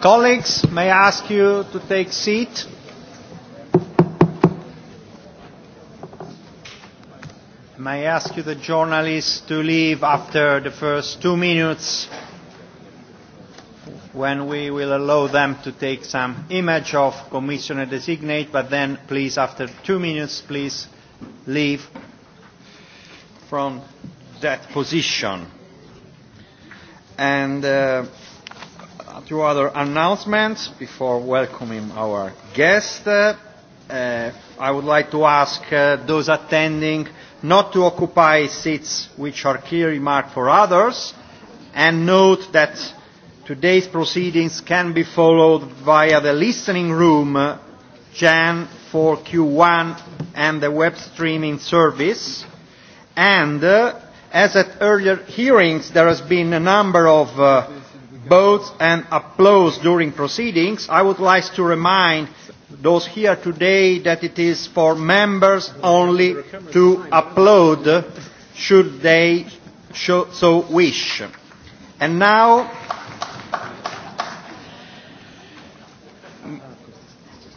Colleagues, may I ask you to take seat? May I ask you the journalists to leave after the first two minutes when we will allow them to take some image of commissioner designate but then please after two minutes please leave from that position and uh, two other announcements before welcoming our guest. Uh, uh, I would like to ask uh, those attending not to occupy seats which are clearly marked for others and note that today's proceedings can be followed via the listening room uh, Jan 4Q1 and the web streaming service. And uh, as at earlier hearings, there has been a number of uh, votes and applause during proceedings, I would like to remind those here today that it is for members only to applaud, should they so wish. And now,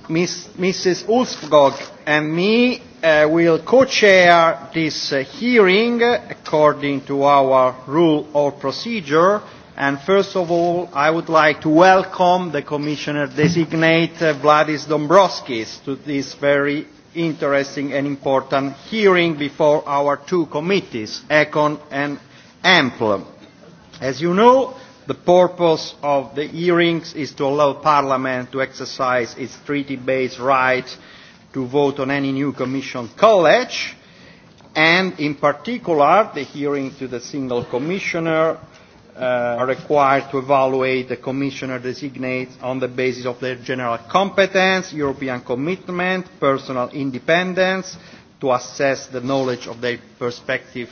Ms, Mrs. Ulfgog and me uh, will co-chair this uh, hearing according to our rule of procedure And first of all, I would like to welcome the Commissioner designate uh, Vladis Dombrovskis to this very interesting and important hearing before our two committees, ECON and AMPL. As you know, the purpose of the hearings is to allow Parliament to exercise its treaty-based right to vote on any new Commission college, and in particular, the hearing to the single Commissioner uh, required to evaluate the commissioner designates on the basis of their general competence, European commitment, personal independence, to assess the knowledge of their perspective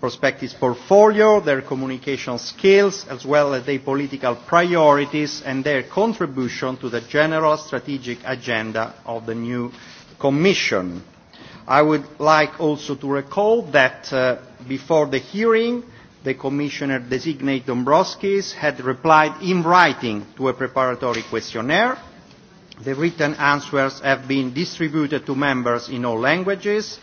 prospectus portfolio, their communication skills, as well as their political priorities and their contribution to the general strategic agenda of the new Commission. I would like also to recall that uh, before the hearing, the Commissioner designate Dombrovskis had replied in writing to a preparatory questionnaire. The written answers have been distributed to members in all languages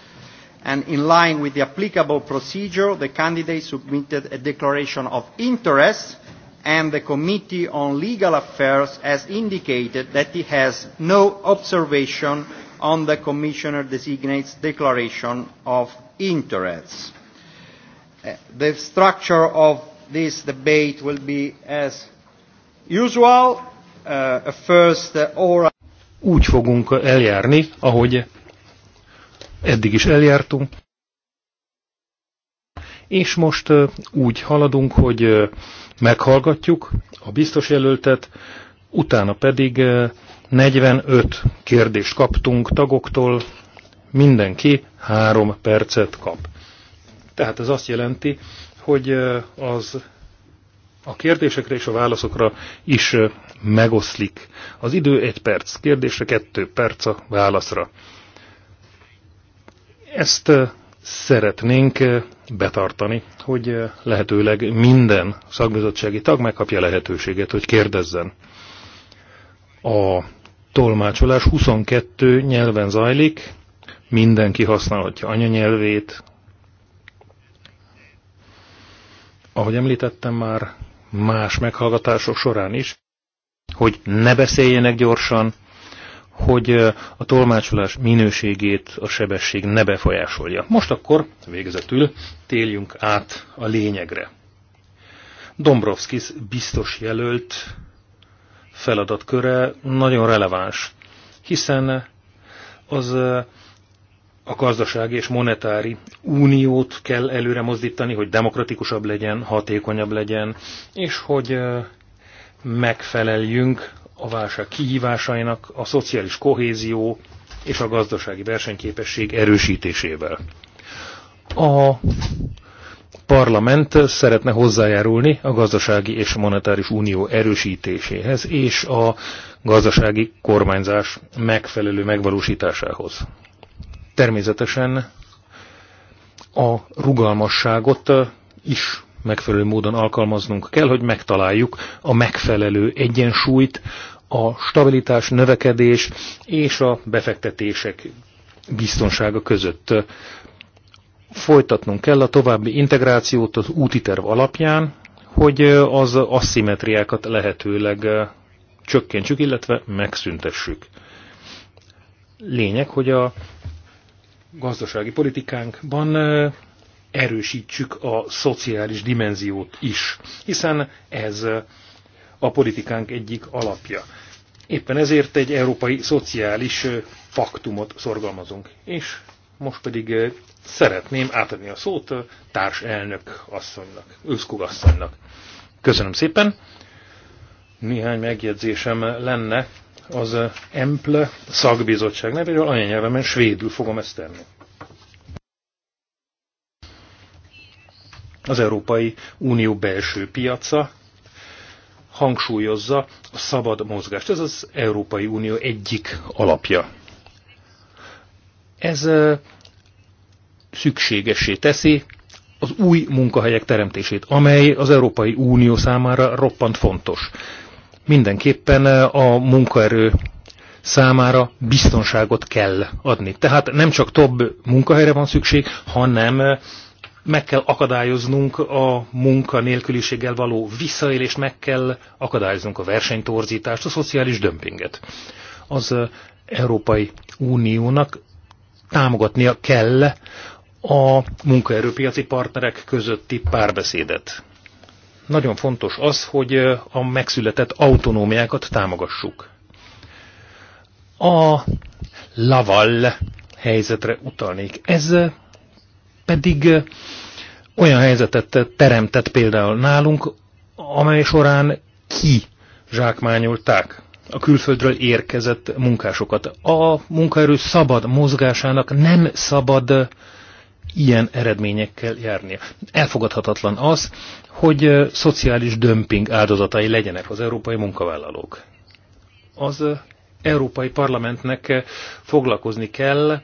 and in line with the applicable procedure, the candidate submitted a declaration of interest and the Committee on Legal Affairs has indicated that it has no observation on the Commissioner designate's declaration of interests the structure of this debate will be as usual. Uh, a first oral Úgy fogunk eljárni, ahogy eddig is eljártunk. És most uh, úgy haladunk, hogy uh, meghallgatjuk a biztos jelöltet, utána pedig 45 uh, kérdést kaptunk tagoktól, mindenki három percet kap. Tehát ez azt jelenti, hogy az a kérdésekre és a válaszokra is megoszlik. Az idő egy perc kérdésre, kettő perc a válaszra. Ezt szeretnénk betartani, hogy lehetőleg minden szakbizottsági tag megkapja lehetőséget, hogy kérdezzen. A tolmácsolás 22 nyelven zajlik, mindenki használhatja anyanyelvét, ahogy említettem már más meghallgatások során is, hogy ne beszéljenek gyorsan, hogy a tolmácsolás minőségét a sebesség ne befolyásolja. Most akkor végezetül téljünk át a lényegre. Dombrovskis biztos jelölt feladatköre nagyon releváns, hiszen az a gazdasági és monetári uniót kell előre mozdítani, hogy demokratikusabb legyen, hatékonyabb legyen, és hogy megfeleljünk a válság kihívásainak a szociális kohézió és a gazdasági versenyképesség erősítésével. A parlament szeretne hozzájárulni a gazdasági és monetáris unió erősítéséhez és a gazdasági kormányzás megfelelő megvalósításához természetesen a rugalmasságot is megfelelő módon alkalmaznunk kell, hogy megtaláljuk a megfelelő egyensúlyt a stabilitás, növekedés és a befektetések biztonsága között. Folytatnunk kell a további integrációt az úti terv alapján, hogy az asszimetriákat lehetőleg csökkentsük, illetve megszüntessük. Lényeg, hogy a gazdasági politikánkban erősítsük a szociális dimenziót is, hiszen ez a politikánk egyik alapja. Éppen ezért egy európai szociális faktumot szorgalmazunk. És most pedig szeretném átadni a szót a társelnök asszonynak, Őszkog asszonynak. Köszönöm szépen. Néhány megjegyzésem lenne az eh, EMPLE szakbizottság nevéről, anyanyelvemen svédül fogom ezt tenni. Az Európai Unió belső piaca hangsúlyozza a szabad mozgást. Ez az Európai Unió egyik alapja. Ez eh, szükségessé teszi az új munkahelyek teremtését, amely az Európai Unió számára roppant fontos mindenképpen eh, a munkaerő számára biztonságot kell adni. Tehát nem csak több munkahelyre van szükség, hanem eh, meg kell akadályoznunk a munkanélküliséggel való visszaélést, meg kell akadályoznunk a versenytorzítást, a szociális dömpinget. Az eh, Európai Uniónak támogatnia kell a munkaerőpiaci partnerek közötti párbeszédet nagyon fontos az, hogy a megszületett autonómiákat támogassuk. A Laval helyzetre utalnék. Ez pedig olyan helyzetet teremtett például nálunk, amely során ki zsákmányolták a külföldről érkezett munkásokat. A munkaerő szabad mozgásának nem szabad ilyen eredményekkel járnia. Elfogadhatatlan az, hogy szociális dömping áldozatai legyenek az európai munkavállalók. Az Európai Parlamentnek foglalkozni kell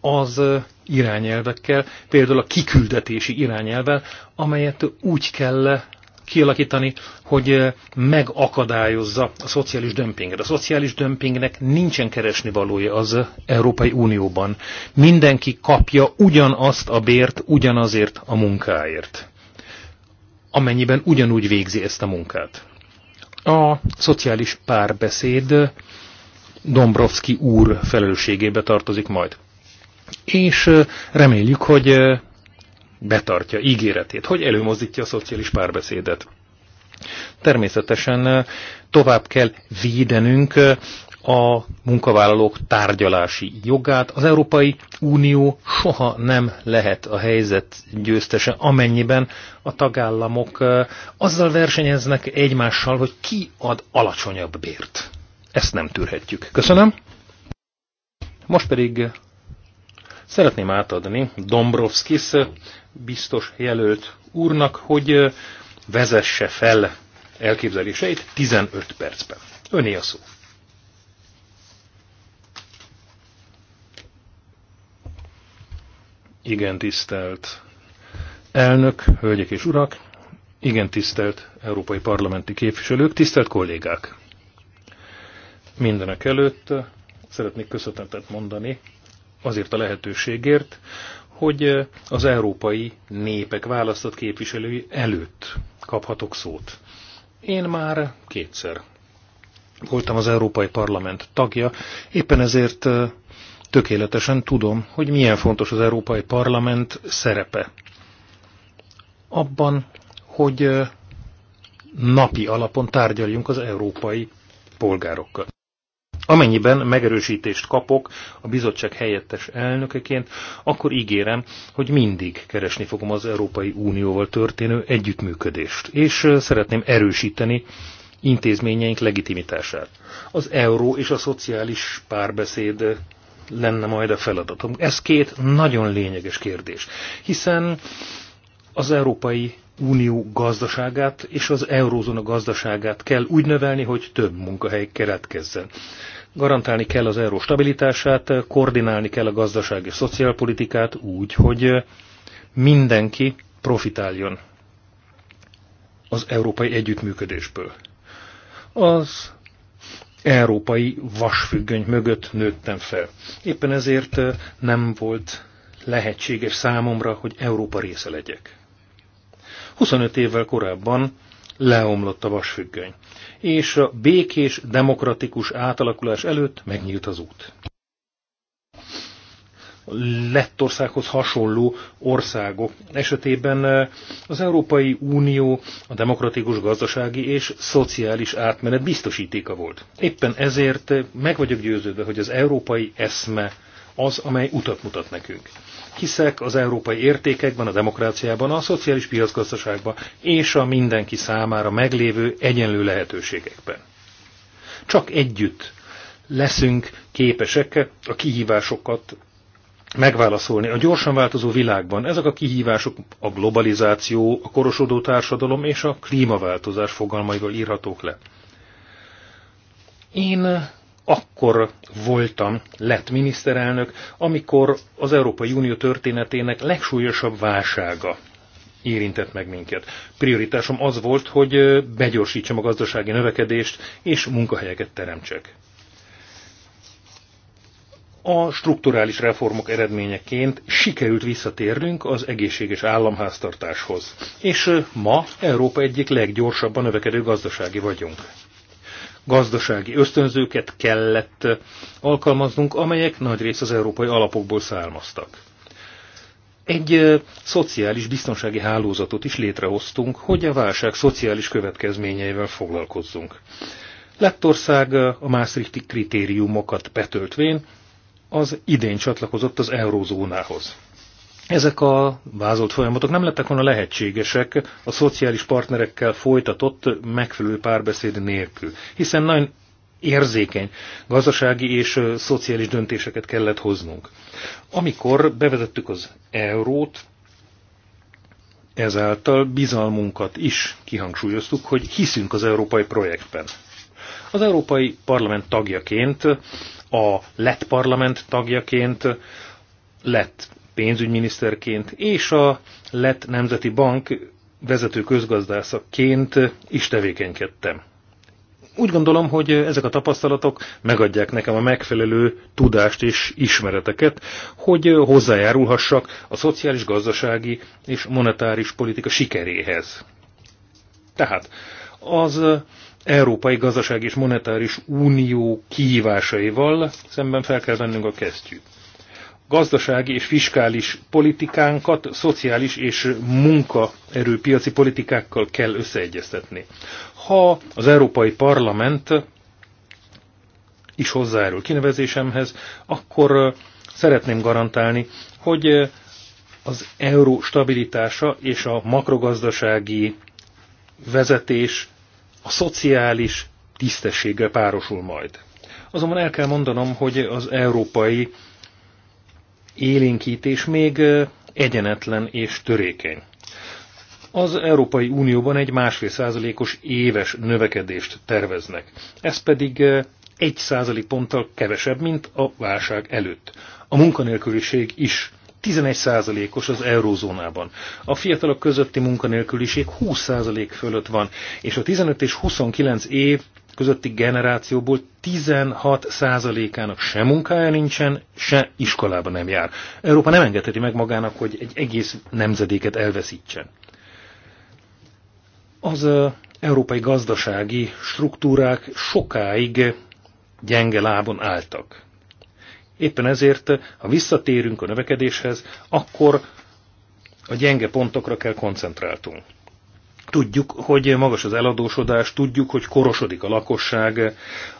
az irányelvekkel, például a kiküldetési irányelvel, amelyet úgy kell kialakítani, hogy eh, megakadályozza a szociális dömpinget. A szociális dömpingnek nincsen keresni valója az Európai Unióban. Mindenki kapja ugyanazt a bért, ugyanazért a munkáért. Amennyiben ugyanúgy végzi ezt a munkát. A szociális párbeszéd Dombrovski úr felelősségébe tartozik majd és eh, reméljük, hogy eh, betartja ígéretét, hogy előmozdítja a szociális párbeszédet. Természetesen tovább kell védenünk a munkavállalók tárgyalási jogát. Az Európai Unió soha nem lehet a helyzet győztese, amennyiben a tagállamok azzal versenyeznek egymással, hogy ki ad alacsonyabb bért. Ezt nem tűrhetjük. Köszönöm. Most pedig szeretném átadni Dombrovskis biztos jelölt úrnak, hogy vezesse fel elképzeléseit 15 percben. Öné a szó. Igen tisztelt elnök, hölgyek és urak, igen tisztelt európai parlamenti képviselők, tisztelt kollégák. Mindenek előtt szeretnék köszönetet mondani azért a lehetőségért, hogy az európai népek választott képviselői előtt kaphatok szót. Én már kétszer voltam az Európai Parlament tagja, éppen ezért tökéletesen tudom, hogy milyen fontos az Európai Parlament szerepe. Abban, hogy napi alapon tárgyaljunk az európai polgárokkal. Amennyiben megerősítést kapok a bizottság helyettes elnökeként, akkor ígérem, hogy mindig keresni fogom az Európai Unióval történő együttműködést, és szeretném erősíteni intézményeink legitimitását. Az euró és a szociális párbeszéd lenne majd a feladatom. Ez két nagyon lényeges kérdés, hiszen az Európai Unió gazdaságát és az eurózóna gazdaságát kell úgy növelni, hogy több munkahely keletkezzen garantálni kell az euró stabilitását, koordinálni kell a gazdaság és szociálpolitikát úgy, hogy mindenki profitáljon az európai együttműködésből. Az európai vasfüggöny mögött nőttem fel. Éppen ezért nem volt lehetséges számomra, hogy Európa része legyek. 25 évvel korábban leomlott a vasfüggöny, és a békés, demokratikus átalakulás előtt megnyílt az út. Lettországhoz hasonló országok esetében eh, az Európai Unió a demokratikus gazdasági és szociális átmenet biztosítéka volt. Éppen ezért meg vagyok győződve, hogy az európai eszme az, amely utat mutat nekünk hiszek az európai értékekben, a demokráciában, a szociális piacgazdaságban és a mindenki számára meglévő egyenlő lehetőségekben. Csak együtt leszünk képesek a kihívásokat megválaszolni. A gyorsan változó világban ezek a kihívások a globalizáció, a korosodó társadalom és a klímaváltozás fogalmaival írhatók le. Én akkor voltam lett miniszterelnök, amikor az Európai Unió történetének legsúlyosabb válsága érintett meg minket. Prioritásom az volt, hogy begyorsítsam a gazdasági növekedést és munkahelyeket teremtsek. A strukturális reformok eredményeként sikerült visszatérnünk az egészséges államháztartáshoz, és ma Európa egyik leggyorsabban növekedő gazdasági vagyunk gazdasági ösztönzőket kellett alkalmaznunk, amelyek nagy rész az európai alapokból származtak. Egy szociális biztonsági hálózatot is létrehoztunk, hogy a válság szociális következményeivel foglalkozzunk. Lettország a Maastrichti kritériumokat betöltvén az idén csatlakozott az eurózónához. Ezek a vázolt folyamatok nem lettek volna lehetségesek a szociális partnerekkel folytatott megfelelő párbeszéd nélkül, hiszen nagyon érzékeny gazdasági és szociális döntéseket kellett hoznunk. Amikor bevezettük az eurót, ezáltal bizalmunkat is kihangsúlyoztuk, hogy hiszünk az európai projektben. Az Európai Parlament tagjaként, a lett parlament tagjaként lett pénzügyminiszterként és a Lett Nemzeti Bank vezető közgazdászaként is tevékenykedtem. Úgy gondolom, hogy ezek a tapasztalatok megadják nekem a megfelelő tudást és ismereteket, hogy hozzájárulhassak a szociális, gazdasági és monetáris politika sikeréhez. Tehát az Európai Gazdaság és Monetáris Unió kihívásaival szemben fel kell vennünk a kesztyűt gazdasági és fiskális politikánkat szociális és munkaerőpiaci politikákkal kell összeegyeztetni. Ha az Európai Parlament is hozzájárul kinevezésemhez, akkor szeretném garantálni, hogy az euró stabilitása és a makrogazdasági vezetés a szociális tisztességgel párosul majd. Azonban el kell mondanom, hogy az európai élénkítés még egyenetlen és törékeny. Az Európai Unióban egy másfél százalékos éves növekedést terveznek. Ez pedig egy százalék ponttal kevesebb, mint a válság előtt. A munkanélküliség is 11 százalékos az eurózónában. A fiatalok közötti munkanélküliség 20 százalék fölött van, és a 15 és 29 év közötti generációból 16%-ának se munkája nincsen, se iskolába nem jár. Európa nem engedheti meg magának, hogy egy egész nemzedéket elveszítsen. Az európai gazdasági struktúrák sokáig gyenge lábon álltak. Éppen ezért, ha visszatérünk a növekedéshez, akkor a gyenge pontokra kell koncentráltunk. Tudjuk, hogy magas az eladósodás, tudjuk, hogy korosodik a lakosság,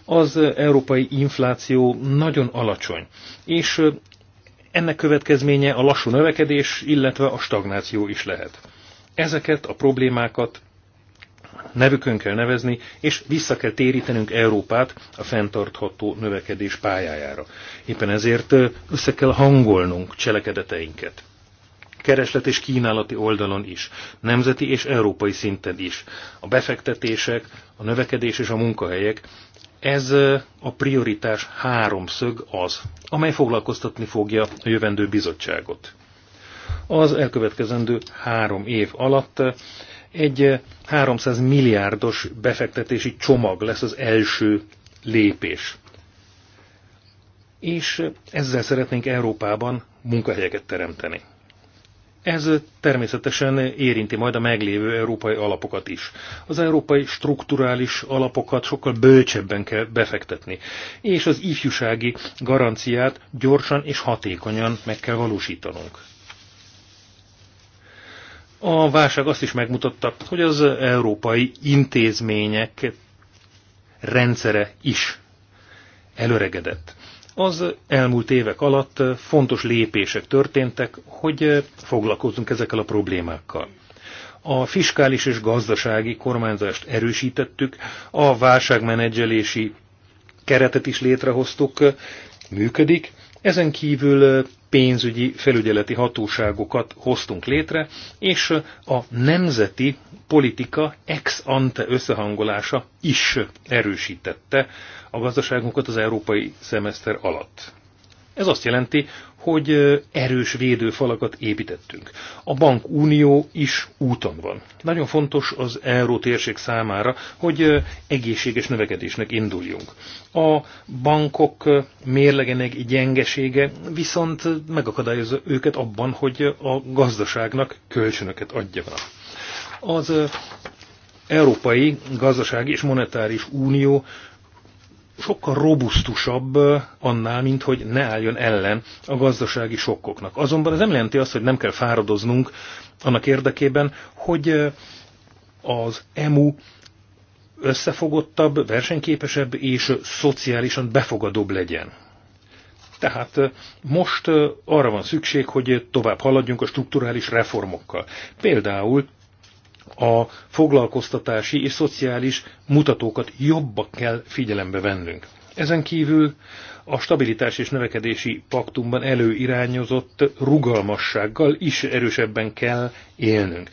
az európai infláció nagyon alacsony, és ennek következménye a lassú növekedés, illetve a stagnáció is lehet. Ezeket a problémákat nevükön kell nevezni, és vissza kell térítenünk Európát a fenntartható növekedés pályájára. Éppen ezért össze kell hangolnunk cselekedeteinket kereslet és kínálati oldalon is, nemzeti és európai szinten is. A befektetések, a növekedés és a munkahelyek, ez a prioritás háromszög az, amely foglalkoztatni fogja a jövendő bizottságot. Az elkövetkezendő három év alatt egy 300 milliárdos befektetési csomag lesz az első lépés. És ezzel szeretnénk Európában munkahelyeket teremteni. Ez természetesen érinti majd a meglévő európai alapokat is. Az európai strukturális alapokat sokkal bölcsebben kell befektetni, és az ifjúsági garanciát gyorsan és hatékonyan meg kell valósítanunk. A válság azt is megmutatta, hogy az európai intézmények rendszere is előregedett. Az elmúlt évek alatt fontos lépések történtek, hogy foglalkozzunk ezekkel a problémákkal. A fiskális és gazdasági kormányzást erősítettük, a válságmenedzselési keretet is létrehoztuk, működik, ezen kívül pénzügyi felügyeleti hatóságokat hoztunk létre, és a nemzeti politika ex ante összehangolása is erősítette a gazdaságunkat az európai szemeszter alatt. Ez azt jelenti, hogy erős védőfalakat építettünk. A bankunió is úton van. Nagyon fontos az euró térség számára, hogy egészséges növekedésnek induljunk. A bankok mérlegenek gyengesége viszont megakadályozza őket abban, hogy a gazdaságnak kölcsönöket adjanak. Az Európai Gazdasági és Monetáris Unió sokkal robusztusabb annál, mint hogy ne álljon ellen a gazdasági sokkoknak. Azonban ez nem jelenti azt, hogy nem kell fáradoznunk annak érdekében, hogy az EMU összefogottabb, versenyképesebb és szociálisan befogadóbb legyen. Tehát most arra van szükség, hogy tovább haladjunk a strukturális reformokkal. Például a foglalkoztatási és szociális mutatókat jobban kell figyelembe vennünk. Ezen kívül a stabilitás és növekedési paktumban előirányozott rugalmassággal is erősebben kell élnünk.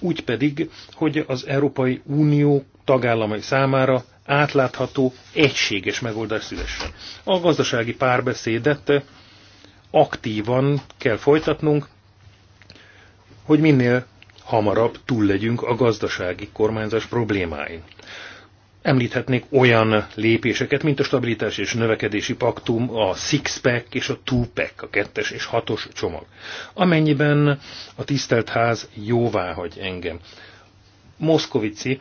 Úgy pedig, hogy az Európai Unió tagállamai számára átlátható, egységes megoldás szülessen. A gazdasági párbeszédet aktívan kell folytatnunk, hogy minél hamarabb túl legyünk a gazdasági kormányzás problémáin. Említhetnék olyan lépéseket, mint a stabilitás és növekedési paktum, a six-pack és a two-pack, a kettes és hatos csomag. Amennyiben a tisztelt ház jóvá hagy engem. Moszkovici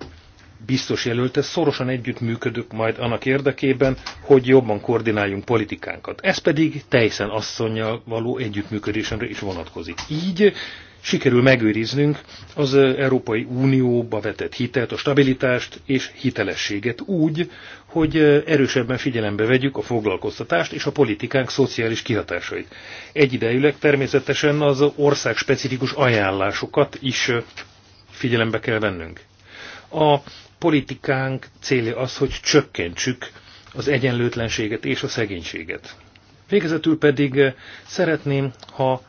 biztos jelölte, szorosan együttműködök majd annak érdekében, hogy jobban koordináljunk politikánkat. Ez pedig teljesen asszonynal való együttműködésemre is vonatkozik. Így sikerül megőriznünk az Európai Unióba vetett hitelt, a stabilitást és hitelességet úgy, hogy erősebben figyelembe vegyük a foglalkoztatást és a politikánk szociális kihatásait. Egyidejűleg természetesen az ország specifikus ajánlásokat is figyelembe kell vennünk. A politikánk célja az, hogy csökkentsük az egyenlőtlenséget és a szegénységet. Végezetül pedig szeretném, ha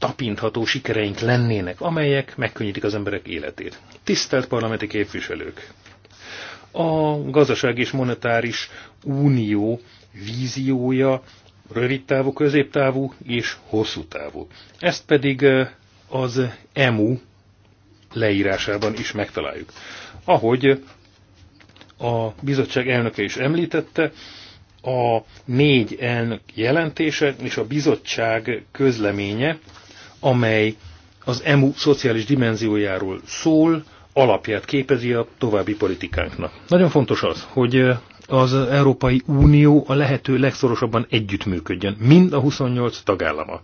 tapintható sikereink lennének, amelyek megkönnyítik az emberek életét. Tisztelt parlamenti képviselők! A gazdaság és monetáris unió víziója rövid távú, középtávú és hosszú távú. Ezt pedig eh, az EMU leírásában is megtaláljuk. Ahogy a bizottság elnöke is említette, a négy elnök jelentése és a bizottság közleménye amely az EMU szociális dimenziójáról szól, alapját képezi a további politikánknak. Nagyon fontos az, hogy eh, az Európai Unió a lehető legszorosabban együttműködjön, mind a 28 tagállama.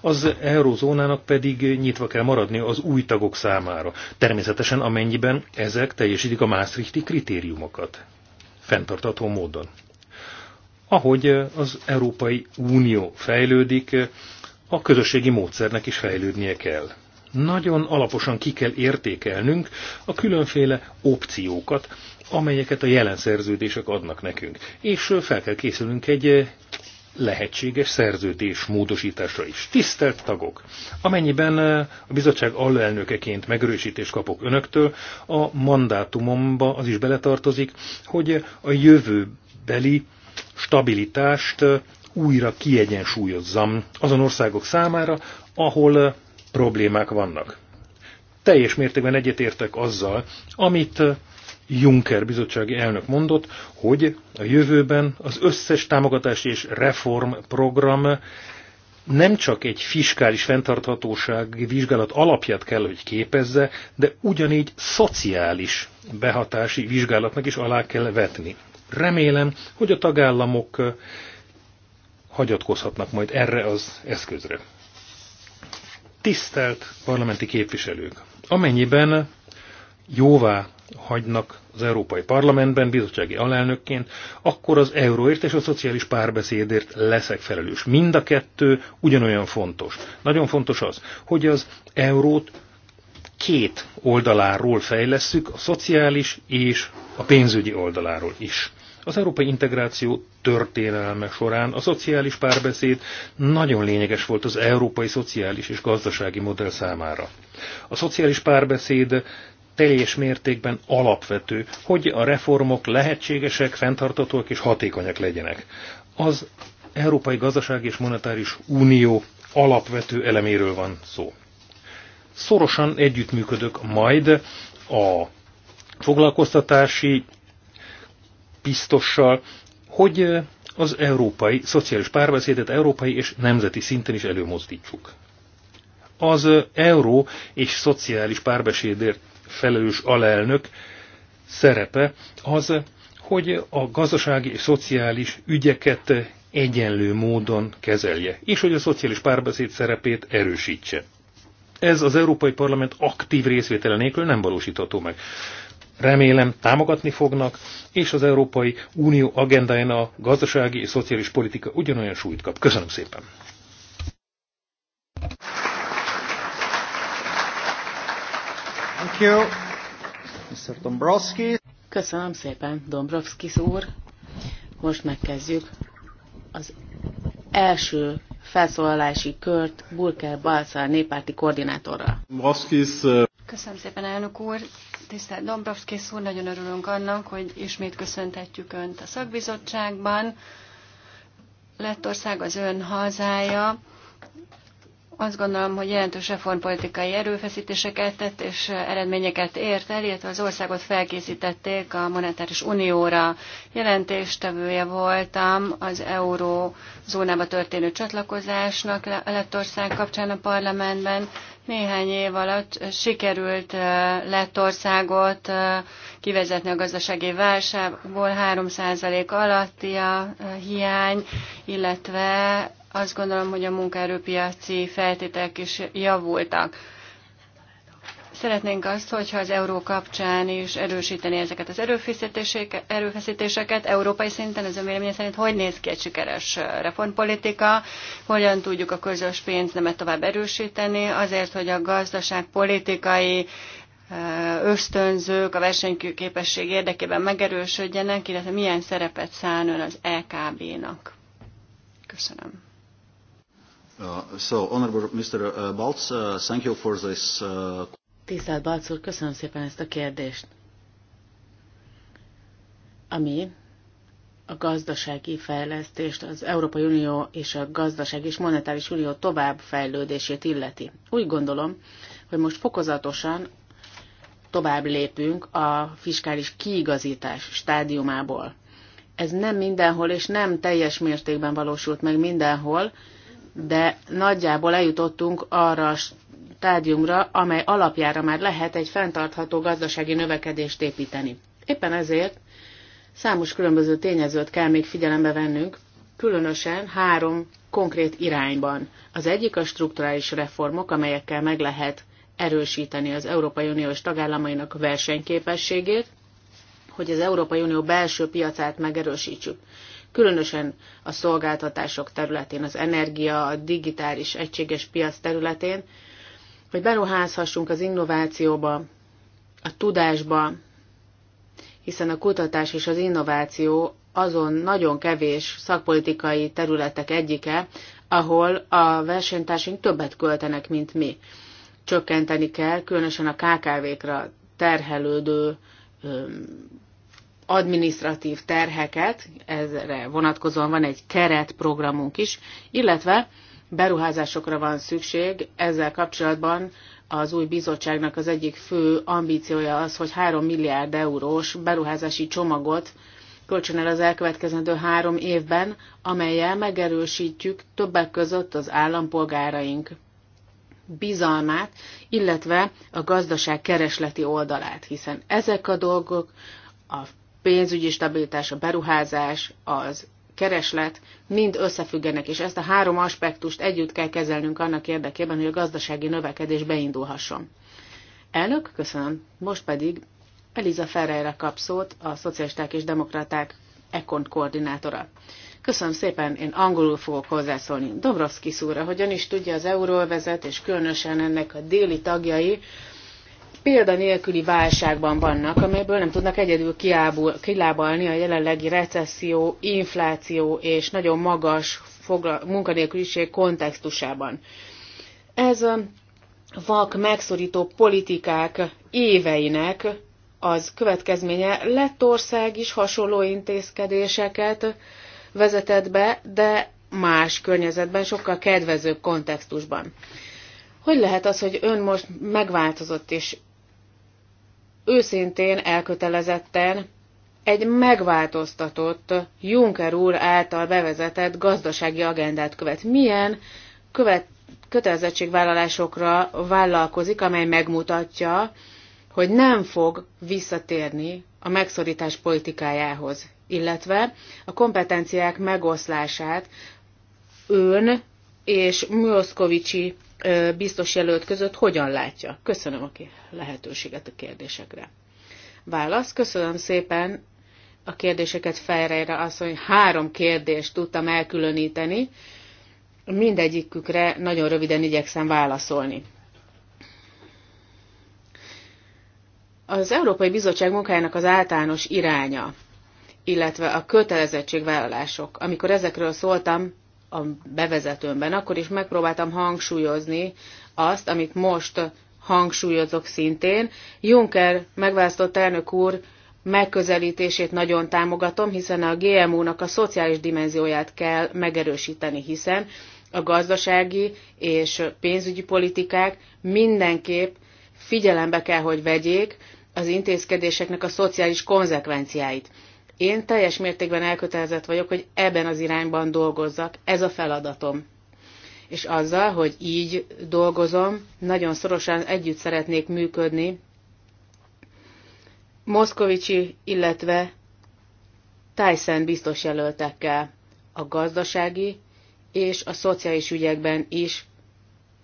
Az eurozónának pedig nyitva kell maradni az új tagok számára, természetesen amennyiben ezek teljesítik a Maastrichti kritériumokat, fenntartató módon. Ahogy eh, az Európai Unió fejlődik, eh, a közösségi módszernek is fejlődnie kell. Nagyon alaposan ki kell értékelnünk a különféle opciókat, amelyeket a jelen szerződések adnak nekünk, és fel kell készülnünk egy lehetséges szerződés módosításra is. Tisztelt tagok! Amennyiben a bizottság alelnökeként megerősítést kapok önöktől, a mandátumomba az is beletartozik, hogy a jövőbeli stabilitást újra kiegyensúlyozzam azon országok számára, ahol eh, problémák vannak. Teljes mértékben egyetértek azzal, amit eh, Juncker bizottsági elnök mondott, hogy a jövőben az összes támogatási és reformprogram nem csak egy fiskális fenntarthatósági vizsgálat alapját kell, hogy képezze, de ugyanígy szociális behatási vizsgálatnak is alá kell vetni. Remélem, hogy a tagállamok eh, hagyatkozhatnak majd erre az eszközre. Tisztelt parlamenti képviselők! Amennyiben jóvá hagynak az Európai Parlamentben bizottsági alelnökként, akkor az euróért és a szociális párbeszédért leszek felelős. Mind a kettő ugyanolyan fontos. Nagyon fontos az, hogy az eurót két oldaláról fejlesszük, a szociális és a pénzügyi oldaláról is. Az európai integráció történelme során a szociális párbeszéd nagyon lényeges volt az európai szociális és gazdasági modell számára. A szociális párbeszéd teljes mértékben alapvető, hogy a reformok lehetségesek, fenntartatóak és hatékonyak legyenek. Az Európai Gazdaság és Monetáris Unió alapvető eleméről van szó. Szorosan együttműködök majd a foglalkoztatási biztossal, hogy az európai szociális párbeszédet európai és nemzeti szinten is előmozdítsuk. Az euró és szociális párbeszédért felelős alelnök szerepe az, hogy a gazdasági és szociális ügyeket egyenlő módon kezelje, és hogy a szociális párbeszéd szerepét erősítse. Ez az Európai Parlament aktív részvétele nélkül nem valósítható meg remélem támogatni fognak, és az Európai Unió agendáján a gazdasági és szociális politika ugyanolyan súlyt kap. Köszönöm szépen! Thank you, Mr. Dombrovski. Köszönöm szépen, Dombrovskis úr. Most megkezdjük az első felszólalási kört Burker Balszár néppárti koordinátorral. Köszönöm szépen, elnök úr. Tisztelt Dombrovskis úr, nagyon örülünk annak, hogy ismét köszöntetjük Önt a szakbizottságban. Lettország az Ön hazája. Azt gondolom, hogy jelentős reformpolitikai erőfeszítéseket tett és eredményeket ért el, illetve az országot felkészítették a Monetáris Unióra. Jelentéstevője voltam az eurózónába történő csatlakozásnak Lettország kapcsán a parlamentben. Néhány év alatt sikerült országot kivezetni a gazdasági válságból 3% alatti a hiány, illetve azt gondolom, hogy a munkaerőpiaci feltételek is javultak. Szeretnénk azt, hogyha az euró kapcsán is erősíteni ezeket az erőfeszítéseket. Európai szinten a önvéleménye szerint hogy néz ki egy sikeres reformpolitika, hogyan tudjuk a közös pénznemet tovább erősíteni, azért, hogy a politikai ösztönzők a versenyképesség érdekében megerősödjenek, illetve milyen szerepet szán ön az LKB-nak. E Köszönöm. Uh, so, Honorable Mr. Uh, Baltz, uh, thank you for this. Uh... Tisztelt Balc úr, köszönöm szépen ezt a kérdést. Ami a gazdasági fejlesztést, az Európai Unió és a gazdaság és monetáris unió továbbfejlődését illeti. Úgy gondolom, hogy most fokozatosan tovább lépünk a fiskális kiigazítás stádiumából. Ez nem mindenhol és nem teljes mértékben valósult meg mindenhol, de nagyjából eljutottunk arra a stádiumra, amely alapjára már lehet egy fenntartható gazdasági növekedést építeni. Éppen ezért számos különböző tényezőt kell még figyelembe vennünk, különösen három konkrét irányban. Az egyik a strukturális reformok, amelyekkel meg lehet erősíteni az Európai Uniós tagállamainak versenyképességét, hogy az Európai Unió belső piacát megerősítsük. Különösen a szolgáltatások területén, az energia, a digitális egységes piac területén, hogy beruházhassunk az innovációba, a tudásba, hiszen a kutatás és az innováció azon nagyon kevés szakpolitikai területek egyike, ahol a versenytársaink többet költenek, mint mi. Csökkenteni kell, különösen a KKV-kra terhelődő administratív terheket, ezre vonatkozóan van egy keretprogramunk is, illetve beruházásokra van szükség. Ezzel kapcsolatban az új bizottságnak az egyik fő ambíciója az, hogy 3 milliárd eurós beruházási csomagot kölcsön el az elkövetkezendő három évben, amelyel megerősítjük többek között az állampolgáraink bizalmát, illetve a gazdaság keresleti oldalát, hiszen ezek a dolgok, a pénzügyi stabilitás, a beruházás, az kereslet mind összefüggenek, és ezt a három aspektust együtt kell kezelnünk annak érdekében, hogy a gazdasági növekedés beindulhasson. Elnök, köszönöm. Most pedig Eliza Ferreira kap szót, a Szocialisták és Demokraták Ekon koordinátora. Köszönöm szépen, én angolul fogok hozzászólni. Dobrovszki szúra, hogyan is tudja az euróvezet, és különösen ennek a déli tagjai, példanélküli válságban vannak, amelyből nem tudnak egyedül kiábul, kilábalni a jelenlegi recesszió, infláció és nagyon magas fogla- munkanélküliség kontextusában. Ez vak megszorító politikák éveinek az következménye. Lettország is hasonló intézkedéseket vezetett be, de más környezetben, sokkal kedvezőbb kontextusban. Hogy lehet az, hogy ön most megváltozott és őszintén, elkötelezetten egy megváltoztatott Juncker úr által bevezetett gazdasági agendát követ. Milyen követ, kötelezettségvállalásokra vállalkozik, amely megmutatja, hogy nem fog visszatérni a megszorítás politikájához, illetve a kompetenciák megoszlását ön és Mioszkovicsi biztos jelölt között hogyan látja? Köszönöm a lehetőséget a kérdésekre. Válasz, köszönöm szépen a kérdéseket azt, hogy Három kérdést tudtam elkülöníteni, mindegyikükre nagyon röviden igyekszem válaszolni. Az Európai Bizottság munkájának az általános iránya, illetve a kötelezettségvállalások, amikor ezekről szóltam, a bevezetőmben, akkor is megpróbáltam hangsúlyozni azt, amit most hangsúlyozok szintén. Juncker megválasztott elnök úr megközelítését nagyon támogatom, hiszen a GMO-nak a szociális dimenzióját kell megerősíteni, hiszen a gazdasági és pénzügyi politikák mindenképp figyelembe kell, hogy vegyék az intézkedéseknek a szociális konzekvenciáit. Én teljes mértékben elkötelezett vagyok, hogy ebben az irányban dolgozzak, ez a feladatom. És azzal, hogy így dolgozom, nagyon szorosan együtt szeretnék működni Moszkovicsi, illetve Tyson biztos jelöltekkel a gazdasági és a szociális ügyekben is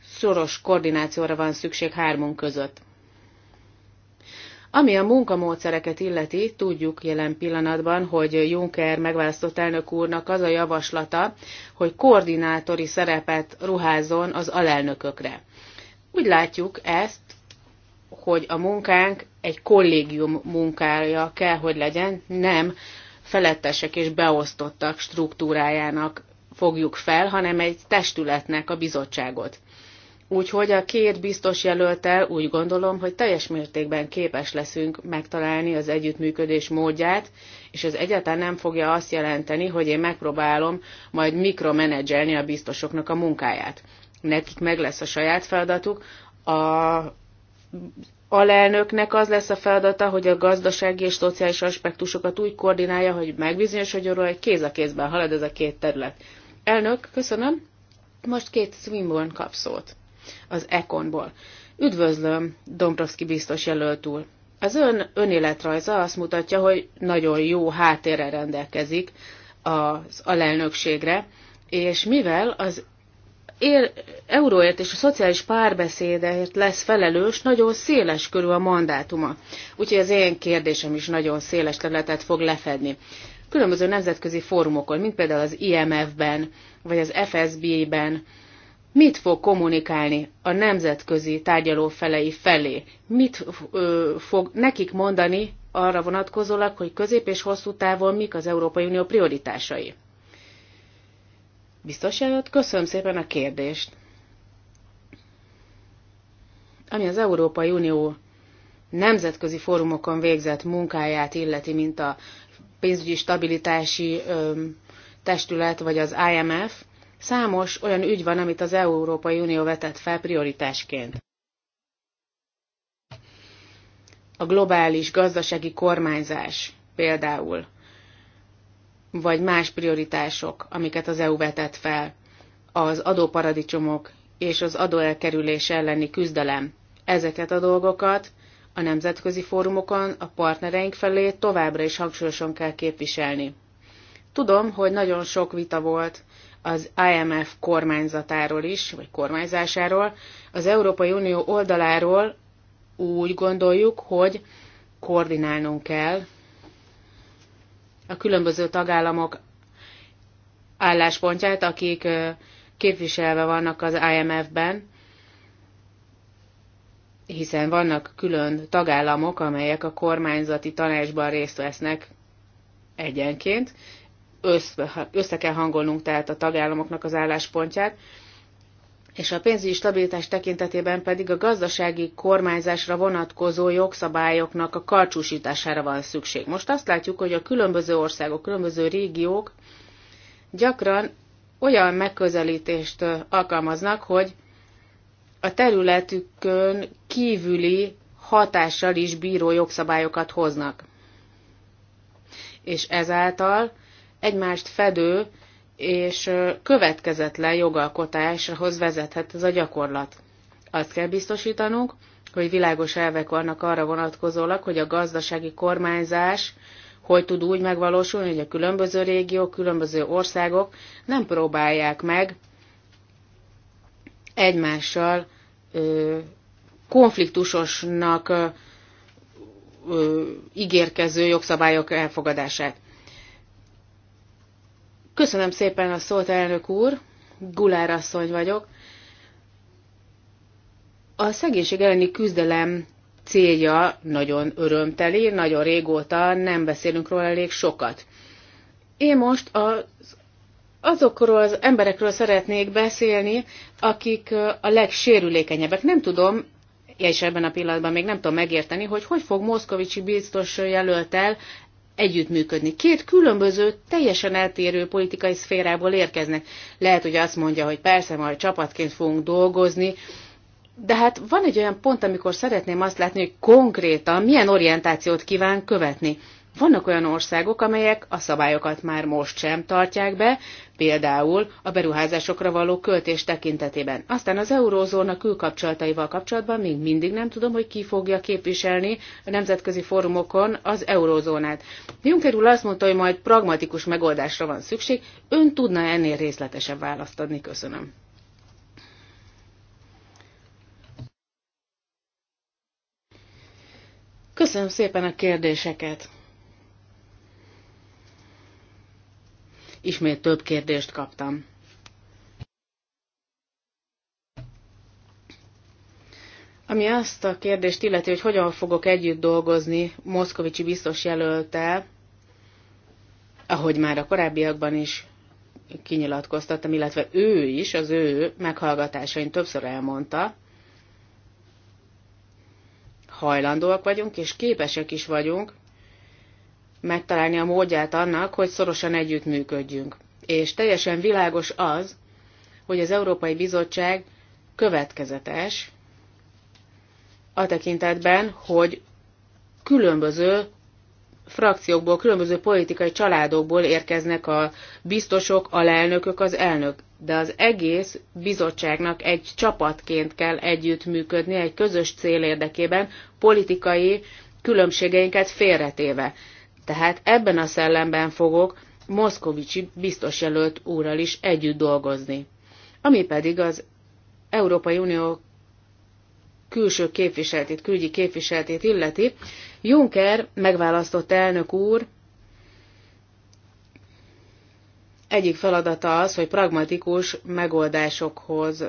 szoros koordinációra van szükség hármunk között. Ami a munkamódszereket illeti, tudjuk jelen pillanatban, hogy Juncker megválasztott elnök úrnak az a javaslata, hogy koordinátori szerepet ruházzon az alelnökökre. Úgy látjuk ezt, hogy a munkánk egy kollégium munkája kell, hogy legyen, nem felettesek és beosztottak struktúrájának fogjuk fel, hanem egy testületnek a bizottságot. Úgyhogy a két biztos jelöltel úgy gondolom, hogy teljes mértékben képes leszünk megtalálni az együttműködés módját, és ez egyáltalán nem fogja azt jelenteni, hogy én megpróbálom majd mikromenedzselni a biztosoknak a munkáját. Nekik meg lesz a saját feladatuk, a alelnöknek az lesz a feladata, hogy a gazdasági és szociális aspektusokat úgy koordinálja, hogy megbizonyosodjon róla, hogy kéz a kézben halad ez a két terület. Elnök, köszönöm. Most két Swinburne kap szót az Econból. Üdvözlöm, Dombrovski biztos jelölt úr. Az ön önéletrajza azt mutatja, hogy nagyon jó háttérre rendelkezik az alelnökségre, és mivel az ér, euróért és a szociális párbeszédért lesz felelős, nagyon széles körül a mandátuma. Úgyhogy az én kérdésem is nagyon széles területet fog lefedni. Különböző nemzetközi fórumokon, mint például az IMF-ben, vagy az FSB-ben, mit fog kommunikálni a nemzetközi tárgyalófelei felé, mit ö, fog nekik mondani arra vonatkozólag, hogy közép és hosszú távon mik az Európai Unió prioritásai. Biztos előtt köszönöm szépen a kérdést. Ami az Európai Unió nemzetközi fórumokon végzett munkáját illeti, mint a pénzügyi stabilitási ö, testület vagy az IMF, Számos olyan ügy van, amit az Európai Unió vetett fel prioritásként. A globális gazdasági kormányzás például, vagy más prioritások, amiket az EU vetett fel, az adóparadicsomok és az adóelkerülés elleni küzdelem. Ezeket a dolgokat a nemzetközi fórumokon a partnereink felé továbbra is hangsúlyosan kell képviselni. Tudom, hogy nagyon sok vita volt az IMF kormányzatáról is, vagy kormányzásáról. Az Európai Unió oldaláról úgy gondoljuk, hogy koordinálnunk kell a különböző tagállamok álláspontját, akik képviselve vannak az IMF-ben, hiszen vannak külön tagállamok, amelyek a kormányzati tanácsban részt vesznek egyenként, össze, össze kell hangolnunk tehát a tagállamoknak az álláspontját, és a pénzügyi stabilitás tekintetében pedig a gazdasági kormányzásra vonatkozó jogszabályoknak a karcsúsítására van szükség. Most azt látjuk, hogy a különböző országok, különböző régiók gyakran olyan megközelítést alkalmaznak, hogy a területükön kívüli hatással is bíró jogszabályokat hoznak. És ezáltal egymást fedő és következetlen jogalkotáshoz vezethet ez a gyakorlat. Azt kell biztosítanunk, hogy világos elvek vannak arra vonatkozólag, hogy a gazdasági kormányzás hogy tud úgy megvalósulni, hogy a különböző régiók, különböző országok nem próbálják meg egymással ö, konfliktusosnak ö, ö, ígérkező jogszabályok elfogadását. Köszönöm szépen a szót, elnök úr. Gulár asszony vagyok. A szegénység elleni küzdelem célja nagyon örömteli, nagyon régóta nem beszélünk róla elég sokat. Én most az, azokról az emberekről szeretnék beszélni, akik a legsérülékenyebbek. Nem tudom, és ebben a pillanatban még nem tudom megérteni, hogy hogy fog Moszkovicsi biztos jelöltel el együttműködni. Két különböző, teljesen eltérő politikai szférából érkeznek. Lehet, hogy azt mondja, hogy persze, majd csapatként fogunk dolgozni, de hát van egy olyan pont, amikor szeretném azt látni, hogy konkrétan milyen orientációt kíván követni. Vannak olyan országok, amelyek a szabályokat már most sem tartják be, például a beruházásokra való költés tekintetében. Aztán az eurózóna külkapcsolataival kapcsolatban még mindig nem tudom, hogy ki fogja képviselni a nemzetközi fórumokon az eurózónát. Juncker úr azt mondta, hogy majd pragmatikus megoldásra van szükség. Ön tudna ennél részletesebb választ adni? Köszönöm. Köszönöm szépen a kérdéseket! Ismét több kérdést kaptam. Ami azt a kérdést illeti, hogy hogyan fogok együtt dolgozni Moszkovicsi biztos jelöltel, ahogy már a korábbiakban is kinyilatkoztattam, illetve ő is, az ő meghallgatásain többször elmondta, hajlandóak vagyunk, és képesek is vagyunk megtalálni a módját annak, hogy szorosan együttműködjünk. És teljesen világos az, hogy az Európai Bizottság következetes a tekintetben, hogy különböző frakciókból, különböző politikai családokból érkeznek a biztosok, alelnökök, az elnök. De az egész bizottságnak egy csapatként kell együttműködni egy közös cél érdekében, politikai különbségeinket félretéve. Tehát ebben a szellemben fogok Moszkovicsi biztos jelölt úrral is együtt dolgozni. Ami pedig az Európai Unió külső képviseltét, külügyi képviseltét illeti, Juncker megválasztott elnök úr egyik feladata az, hogy pragmatikus megoldásokhoz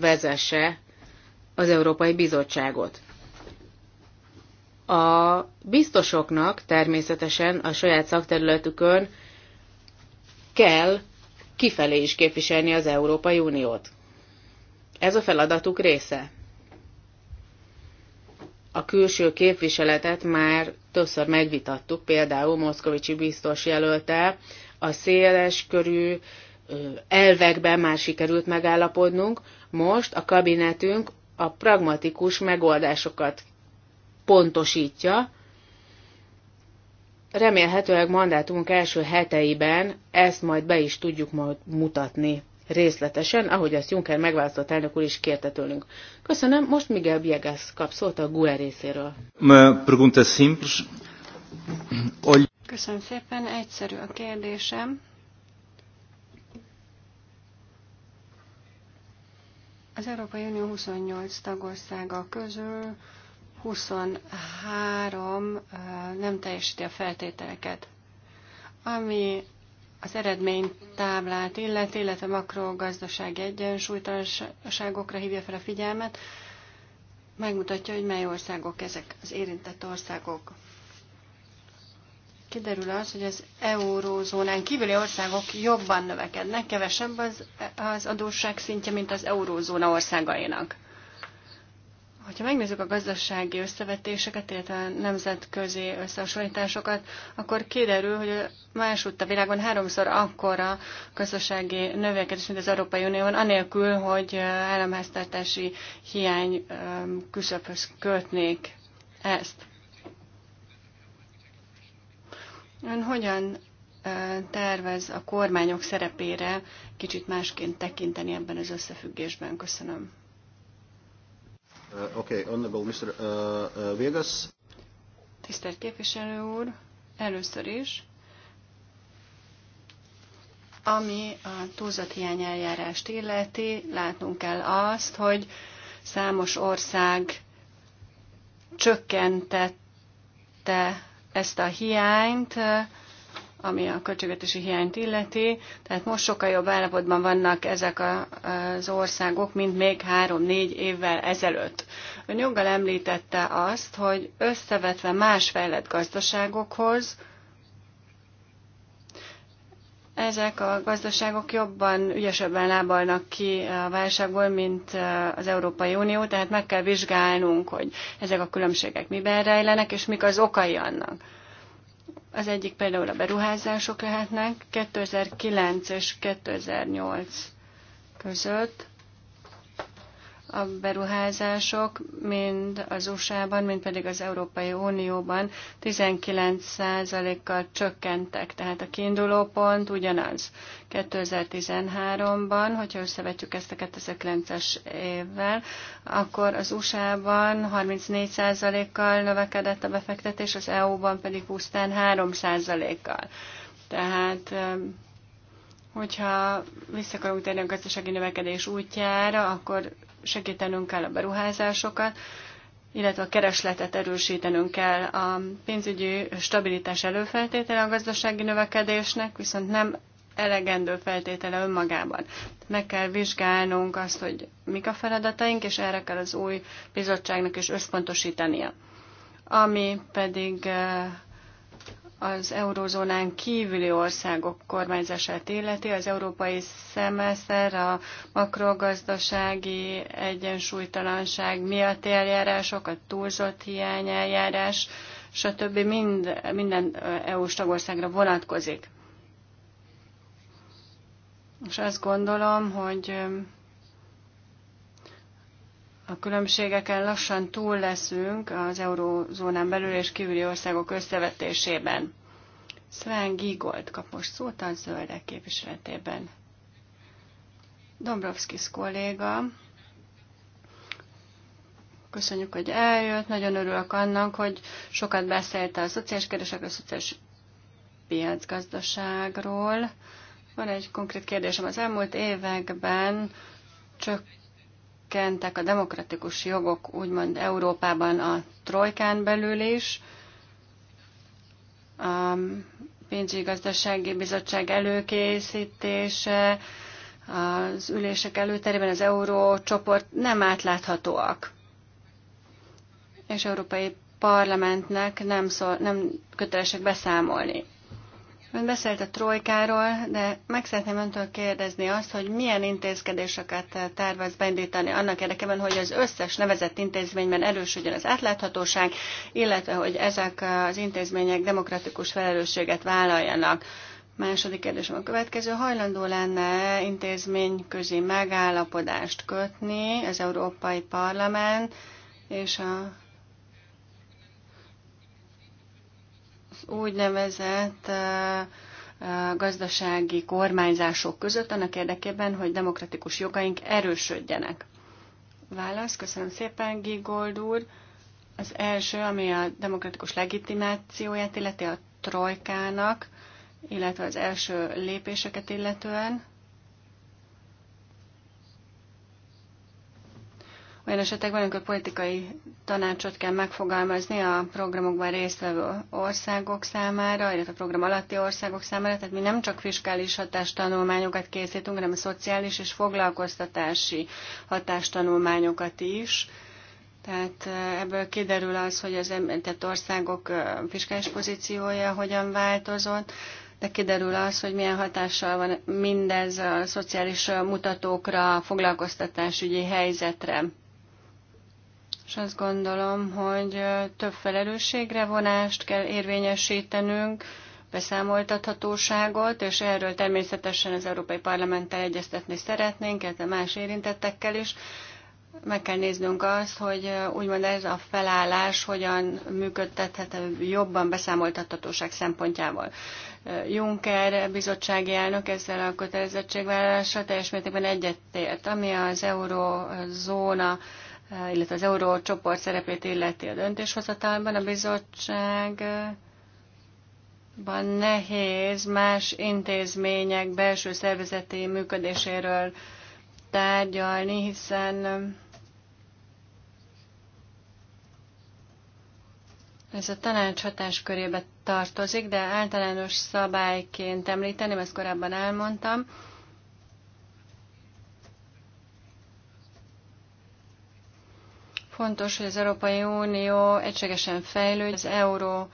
vezesse az Európai Bizottságot. A biztosoknak természetesen a saját szakterületükön kell kifelé is képviselni az Európai Uniót. Ez a feladatuk része. A külső képviseletet már többször megvitattuk, például Moszkovicsi biztos jelölte, a széles körű elvekben már sikerült megállapodnunk, most a kabinetünk a pragmatikus megoldásokat pontosítja. Remélhetőleg mandátumunk első heteiben ezt majd be is tudjuk majd mutatni részletesen, ahogy ezt Juncker megválasztott elnök úr is kérte tőlünk. Köszönöm, most Miguel Biegas kap szót a GUE részéről. Köszönöm szépen, egyszerű a kérdésem. Az Európai Unió 28 tagországa közül 23 nem teljesíti a feltételeket. Ami az eredménytáblát illeti, illetve makrogazdasági egyensúlytalanságokra hívja fel a figyelmet, megmutatja, hogy mely országok ezek az érintett országok. Kiderül az, hogy az eurózónán kívüli országok jobban növekednek, kevesebb az, az adósság szintje, mint az eurózóna országainak. Hogyha megnézzük a gazdasági összevetéseket, illetve a nemzetközi összehasonlításokat, akkor kiderül, hogy másútt a világon háromszor akkora gazdasági növekedés, mint az Európai Unióban, anélkül, hogy államháztartási hiány küszöbhöz kötnék ezt. Ön hogyan tervez a kormányok szerepére kicsit másként tekinteni ebben az összefüggésben? Köszönöm. Uh, okay, honorable Mr. Uh, uh, Vegas. Tisztelt képviselő úr, először is, ami a túlzott hiányeljárást illeti, látnunk kell azt, hogy számos ország csökkentette ezt a hiányt, ami a költségvetési hiányt illeti. Tehát most sokkal jobb állapotban vannak ezek az országok, mint még három-négy évvel ezelőtt. Ön joggal említette azt, hogy összevetve más fejlett gazdaságokhoz, ezek a gazdaságok jobban, ügyesebben lábalnak ki a válságból, mint az Európai Unió, tehát meg kell vizsgálnunk, hogy ezek a különbségek miben rejlenek, és mik az okai annak. Az egyik például a beruházások lehetnek 2009 és 2008 között a beruházások, mind az USA-ban, mind pedig az Európai Unióban 19%-kal csökkentek. Tehát a kiinduló pont ugyanaz. 2013-ban, hogyha összevetjük ezt a 2009-es évvel, akkor az USA-ban 34%-kal növekedett a befektetés, az EU-ban pedig pusztán 3%-kal. Tehát hogyha visszakarunk térni a gazdasági növekedés útjára, akkor segítenünk kell a beruházásokat, illetve a keresletet erősítenünk kell. A pénzügyi stabilitás előfeltétele a gazdasági növekedésnek, viszont nem elegendő feltétele önmagában. Meg kell vizsgálnunk azt, hogy mik a feladataink, és erre kell az új bizottságnak is összpontosítania. Ami pedig eh, az eurózónán kívüli országok kormányzását illeti. Az európai szemeszter a makrogazdasági egyensúlytalanság miatt eljárások, a túlzott hiányeljárás, stb. Mind, minden EU-s tagországra vonatkozik. És azt gondolom, hogy a különbségeken lassan túl leszünk az eurózónán belül és kívüli országok összevetésében. Sven Gigold kap most szót a zöldek képviseletében. Dombrovskis kolléga, köszönjük, hogy eljött, nagyon örülök annak, hogy sokat beszélte a szociális kérdésekről, a szociális piacgazdaságról. Van egy konkrét kérdésem, az elmúlt években csak csökkentek a demokratikus jogok úgymond Európában a trojkán belül is. A pénzügyi gazdasági bizottság előkészítése, az ülések előterében az eurócsoport nem átláthatóak. És európai parlamentnek nem, szól, nem kötelesek beszámolni. Ön beszélt a trojkáról, de meg szeretném öntől kérdezni azt, hogy milyen intézkedéseket tervez beindítani annak érdekében, hogy az összes nevezett intézményben erősödjön az átláthatóság, illetve hogy ezek az intézmények demokratikus felelősséget vállaljanak. Második kérdésem a következő. Hajlandó lenne intézményközi megállapodást kötni az Európai Parlament és a úgynevezett gazdasági kormányzások között, annak érdekében, hogy demokratikus jogaink erősödjenek. Válasz, köszönöm szépen, Gigold úr. Az első, ami a demokratikus legitimációját illeti a trojkának, illetve az első lépéseket illetően. olyan esetekben, amikor politikai tanácsot kell megfogalmazni a programokban résztvevő országok számára, illetve a program alatti országok számára, tehát mi nem csak fiskális hatástanulmányokat készítünk, hanem a szociális és foglalkoztatási hatástanulmányokat is. Tehát ebből kiderül az, hogy az említett országok fiskális pozíciója hogyan változott, de kiderül az, hogy milyen hatással van mindez a szociális mutatókra, a foglalkoztatásügyi helyzetre és azt gondolom, hogy több felelősségre vonást kell érvényesítenünk, beszámoltathatóságot, és erről természetesen az Európai Parlamenttel egyeztetni szeretnénk, ez más érintettekkel is. Meg kell néznünk azt, hogy úgymond ez a felállás hogyan működtethető jobban beszámoltathatóság szempontjából. Juncker bizottsági elnök ezzel a kötelezettségvállalással teljes mértékben egyetért, ami az eurozóna illetve az eurócsoport szerepét illeti a döntéshozatalban, a bizottságban nehéz más intézmények belső szervezeti működéséről tárgyalni, hiszen Ez a tanács hatáskörébe tartozik, de általános szabályként említeném, ezt korábban elmondtam, Fontos, hogy az Európai Unió egységesen fejlődj. Az euró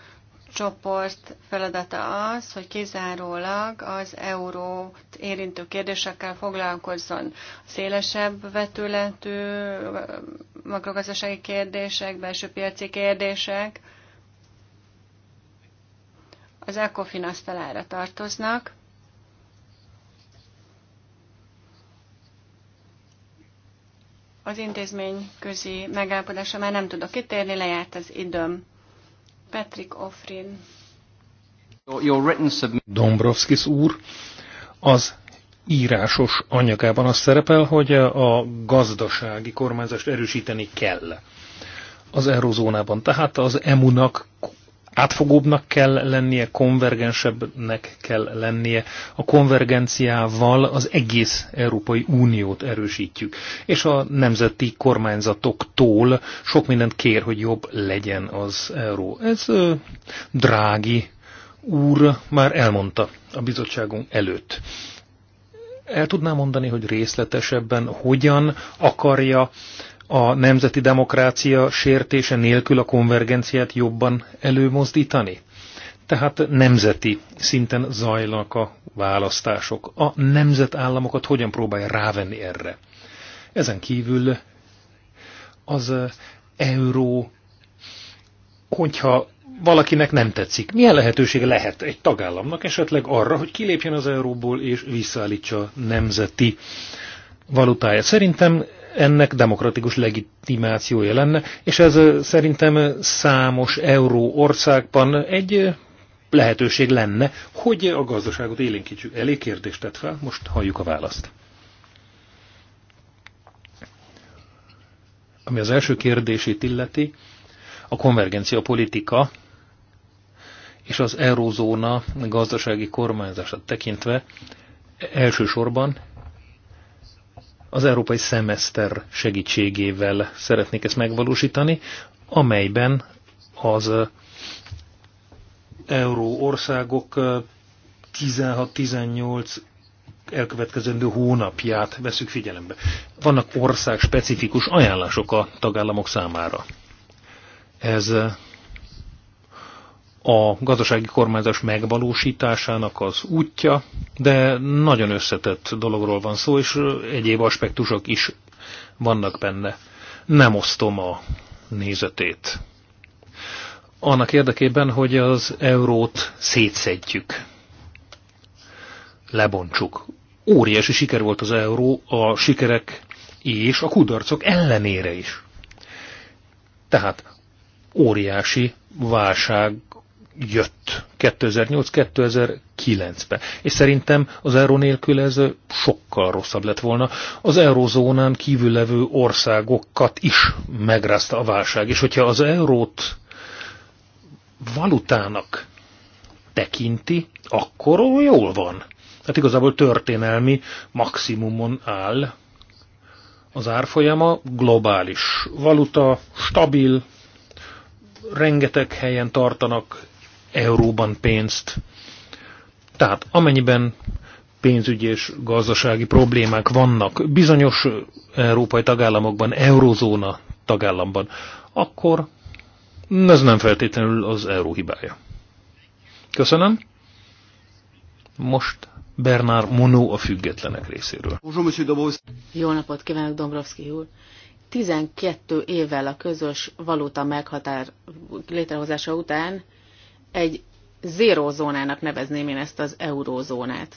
csoport feladata az, hogy kizárólag az eurót érintő kérdésekkel foglalkozzon. Szélesebb vetületű makrogazdasági kérdések, belső piaci kérdések az ECOFIN asztalára tartoznak. az intézmény közi megállapodásra már nem tudok kitérni, lejárt az időm. Patrick Offrin. Dombrovskis úr, az írásos anyagában az szerepel, hogy a gazdasági kormányzást erősíteni kell az eurozónában. Tehát az EMU-nak átfogóbbnak kell lennie, konvergensebbnek kell lennie. A konvergenciával az egész Európai Uniót erősítjük, és a nemzeti kormányzatoktól sok mindent kér, hogy jobb legyen az euró. Ez drági úr már elmondta a bizottságunk előtt. El tudná mondani, hogy részletesebben hogyan akarja a nemzeti demokrácia sértése nélkül a konvergenciát jobban előmozdítani? Tehát nemzeti szinten zajlanak a választások. A nemzetállamokat hogyan próbálja rávenni erre? Ezen kívül az euró, hogyha valakinek nem tetszik, milyen lehetősége lehet egy tagállamnak esetleg arra, hogy kilépjen az euróból és visszaállítsa nemzeti valutáját? Szerintem ennek demokratikus legitimációja lenne, és ez szerintem számos euró országban egy lehetőség lenne, hogy a gazdaságot élénkítsük. Elég kérdést tett fel, most halljuk a választ. Ami az első kérdését illeti, a konvergencia politika és az eurózóna gazdasági kormányzását tekintve elsősorban az európai szemeszter segítségével szeretnék ezt megvalósítani, amelyben az euró országok 16-18 elkövetkezendő hónapját veszük figyelembe. Vannak ország specifikus ajánlások a tagállamok számára. Ez a gazdasági kormányzás megvalósításának az útja, de nagyon összetett dologról van szó, és egyéb aspektusok is vannak benne. Nem osztom a nézetét. Annak érdekében, hogy az eurót szétszedjük, lebontsuk. Óriási siker volt az euró a sikerek és a kudarcok ellenére is. Tehát óriási válság jött 2008-2009-ben. És szerintem az euró nélkül ez sokkal rosszabb lett volna. Az eurozónán kívül levő országokat is megrázta a válság. És hogyha az eurót valutának tekinti, akkor jól van. Tehát igazából történelmi maximumon áll az árfolyama, globális valuta, stabil, rengeteg helyen tartanak euróban pénzt. Tehát amennyiben pénzügyi és gazdasági problémák vannak bizonyos európai tagállamokban, eurozóna tagállamban, akkor ez nem feltétlenül az euró hibája. Köszönöm. Most Bernard Monó a függetlenek részéről. Jó napot kívánok, Dombrovski úr! 12 évvel a közös valuta meghatár létrehozása után egy zérózónának nevezném én ezt az eurózónát.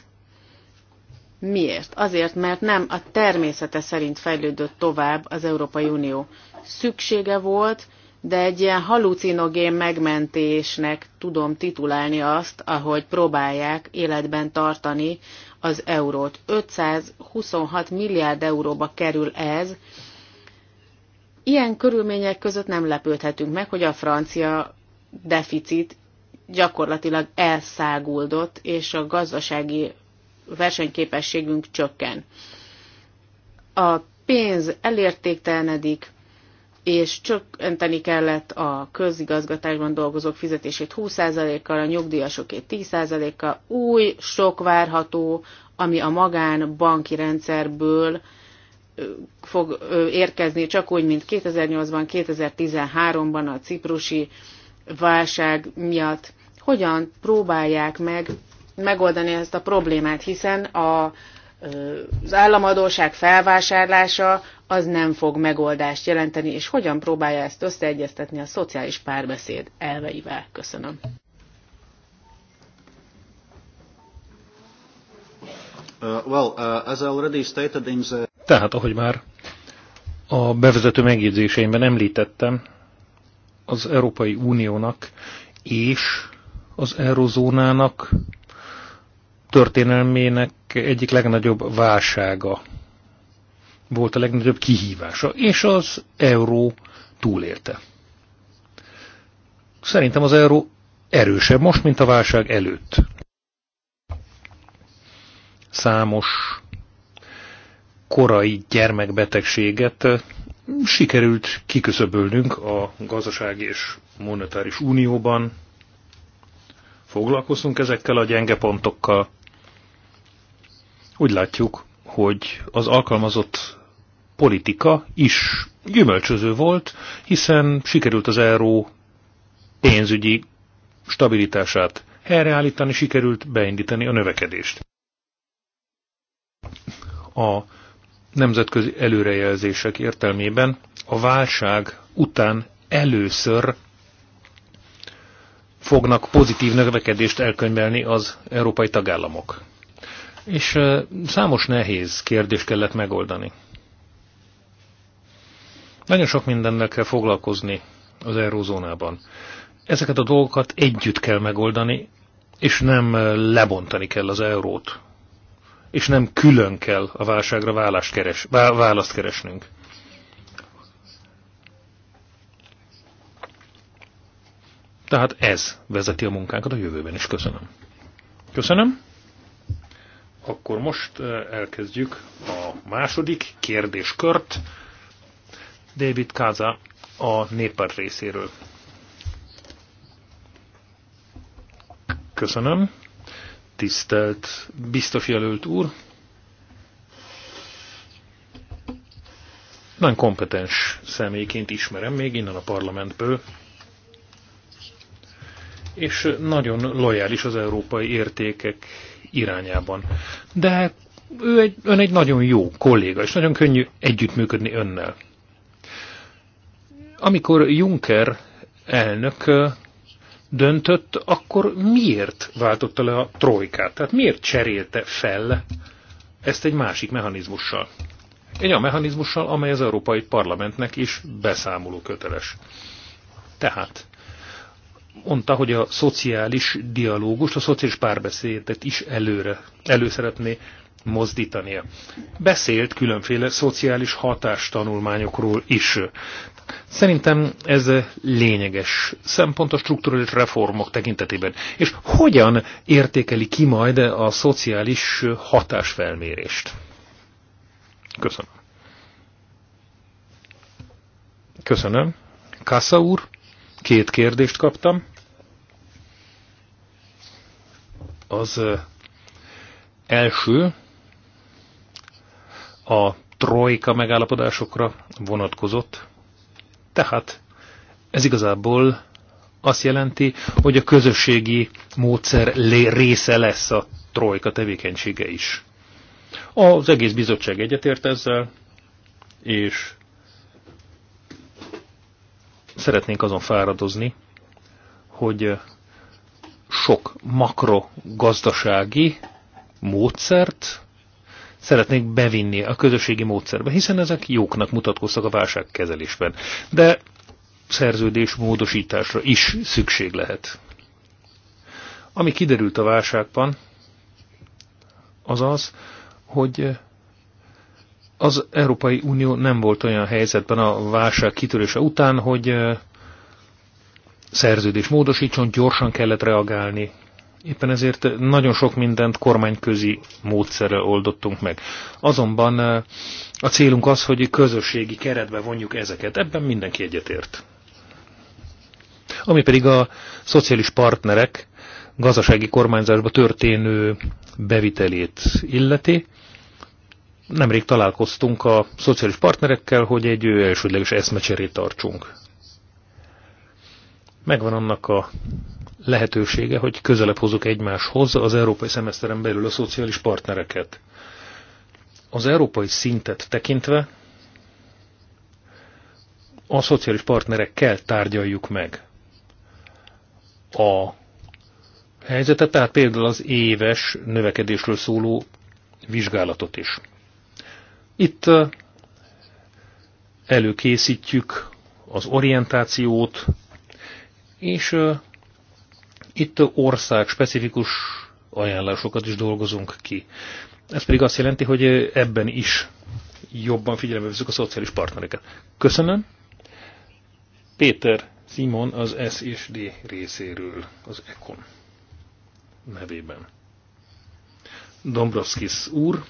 Miért? Azért, mert nem a természete szerint fejlődött tovább az Európai Unió. Szüksége volt, de egy ilyen halucinogén megmentésnek tudom titulálni azt, ahogy próbálják életben tartani az eurót. 526 milliárd euróba kerül ez. Ilyen körülmények között nem lepődhetünk meg, hogy a francia deficit gyakorlatilag elszáguldott, és a gazdasági versenyképességünk csökken. A pénz elértéktelenedik, és csökkenteni kellett a közigazgatásban dolgozók fizetését 20%-kal, a nyugdíjasokét 10%-kal, új sok várható, ami a magán banki rendszerből fog érkezni, csak úgy, mint 2008-ban, 2013-ban a ciprusi válság miatt hogyan próbálják meg megoldani ezt a problémát, hiszen a, az államadóság felvásárlása az nem fog megoldást jelenteni, és hogyan próbálja ezt összeegyeztetni a szociális párbeszéd elveivel. Köszönöm. Uh, well, uh, as I already stated in the... Tehát, ahogy már a bevezető megjegyzéseimben említettem, az Európai Uniónak és az eurozónának történelmének egyik legnagyobb válsága volt a legnagyobb kihívása, és az euró túlélte. Szerintem az euró erősebb most, mint a válság előtt. Számos korai gyermekbetegséget sikerült kiköszöbölnünk a gazdasági és monetáris unióban, foglalkozunk ezekkel a gyenge pontokkal. Úgy látjuk, hogy az alkalmazott politika is gyümölcsöző volt, hiszen sikerült az euró pénzügyi stabilitását helyreállítani, sikerült beindítani a növekedést. A nemzetközi előrejelzések értelmében a válság után először fognak pozitív növekedést elkönyvelni az európai tagállamok. És számos nehéz kérdést kellett megoldani. Nagyon sok mindennel kell foglalkozni az eurózónában. Ezeket a dolgokat együtt kell megoldani, és nem lebontani kell az eurót és nem külön kell a válságra választ, keres, választ keresnünk. Tehát ez vezeti a munkánkat a jövőben is. Köszönöm. Köszönöm. Akkor most elkezdjük a második kérdéskört. David Káza a néppárt részéről. Köszönöm. Tisztelt biztos jelölt úr! Nagyon kompetens személyként ismerem még innen a parlamentből, és nagyon lojális az európai értékek irányában. De ő egy, ön egy nagyon jó kolléga, és nagyon könnyű együttműködni önnel. Amikor Juncker elnök döntött, akkor miért váltotta le a trojkát? Tehát miért cserélte fel ezt egy másik mechanizmussal? Egy olyan mechanizmussal, amely az Európai Parlamentnek is beszámoló köteles. Tehát mondta, hogy a szociális dialógust, a szociális párbeszédet is előre, elő szeretné mozdítania. Beszélt különféle szociális hatástanulmányokról is. Szerintem ez lényeges szempont a strukturális reformok tekintetében. És hogyan értékeli ki majd a szociális hatásfelmérést? Köszönöm. Köszönöm. Kassa úr, két kérdést kaptam. Az első a trojka megállapodásokra vonatkozott. Tehát ez igazából azt jelenti, hogy a közösségi módszer része lesz a trojka tevékenysége is. Az egész bizottság egyetért ezzel, és szeretnénk azon fáradozni, hogy sok makrogazdasági módszert szeretnék bevinni a közösségi módszerbe, hiszen ezek jóknak mutatkoztak a válságkezelésben. De szerződés módosításra is szükség lehet. Ami kiderült a válságban, az az, hogy az Európai Unió nem volt olyan helyzetben a válság kitörése után, hogy szerződés módosítson, gyorsan kellett reagálni, Éppen ezért nagyon sok mindent kormányközi módszerrel oldottunk meg. Azonban eh, a célunk az, hogy közösségi keretbe vonjuk ezeket. Ebben mindenki egyetért. Ami pedig a szociális partnerek gazdasági kormányzásba történő bevitelét illeti, nemrég találkoztunk a szociális partnerekkel, hogy egy elsődleges eszmecserét tartsunk megvan annak a lehetősége, hogy közelebb hozok egymáshoz az európai szemeszteren belül a szociális partnereket. Az európai szintet tekintve a szociális partnerekkel tárgyaljuk meg a helyzetet, tehát például az éves növekedésről szóló vizsgálatot is. Itt uh, előkészítjük az orientációt, és itt ország specifikus ajánlásokat is dolgozunk ki. Ez pedig azt jelenti, hogy ebben is jobban figyelembe veszük a szociális partnereket. Köszönöm. Péter Simon az S és D részéről, az Econ nevében. Dombrovskis úr,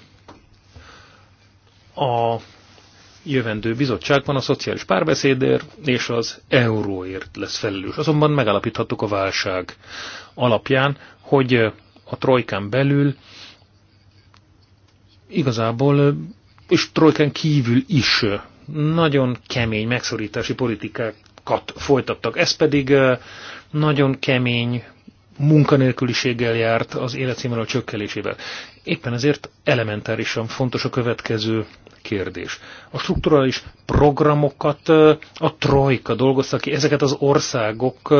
a jövendő bizottságban a szociális párbeszédért és az euróért lesz felelős. Azonban megállapíthattuk a válság alapján, hogy a trojkán belül igazából és trojkán kívül is nagyon kemény megszorítási politikákat folytattak. Ez pedig nagyon kemény munkanélküliséggel járt, az életszínvonal csökkelésével. Éppen ezért elementárisan fontos a következő kérdés. A strukturális programokat a trojka dolgozta ki, ezeket az országok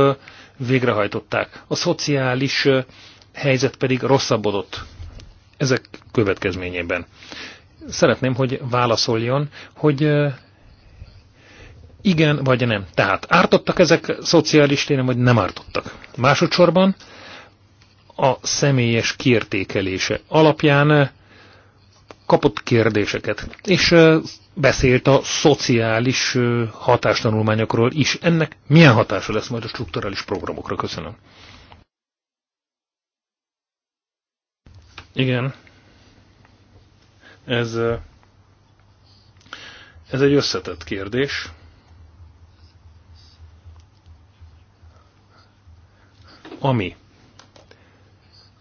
végrehajtották. A szociális helyzet pedig rosszabbodott ezek következményében. Szeretném, hogy válaszoljon, hogy igen vagy nem. Tehát ártottak ezek szociális téren, vagy nem ártottak. Másodszorban a személyes kiértékelése alapján eh, kapott kérdéseket, és eh, beszélt a szociális eh, hatástanulmányokról is. Ennek milyen hatása lesz majd a strukturális programokra? Köszönöm. Igen. Ez, ez egy összetett kérdés. Ami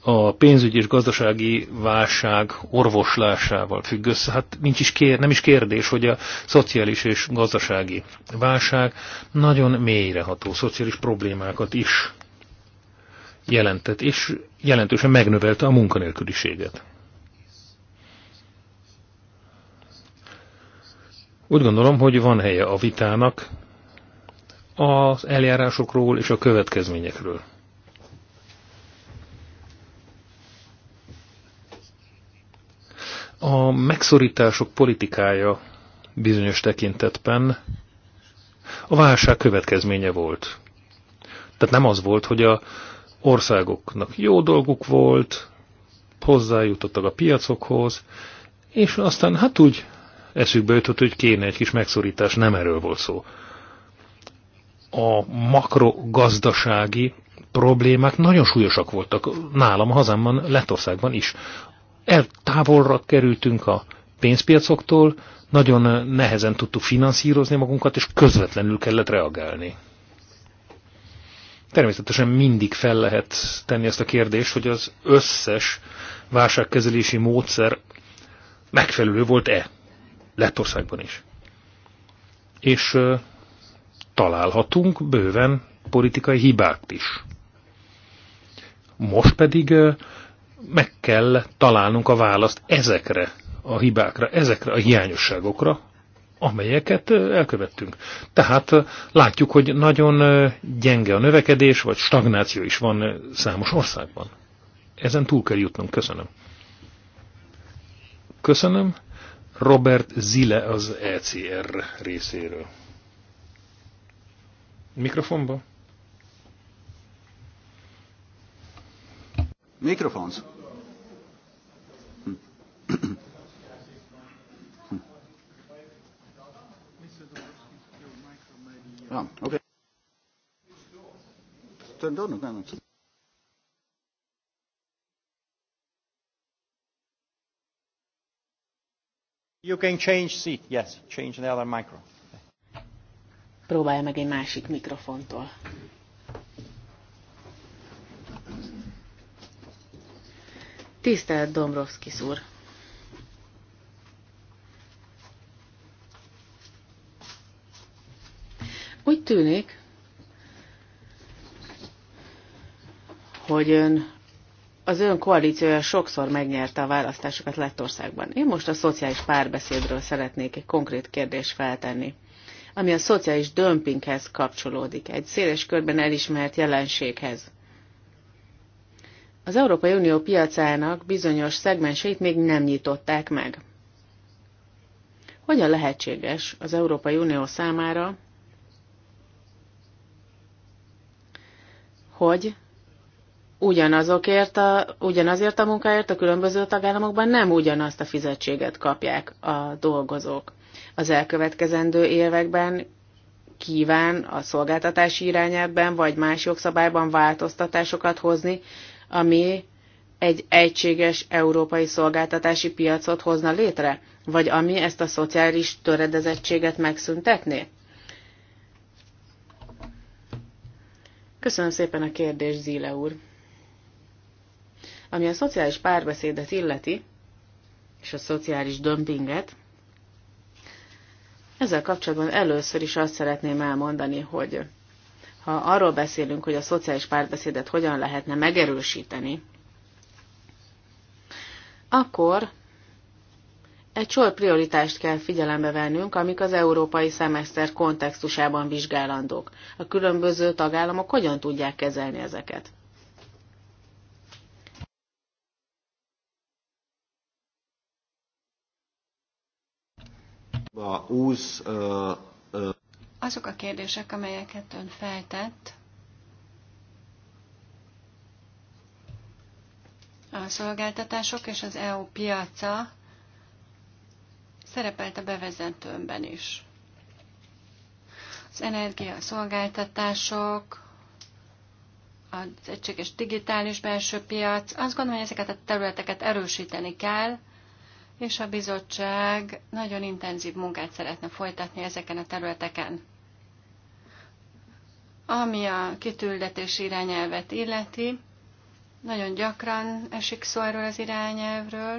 a pénzügyi és gazdasági válság orvoslásával függ össze. Hát nincs is kér, nem is kérdés, hogy a szociális és gazdasági válság nagyon mélyreható szociális problémákat is jelentett, és jelentősen megnövelte a munkanélküliséget. Úgy gondolom, hogy van helye a vitának az eljárásokról és a következményekről. A megszorítások politikája bizonyos tekintetben a válság következménye volt. Tehát nem az volt, hogy a országoknak jó dolguk volt, hozzájutottak a piacokhoz, és aztán hát úgy eszükbe jutott, hogy kéne egy kis megszorítás, nem erről volt szó. A makrogazdasági problémák nagyon súlyosak voltak, nálam, hazámban, Lettországban is eltávolra kerültünk a pénzpiacoktól, nagyon nehezen tudtuk finanszírozni magunkat, és közvetlenül kellett reagálni. Természetesen mindig fel lehet tenni ezt a kérdést, hogy az összes válságkezelési módszer megfelelő volt-e Lettországban is. És ö, találhatunk bőven politikai hibát is. Most pedig ö, meg kell találnunk a választ ezekre a hibákra, ezekre a hiányosságokra, amelyeket elkövettünk. Tehát látjuk, hogy nagyon gyenge a növekedés, vagy stagnáció is van számos országban. Ezen túl kell jutnunk. Köszönöm. Köszönöm. Robert Zile az ECR részéről. Mikrofonba? Mikrofons. Ah, you can change seat, yes, change the other micro. Próbálja meg egy másik mikrofontól. Tisztelt Dombrovski úr! Úgy tűnik, hogy ön, az ön koalíciója sokszor megnyerte a választásokat Lettországban. Én most a szociális párbeszédről szeretnék egy konkrét kérdést feltenni, ami a szociális dömpinghez kapcsolódik, egy széles körben elismert jelenséghez. Az Európai Unió piacának bizonyos szegmenseit még nem nyitották meg. Hogyan lehetséges az Európai Unió számára, hogy ugyanazokért a, ugyanazért a munkáért a különböző tagállamokban nem ugyanazt a fizetséget kapják a dolgozók. Az elkövetkezendő években kíván a szolgáltatási irányában vagy más jogszabályban változtatásokat hozni, ami egy egységes európai szolgáltatási piacot hozna létre, vagy ami ezt a szociális töredezettséget megszüntetné? Köszönöm szépen a kérdést, Zile úr. Ami a szociális párbeszédet illeti, és a szociális dömpinget, ezzel kapcsolatban először is azt szeretném elmondani, hogy ha arról beszélünk, hogy a szociális párbeszédet hogyan lehetne megerősíteni, akkor egy sor prioritást kell figyelembe vennünk, amik az európai szemeszter kontextusában vizsgálandók. A különböző tagállamok hogyan tudják kezelni ezeket? A 20 azok a kérdések, amelyeket ön feltett, a szolgáltatások és az EU piaca szerepelt a bevezetőmben is. Az energia, a szolgáltatások, az egységes digitális belső piac. Azt gondolom, hogy ezeket a területeket erősíteni kell, és a bizottság nagyon intenzív munkát szeretne folytatni ezeken a területeken. Ami a kitüldetés irányelvet illeti, nagyon gyakran esik szó erről az irányelvről.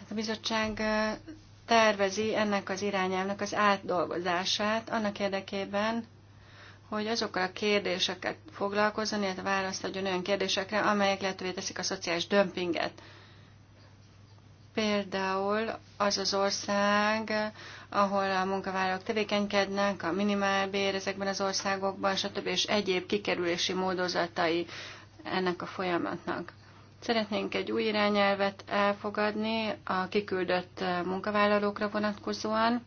Hát a bizottság tervezi ennek az irányelvnek az átdolgozását annak érdekében, hogy azokkal a kérdéseket foglalkozzon, illetve választ adjon olyan kérdésekre, amelyek lehetővé teszik a szociális dömpinget. Például az az ország, ahol a munkavállalók tevékenykednek, a minimálbér ezekben az országokban, stb. és egyéb kikerülési módozatai ennek a folyamatnak. Szeretnénk egy új irányelvet elfogadni a kiküldött munkavállalókra vonatkozóan,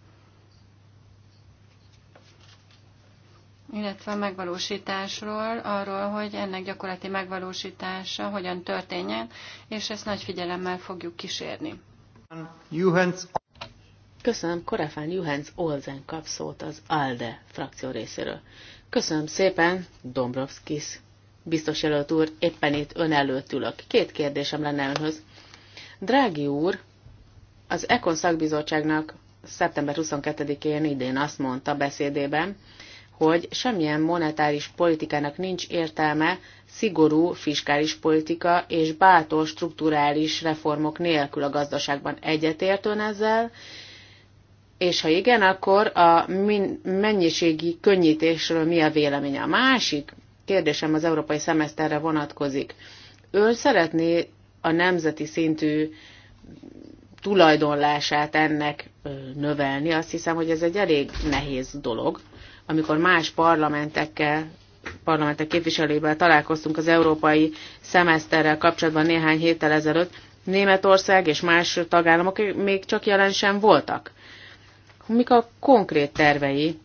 illetve a megvalósításról, arról, hogy ennek gyakorlati megvalósítása hogyan történjen, és ezt nagy figyelemmel fogjuk kísérni. Köszönöm, Korefán Juhens Olzen kap szót az ALDE frakció részéről. Köszönöm szépen, Dombrovskis. Biztos jelölt úr, éppen itt ön előtt ülök. Két kérdésem lenne önhöz. Drági úr, az Ekon szakbizottságnak szeptember 22-én idén azt mondta beszédében, hogy semmilyen monetáris politikának nincs értelme szigorú fiskális politika és bátor strukturális reformok nélkül a gazdaságban egyetértőn ezzel, és ha igen, akkor a mennyiségi könnyítésről mi a véleménye? A másik kérdésem az európai szemeszterre vonatkozik. Ő szeretné a nemzeti szintű tulajdonlását ennek növelni. Azt hiszem, hogy ez egy elég nehéz dolog amikor más parlamentekkel, parlamentek képviselőivel találkoztunk az európai szemeszterrel kapcsolatban néhány héttel ezelőtt, Németország és más tagállamok még csak jelen sem voltak. Mik a konkrét tervei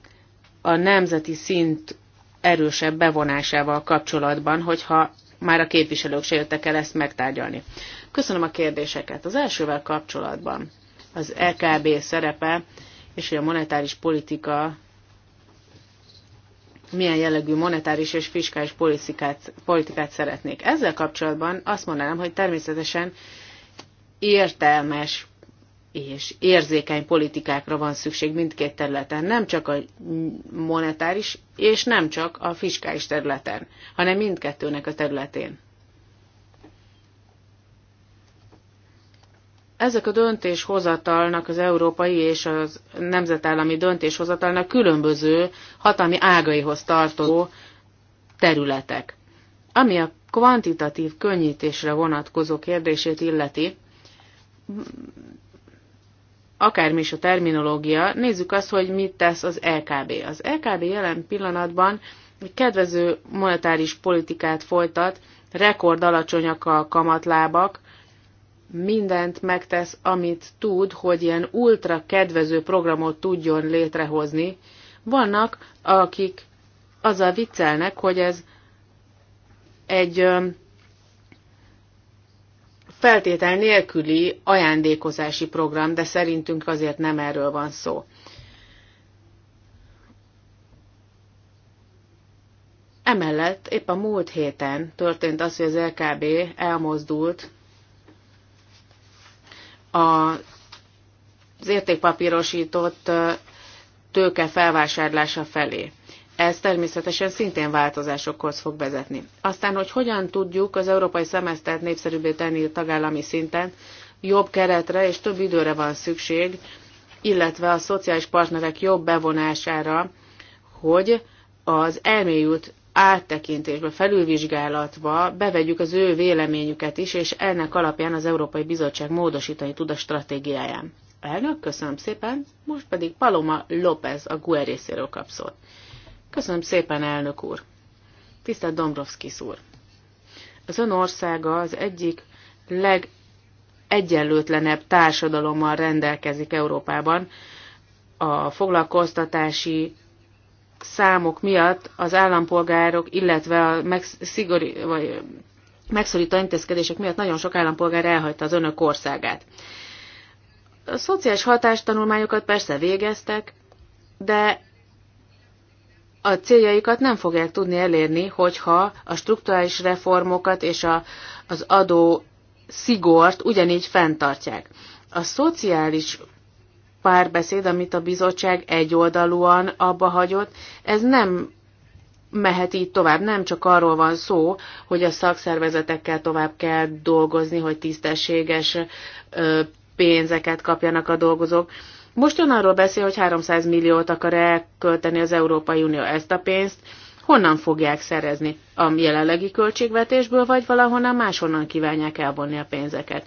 a nemzeti szint erősebb bevonásával kapcsolatban, hogyha már a képviselők se jöttek el ezt megtárgyalni. Köszönöm a kérdéseket. Az elsővel kapcsolatban az LKB e szerepe és hogy a monetáris politika milyen jellegű monetáris és fiskális politikát, politikát szeretnék. Ezzel kapcsolatban azt mondanám, hogy természetesen értelmes és érzékeny politikákra van szükség mindkét területen, nem csak a monetáris és nem csak a fiskális területen, hanem mindkettőnek a területén. ezek a döntéshozatalnak, az európai és a nemzetállami döntéshozatalnak különböző hatalmi ágaihoz tartozó területek. Ami a kvantitatív könnyítésre vonatkozó kérdését illeti, akármi is a terminológia, nézzük azt, hogy mit tesz az LKB. Az LKB jelen pillanatban egy kedvező monetáris politikát folytat, rekord alacsonyak a kamatlábak, mindent megtesz, amit tud, hogy ilyen ultra kedvező programot tudjon létrehozni. Vannak, akik azzal viccelnek, hogy ez egy feltétel nélküli ajándékozási program, de szerintünk azért nem erről van szó. Emellett épp a múlt héten történt az, hogy az LKB elmozdult az értékpapírosított tőke felvásárlása felé. Ez természetesen szintén változásokhoz fog vezetni. Aztán, hogy hogyan tudjuk az európai szemesztert népszerűbbé tenni a tagállami szinten, jobb keretre és több időre van szükség, illetve a szociális partnerek jobb bevonására, hogy az elmélyült áttekintésbe, felülvizsgálatba bevegyük az ő véleményüket is, és ennek alapján az Európai Bizottság módosítani tud a stratégiáján. Elnök, köszönöm szépen, most pedig Paloma López a GUE részéről kap szót. Köszönöm szépen, elnök úr. Tisztelt Dombrovskis úr. Az ön országa az egyik legegyenlőtlenebb társadalommal rendelkezik Európában. A foglalkoztatási számok miatt az állampolgárok, illetve a megszigori, vagy megszorító intézkedések miatt nagyon sok állampolgár elhagyta az önök országát. A szociális hatástanulmányokat persze végeztek, de a céljaikat nem fogják tudni elérni, hogyha a strukturális reformokat és a, az adó szigort ugyanígy fenntartják. A szociális párbeszéd, amit a bizottság egyoldalúan abba hagyott, ez nem mehet így tovább. Nem csak arról van szó, hogy a szakszervezetekkel tovább kell dolgozni, hogy tisztességes pénzeket kapjanak a dolgozók. Most ön arról beszél, hogy 300 milliót akar elkölteni az Európai Unió ezt a pénzt. Honnan fogják szerezni? A jelenlegi költségvetésből, vagy valahonnan máshonnan kívánják elvonni a pénzeket?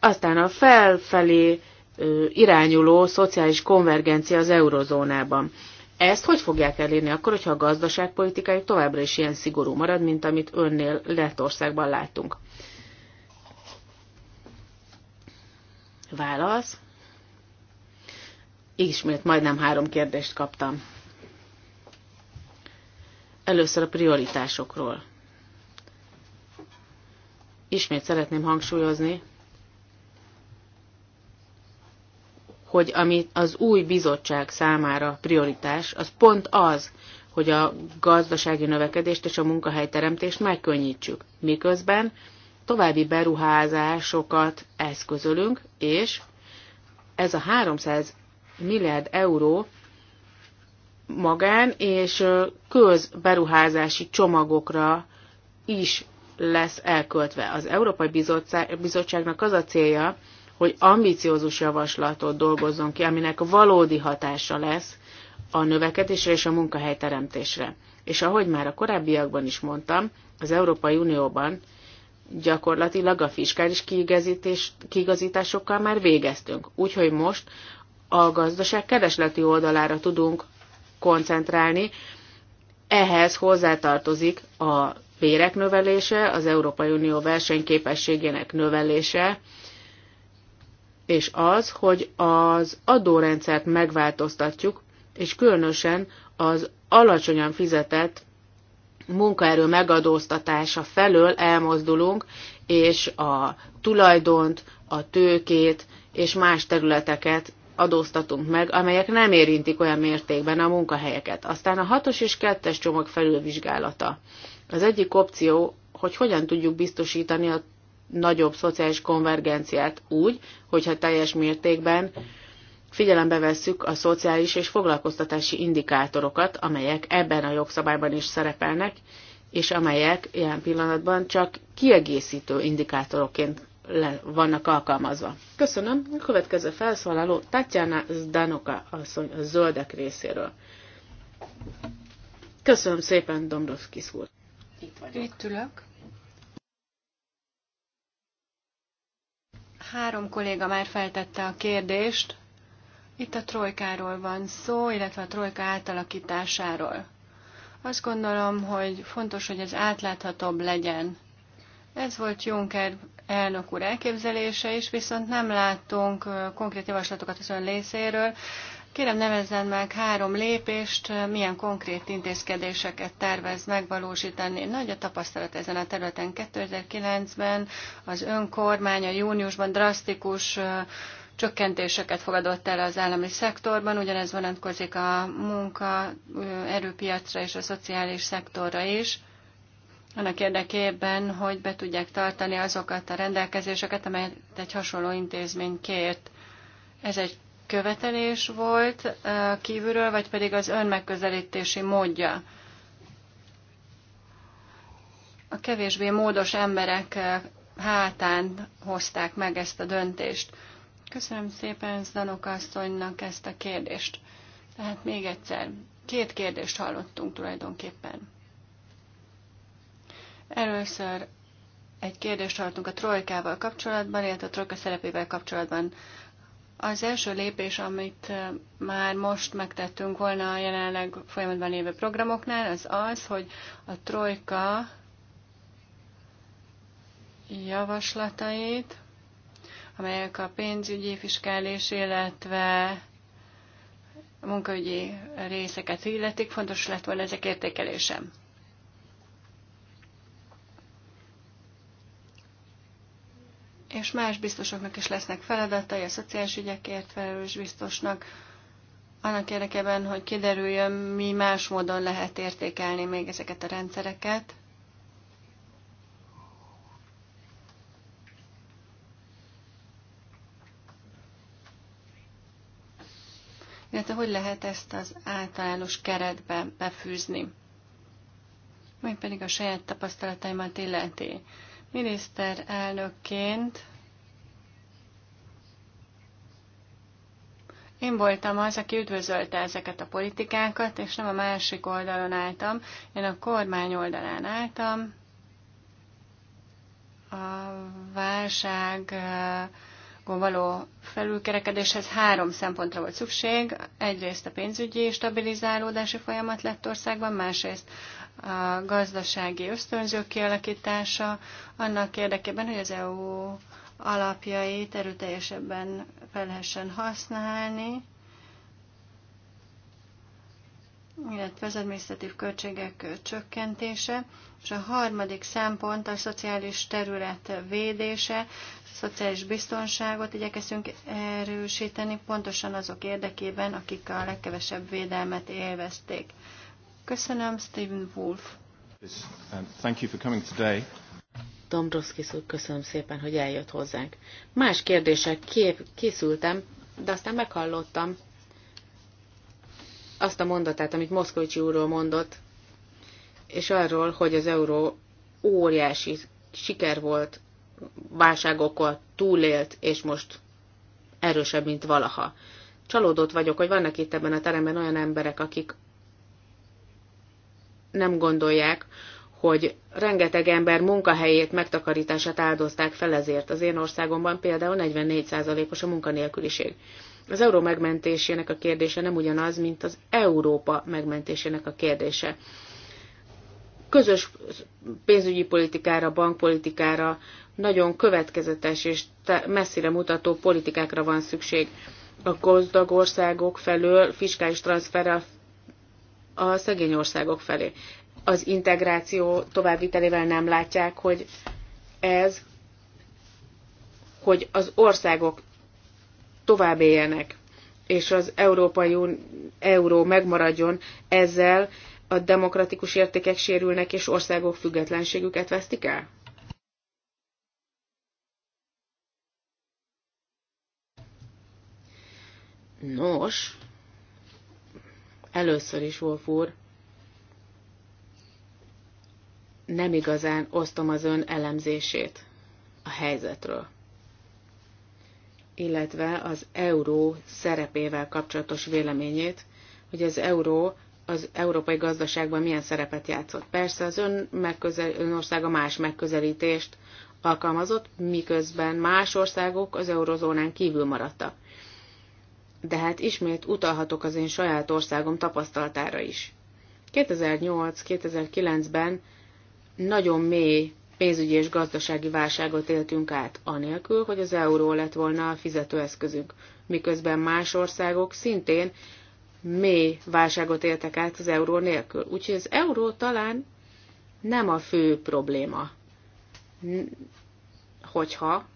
Aztán a felfelé irányuló szociális konvergencia az eurozónában. Ezt hogy fogják elérni akkor, hogyha a gazdaságpolitikájuk továbbra is ilyen szigorú marad, mint amit önnél Lettországban láttunk? Válasz. Ismét majdnem három kérdést kaptam. Először a prioritásokról. Ismét szeretném hangsúlyozni, hogy ami az új bizottság számára prioritás, az pont az, hogy a gazdasági növekedést és a munkahelyteremtést megkönnyítsük, miközben további beruházásokat eszközölünk, és ez a 300 milliárd euró magán és közberuházási csomagokra is lesz elköltve. Az Európai Bizottság, Bizottságnak az a célja, hogy ambiciózus javaslatot dolgozzon ki, aminek valódi hatása lesz a növekedésre és a munkahelyteremtésre. És ahogy már a korábbiakban is mondtam, az Európai Unióban gyakorlatilag a fiskális kiigazításokkal már végeztünk. Úgyhogy most a gazdaság keresleti oldalára tudunk koncentrálni. Ehhez hozzátartozik a bérek növelése, az Európai Unió versenyképességének növelése, és az, hogy az adórendszert megváltoztatjuk, és különösen az alacsonyan fizetett munkaerő megadóztatása felől elmozdulunk, és a tulajdont, a tőkét és más területeket adóztatunk meg, amelyek nem érintik olyan mértékben a munkahelyeket. Aztán a hatos és kettes csomag felülvizsgálata. Az egyik opció, hogy hogyan tudjuk biztosítani a nagyobb szociális konvergenciát úgy, hogyha teljes mértékben figyelembe vesszük a szociális és foglalkoztatási indikátorokat, amelyek ebben a jogszabályban is szerepelnek, és amelyek ilyen pillanatban csak kiegészítő indikátorokként le vannak alkalmazva. Köszönöm. A következő felszólaló Tatjana Zdanoka asszony a zöldek részéről. Köszönöm szépen, Dombrovskis úr. Itt vagyok. Itt ülök. Három kolléga már feltette a kérdést. Itt a trojkáról van szó, illetve a trojka átalakításáról. Azt gondolom, hogy fontos, hogy ez átláthatóbb legyen. Ez volt Juncker elnök úr elképzelése is, viszont nem láttunk konkrét javaslatokat az ön részéről. Kérem nevezzen meg három lépést, milyen konkrét intézkedéseket tervez megvalósítani. Nagy a tapasztalat ezen a területen. 2009-ben az önkormány a júniusban drasztikus csökkentéseket fogadott el az állami szektorban, ugyanez vonatkozik a munka erőpiacra és a szociális szektorra is annak érdekében, hogy be tudják tartani azokat a rendelkezéseket, amelyet egy hasonló intézmény kért. Ez egy követelés volt kívülről, vagy pedig az ön megközelítési módja? A kevésbé módos emberek hátán hozták meg ezt a döntést. Köszönöm szépen Zanok asszonynak ezt a kérdést. Tehát még egyszer, két kérdést hallottunk tulajdonképpen. Először egy kérdést hallottunk a trojkával kapcsolatban, illetve a trojka szerepével kapcsolatban. Az első lépés, amit már most megtettünk volna a jelenleg folyamatban lévő programoknál, az az, hogy a trojka javaslatait, amelyek a pénzügyi, fiskális, illetve a munkaügyi részeket illetik, fontos lett volna ezek értékelésem. és más biztosoknak is lesznek feladatai, a szociális ügyekért felelős biztosnak, annak érdekében, hogy kiderüljön, mi más módon lehet értékelni még ezeket a rendszereket. illetve hogy lehet ezt az általános keretbe befűzni. Még pedig a saját tapasztalataimat illeti. Miniszterelnökként Én voltam az, aki üdvözölte ezeket a politikákat, és nem a másik oldalon álltam, én a kormány oldalán álltam. A válság való felülkerekedéshez három szempontra volt szükség. Egyrészt a pénzügyi stabilizálódási folyamat lett országban, másrészt a gazdasági ösztönzők kialakítása annak érdekében, hogy az EU alapjait erőteljesebben fel lehessen használni, illetve az administratív költségek csökkentése, és a harmadik szempont a szociális terület védése, szociális biztonságot igyekeztünk erősíteni, pontosan azok érdekében, akik a legkevesebb védelmet élvezték. Köszönöm, Stephen Wolf. Thank you for coming today. Dombrovskis úr, köszönöm szépen, hogy eljött hozzánk. Más kérdések kép, készültem, de aztán meghallottam azt a mondatát, amit Moszkovicsi úrról mondott, és arról, hogy az euró óriási siker volt, válságokkal túlélt, és most erősebb, mint valaha. Csalódott vagyok, hogy vannak itt ebben a teremben olyan emberek, akik nem gondolják, hogy rengeteg ember munkahelyét, megtakarítását áldozták fel ezért. Az én országomban például 44%-os a munkanélküliség. Az euró megmentésének a kérdése nem ugyanaz, mint az Európa megmentésének a kérdése. Közös pénzügyi politikára, bankpolitikára, nagyon következetes és messzire mutató politikákra van szükség. A gazdag országok felől fiskális transferrel a szegény országok felé. Az integráció továbbvitelével nem látják, hogy ez, hogy az országok tovább éljenek, és az Európai Euró megmaradjon, ezzel a demokratikus értékek sérülnek, és országok függetlenségüket vesztik el? Nos, Először is, Wolf úr, nem igazán osztom az ön elemzését a helyzetről, illetve az euró szerepével kapcsolatos véleményét, hogy az euró az európai gazdaságban milyen szerepet játszott. Persze az ön, megközel, ön országa más megközelítést alkalmazott, miközben más országok az eurozónán kívül maradtak de hát ismét utalhatok az én saját országom tapasztalatára is. 2008-2009-ben nagyon mély pénzügyi és gazdasági válságot éltünk át, anélkül, hogy az euró lett volna a fizetőeszközünk, miközben más országok szintén mély válságot éltek át az euró nélkül. Úgyhogy az euró talán nem a fő probléma, hogyha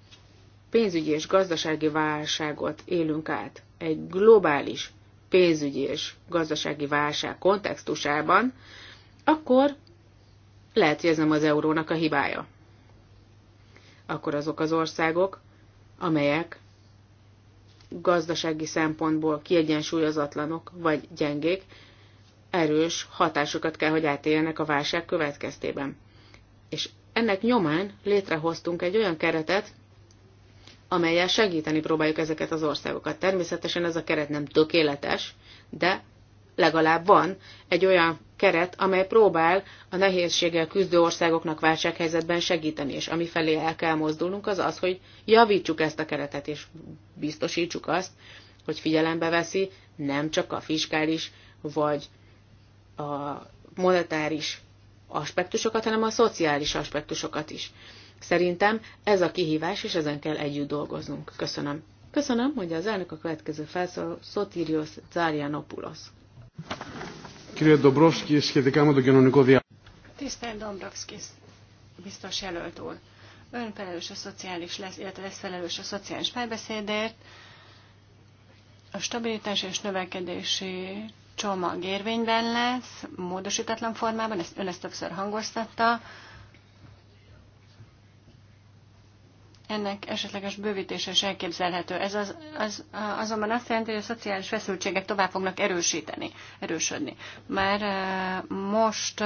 pénzügyi és gazdasági válságot élünk át, egy globális pénzügyi és gazdasági válság kontextusában, akkor lehet, hogy ez nem az eurónak a hibája. Akkor azok az országok, amelyek gazdasági szempontból kiegyensúlyozatlanok vagy gyengék, erős hatásokat kell, hogy átéljenek a válság következtében. És ennek nyomán létrehoztunk egy olyan keretet, amelyel segíteni próbáljuk ezeket az országokat. Természetesen ez a keret nem tökéletes, de legalább van egy olyan keret, amely próbál a nehézséggel küzdő országoknak válsághelyzetben segíteni, és ami felé el kell mozdulnunk, az az, hogy javítsuk ezt a keretet, és biztosítsuk azt, hogy figyelembe veszi nem csak a fiskális vagy a monetáris aspektusokat, hanem a szociális aspektusokat is. Szerintem ez a kihívás, és ezen kell együtt dolgoznunk. Köszönöm. Köszönöm, hogy az elnök a következő felszóló Szotirios Zárianopoulos. Kire Dobrovski, és kérdik a κοινωνικό Tisztelt Dombrovskis, biztos jelölt úr. Ön felelős a szociális lesz, illetve lesz felelős a szociális párbeszédért. A stabilitás és növekedési csomag érvényben lesz, módosítatlan formában, ezt ön ezt többször hangoztatta. ennek esetleges bővítése is elképzelhető. Ez az, az, azonban azt jelenti, hogy a szociális feszültségek tovább fognak erősíteni, erősödni. Már most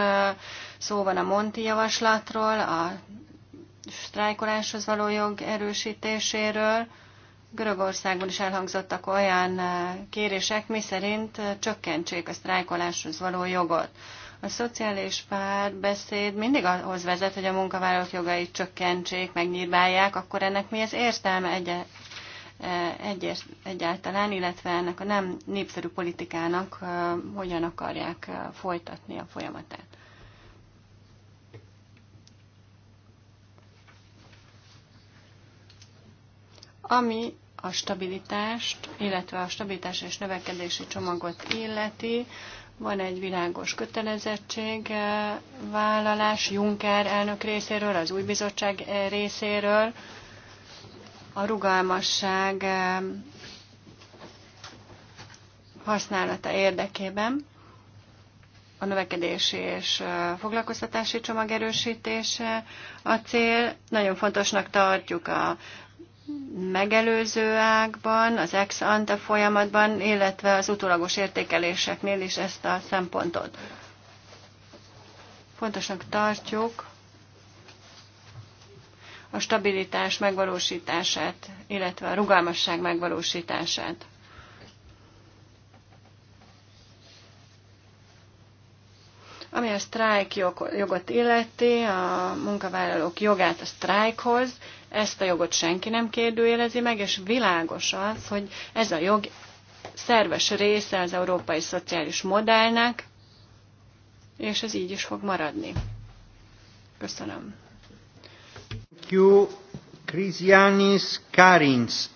szó van a Monti javaslatról, a sztrájkoláshoz való jog erősítéséről, Görögországban is elhangzottak olyan kérések, miszerint csökkentsék a sztrájkoláshoz való jogot. A szociális párbeszéd mindig ahhoz vezet, hogy a munkavállalók jogait csökkentsék, megnyírbálják, akkor ennek mi az értelme egy e, egy egyáltalán, illetve ennek a nem népszerű politikának e, hogyan akarják e, folytatni a folyamatát? Ami a stabilitást, illetve a stabilitás és növekedési csomagot illeti, van egy világos kötelezettség eh, vállalás Juncker elnök részéről, az új bizottság eh, részéről. A rugalmasság eh, használata érdekében a növekedési és foglalkoztatási csomag erősítése a cél. Nagyon fontosnak tartjuk a megelőző ágban, az ex ante folyamatban, illetve az utólagos értékeléseknél is ezt a szempontot. Fontosnak tartjuk a stabilitás megvalósítását, illetve a rugalmasság megvalósítását. Ami a sztrájk jogot illeti, a munkavállalók jogát a sztrájkhoz, ezt a jogot senki nem kérdőjelezi meg, és világos az, hogy ez a jog szerves része az európai szociális modellnek, és ez így is fog maradni. Köszönöm. Thank you, Karins.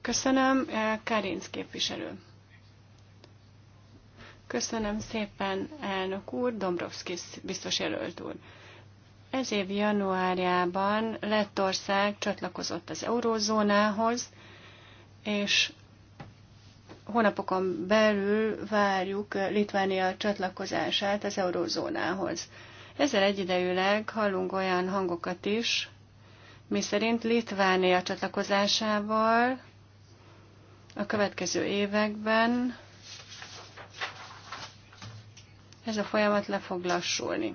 Köszönöm, eh, Karins képviselő. Köszönöm szépen, elnök úr, Dombrovskis biztos jelölt úr. Ez év januárjában Lettország csatlakozott az eurózónához, és hónapokon belül várjuk Litvánia csatlakozását az eurózónához. Ezzel egyidejűleg hallunk olyan hangokat is, miszerint Litvánia csatlakozásával a következő években ez a folyamat le fog lassulni.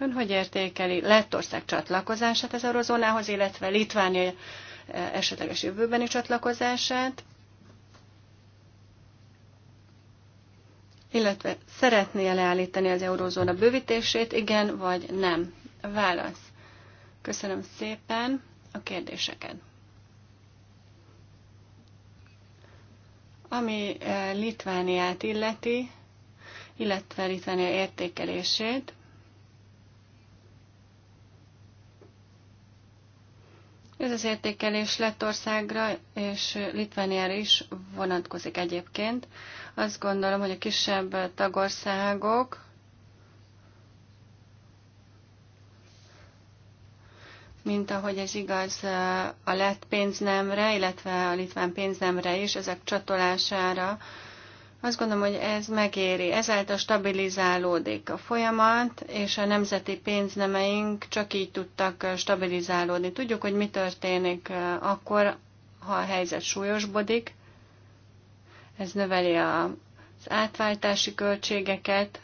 Ön hogy értékeli Lettország csatlakozását az eurozónához, illetve Litvánia eh, esetleges jövőbeni csatlakozását? Illetve szeretné -e leállítani az eurozóna bővítését, igen vagy nem? Válasz. Köszönöm szépen a kérdéseket. Ami eh, Litvániát illeti, illetve Litvánia értékelését, Ez az értékelés Lettországra és Litvániára is vonatkozik egyébként. Azt gondolom, hogy a kisebb tagországok mint ahogy ez igaz eh, a lett pénznemre, illetve a litván pénznemre is, ezek csatolására azt gondolom, hogy ez megéri. Ezáltal stabilizálódik a folyamat, és a nemzeti pénznemeink csak így tudtak stabilizálódni. Tudjuk, hogy mi történik akkor, ha a helyzet súlyosbodik. Ez növeli az átváltási költségeket,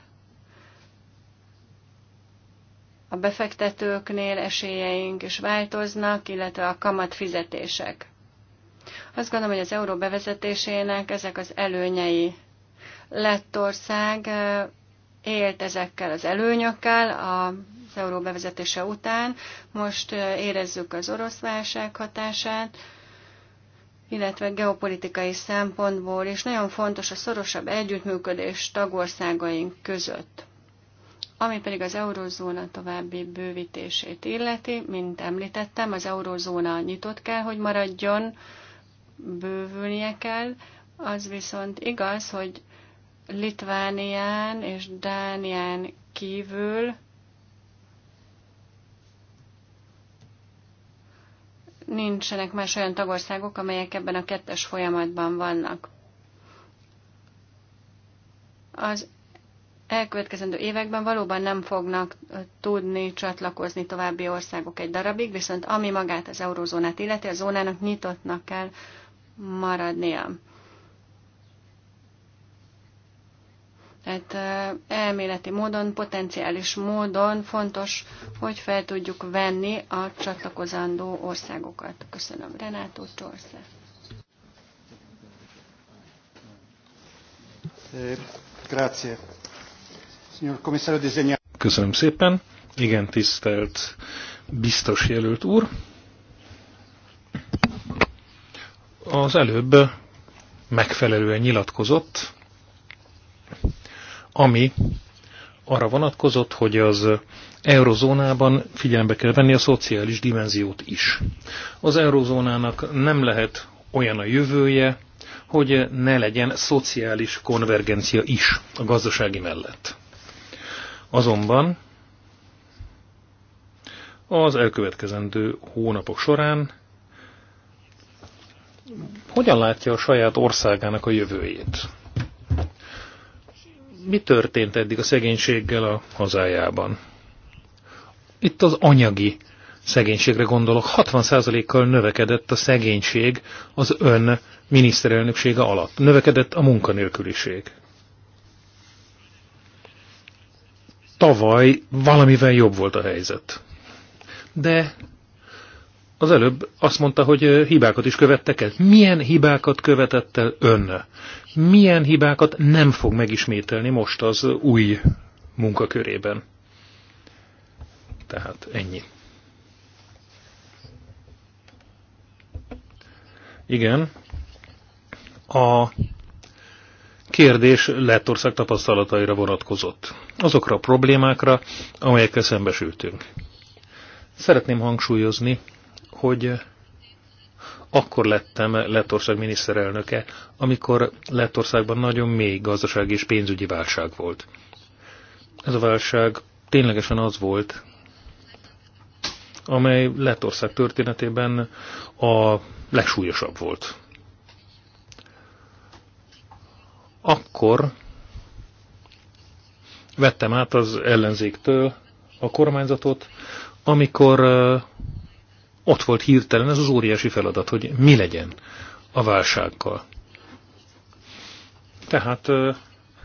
a befektetőknél esélyeink is változnak, illetve a kamat fizetések. Azt gondolom, hogy az euró bevezetésének ezek az előnyei Lettország élt ezekkel az előnyökkel az euró bevezetése után. Most érezzük az orosz válság hatását, illetve geopolitikai szempontból is nagyon fontos a szorosabb együttműködés tagországaink között. Ami pedig az eurózóna további bővítését illeti, mint említettem, az eurózóna nyitott kell, hogy maradjon, bővülnie kell. Az viszont igaz, hogy Litvánián és Dánián kívül nincsenek más olyan tagországok, amelyek ebben a kettes folyamatban vannak. Az elkövetkezendő években valóban nem fognak tudni csatlakozni további országok egy darabig, viszont ami magát az eurozónát illeti, a zónának nyitottnak kell maradnia. Tehát elméleti módon, potenciális módon fontos, hogy fel tudjuk venni a csatlakozandó országokat. Köszönöm. Renátó Csorsze. Eh, Köszönöm szépen. Igen, tisztelt biztos jelölt úr. Az előbb megfelelően nyilatkozott ami arra vonatkozott, hogy az eurozónában figyelembe kell venni a szociális dimenziót is. Az eurozónának nem lehet olyan a jövője, hogy ne legyen szociális konvergencia is a gazdasági mellett. Azonban az elkövetkezendő hónapok során hogyan látja a saját országának a jövőjét? mi történt eddig a szegénységgel a hazájában. Itt az anyagi szegénységre gondolok. 60%-kal növekedett a szegénység az ön miniszterelnöksége alatt. Növekedett a munkanélküliség. Tavaly valamivel jobb volt a helyzet. De az előbb azt mondta, hogy hibákat is követtek el. Milyen hibákat követett el ön? Milyen hibákat nem fog megismételni most az új munkakörében? Tehát ennyi. Igen. A kérdés Lettország tapasztalataira vonatkozott. Azokra a problémákra, amelyekkel szembesültünk. Szeretném hangsúlyozni, hogy akkor lettem Lettország miniszterelnöke, amikor Lettországban nagyon mély gazdasági és pénzügyi válság volt. Ez a válság ténylegesen az volt, amely Lettország történetében a legsúlyosabb volt. Akkor vettem át az ellenzéktől a kormányzatot, amikor ott volt hirtelen ez az óriási feladat, hogy mi legyen a válsággal. Tehát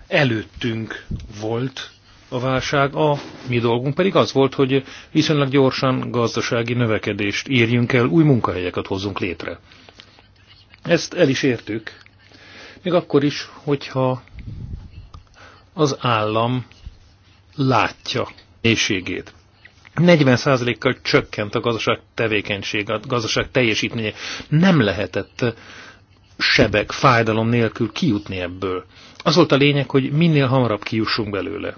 előttünk volt a válság, a mi dolgunk pedig az volt, hogy viszonylag gyorsan gazdasági növekedést írjunk el, új munkahelyeket hozzunk létre. Ezt el is értük, még akkor is, hogyha az állam látja nézségét. 40%-kal csökkent a gazdaság tevékenység, a gazdaság teljesítménye. Nem lehetett sebek, fájdalom nélkül kijutni ebből. Az volt a lényeg, hogy minél hamarabb kijussunk belőle.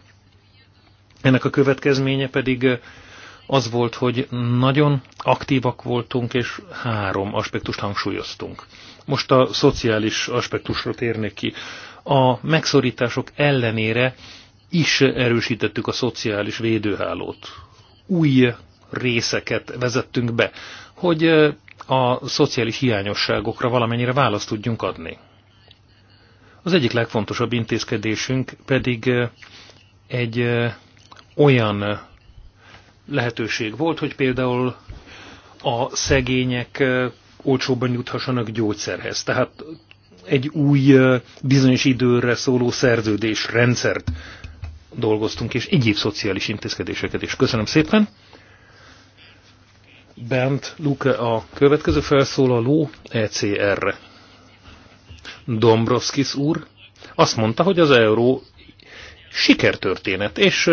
Ennek a következménye pedig az volt, hogy nagyon aktívak voltunk, és három aspektust hangsúlyoztunk. Most a szociális aspektusra térnék ki. A megszorítások ellenére is erősítettük a szociális védőhálót új részeket vezettünk be, hogy a szociális hiányosságokra valamennyire választ tudjunk adni. Az egyik legfontosabb intézkedésünk pedig egy olyan lehetőség volt, hogy például a szegények olcsóban juthassanak gyógyszerhez. Tehát egy új bizonyos időre szóló szerződés rendszert dolgoztunk, és egyéb szociális intézkedéseket is. Köszönöm szépen! Bent Luke a következő felszólaló ECR-re. Dombrovskis úr azt mondta, hogy az euró sikertörténet, és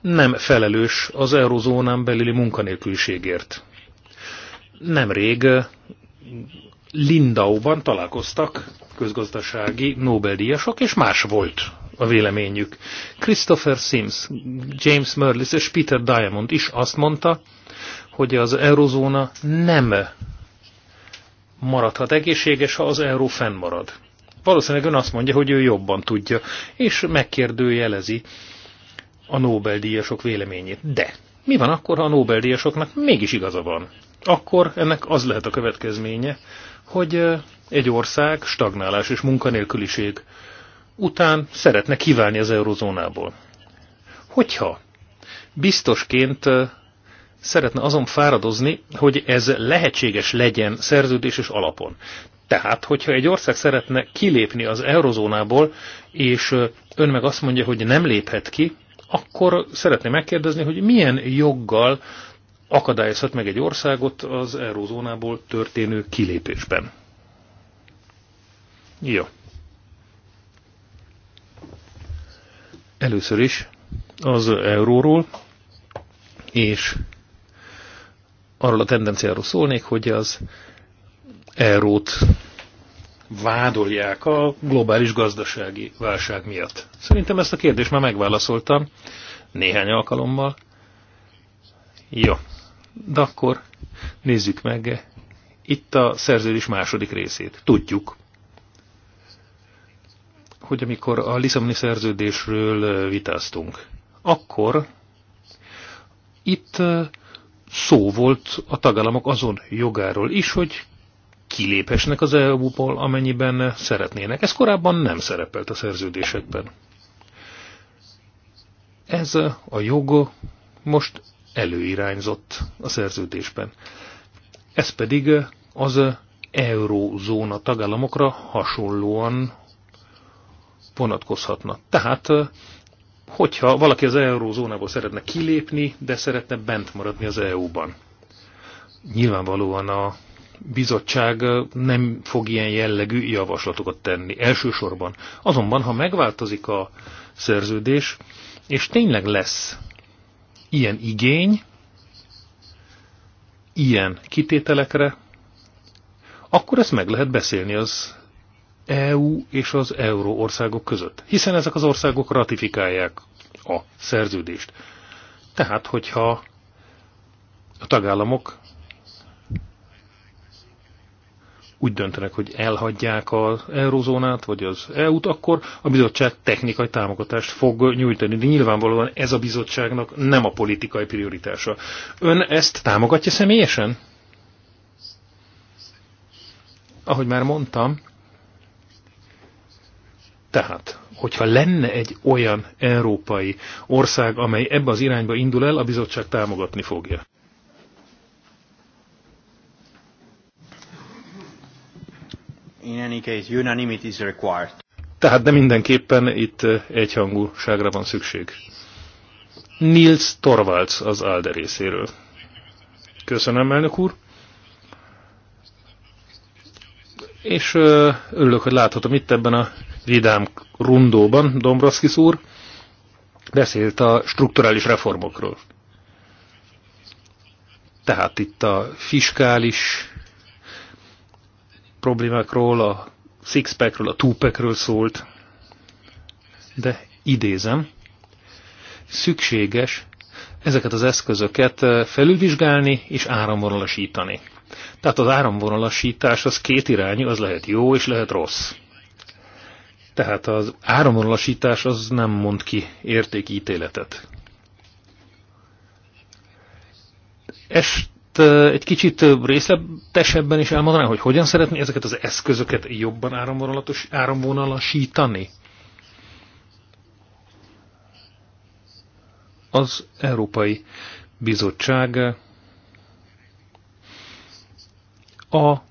nem felelős az eurozónán belüli munkanélküliségért. Nemrég Lindauban találkoztak közgazdasági Nobel-díjasok, és más volt a véleményük. Christopher Sims, James Merlis és Peter Diamond is azt mondta, hogy az eurozóna nem maradhat egészséges, ha az euró fennmarad. Valószínűleg ön azt mondja, hogy ő jobban tudja, és megkérdőjelezi a Nobel-díjasok véleményét. De mi van akkor, ha a Nobel-díjasoknak mégis igaza van? Akkor ennek az lehet a következménye, hogy egy ország stagnálás és munkanélküliség után szeretne kiválni az eurozónából. Hogyha biztosként szeretne azon fáradozni, hogy ez lehetséges legyen szerződéses alapon. Tehát, hogyha egy ország szeretne kilépni az eurozónából, és ön meg azt mondja, hogy nem léphet ki, akkor szeretné megkérdezni, hogy milyen joggal akadályozhat meg egy országot az eurozónából történő kilépésben. Jó. Először is az euróról, és arról a tendenciáról szólnék, hogy az eurót vádolják a globális gazdasági válság miatt. Szerintem ezt a kérdést már megválaszoltam néhány alkalommal. Jó, de akkor nézzük meg itt a szerződés második részét. Tudjuk, hogy amikor a Lisszaboni szerződésről vitáztunk, akkor itt szó volt a tagállamok azon jogáról is, hogy kiléphesnek az EU-ból, amennyiben szeretnének. Ez korábban nem szerepelt a szerződésekben. Ez a jog most előirányzott a szerződésben. Ez pedig az eurózóna tagállamokra hasonlóan vonatkozhatna. Tehát, hogyha valaki az eurózónából szeretne kilépni, de szeretne bent maradni az EU-ban. Nyilvánvalóan a bizottság nem fog ilyen jellegű javaslatokat tenni elsősorban. Azonban, ha megváltozik a szerződés, és tényleg lesz ilyen igény, ilyen kitételekre, akkor ezt meg lehet beszélni az EU és az euró országok között, hiszen ezek az országok ratifikálják a szerződést. Tehát, hogyha a tagállamok úgy döntenek, hogy elhagyják az eurozónát, vagy az EU-t, akkor a bizottság technikai támogatást fog nyújtani. De nyilvánvalóan ez a bizottságnak nem a politikai prioritása. Ön ezt támogatja személyesen? Ahogy már mondtam, tehát, hogyha lenne egy olyan európai ország, amely ebbe az irányba indul el, a bizottság támogatni fogja. In any case, unanimity is required. Tehát de mindenképpen itt eh, egyhangúságra van szükség. Nils Torvalds az ALDE részéről. Köszönöm, elnök úr. és örülök, hogy láthatom itt ebben a vidám rundóban, Dombrovskis úr beszélt a strukturális reformokról. Tehát itt a fiskális problémákról, a sixpackről, a tupekről szólt, de idézem, szükséges ezeket az eszközöket felülvizsgálni és áramvonalasítani. Tehát az áramvonalasítás az két irányú, az lehet jó és lehet rossz. Tehát az áramvonalasítás az nem mond ki értékítéletet. Ezt egy kicsit részletesebben is elmondanám, hogy hogyan szeretné ezeket az eszközöket jobban áramvonalasítani? Az Európai Bizottság a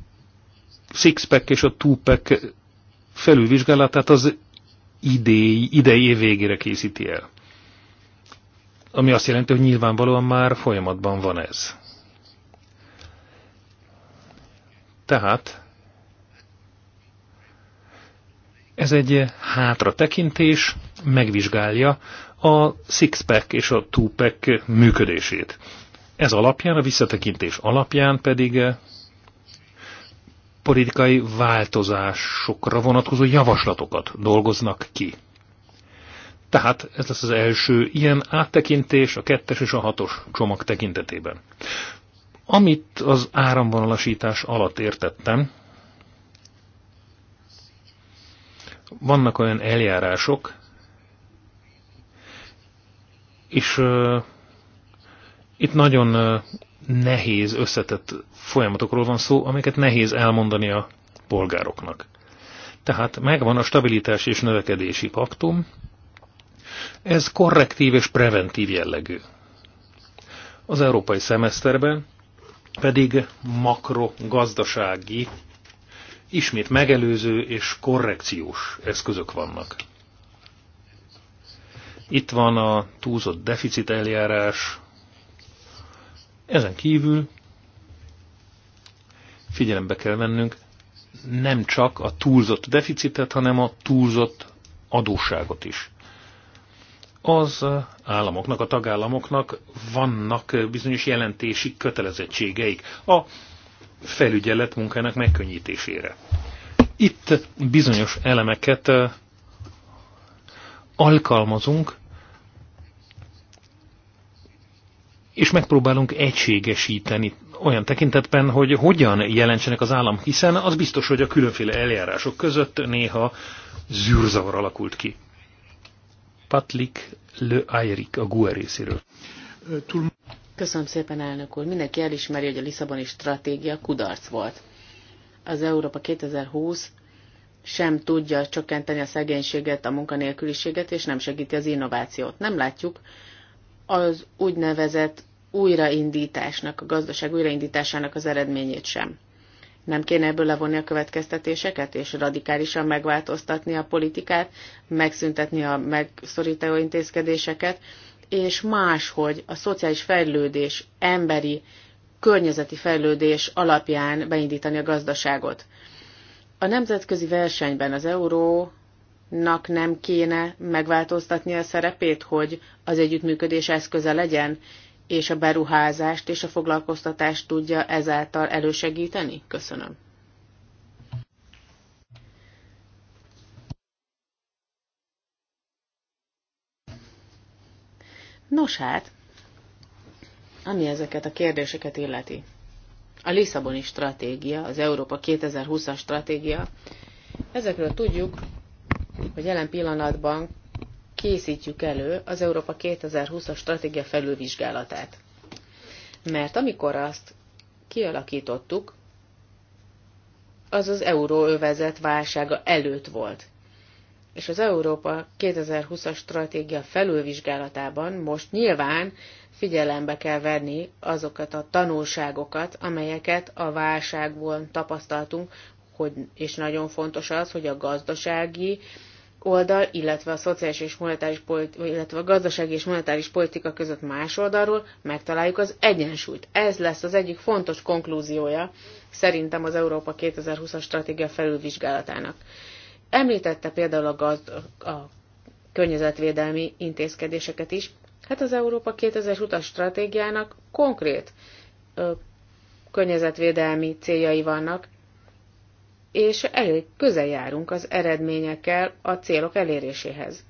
Sixpack és a two-pack felülvizsgálatát az idei, idei év végére készíti el. Ami azt jelenti, hogy nyilvánvalóan már folyamatban van ez. Tehát ez egy hátra tekintés, megvizsgálja a Sixpack és a two-pack működését. Ez alapján, a visszatekintés alapján pedig politikai változásokra vonatkozó javaslatokat dolgoznak ki. Tehát ez lesz az első ilyen áttekintés a kettes és a hatos csomag tekintetében. Amit az áramvonalasítás alatt értettem, vannak olyan eljárások, és uh, itt nagyon nehéz, összetett folyamatokról van szó, amiket nehéz elmondani a polgároknak. Tehát megvan a stabilitás és növekedési paktum, ez korrektív és preventív jellegű. Az európai szemeszterben pedig makrogazdasági, ismét megelőző és korrekciós eszközök vannak. Itt van a túlzott deficit eljárás, ezen kívül figyelembe kell vennünk nem csak a túlzott deficitet, hanem a túlzott adósságot is. Az államoknak, a tagállamoknak vannak bizonyos jelentési kötelezettségeik a felügyelet munkának megkönnyítésére. Itt bizonyos elemeket alkalmazunk, és megpróbálunk egységesíteni olyan tekintetben, hogy hogyan jelentsenek az állam, hiszen az biztos, hogy a különféle eljárások között néha zűrzavar alakult ki. Patlik Le Ayrik a GUE részéről. Köszönöm szépen, elnök úr. Mindenki elismeri, hogy a Lisszaboni stratégia kudarc volt. Az Európa 2020 sem tudja csökkenteni a szegénységet, a munkanélküliséget, és nem segíti az innovációt. Nem látjuk az úgynevezett újraindításnak, a gazdaság újraindításának az eredményét sem. Nem kéne ebből levonni a következtetéseket, és radikálisan megváltoztatni a politikát, megszüntetni a megszorító intézkedéseket, és máshogy a szociális fejlődés, emberi, környezeti fejlődés alapján beindítani a gazdaságot. A nemzetközi versenyben az ...nak nem kéne megváltoztatni a szerepét, hogy az együttműködés eszköze legyen, és a beruházást és a foglalkoztatást tudja ezáltal elősegíteni? Köszönöm. Nos hát, ami ezeket a kérdéseket illeti. A Lisszaboni stratégia, az Európa 2020-as stratégia, ezekről tudjuk, hogy jelen pillanatban készítjük elő az Európa 2020-as stratégia felülvizsgálatát. Mert amikor azt kialakítottuk, az az euróövezet válsága előtt volt. És az Európa 2020-as stratégia felülvizsgálatában most nyilván figyelembe kell venni azokat a tanulságokat, amelyeket a válságból tapasztaltunk, hogy, és nagyon fontos az, hogy a gazdasági oldal, illetve a szociális és monetáris politika, illetve a gazdasági és monetáris politika között más oldalról megtaláljuk az egyensúlyt. Ez lesz az egyik fontos konklúziója szerintem az Európa 2020-as stratégia felülvizsgálatának. Említette például a, gazd, a környezetvédelmi intézkedéseket is. Hát az Európa 2020-as stratégiának konkrét ö, környezetvédelmi céljai vannak, és elég közel járunk az eredményekkel a célok eléréséhez.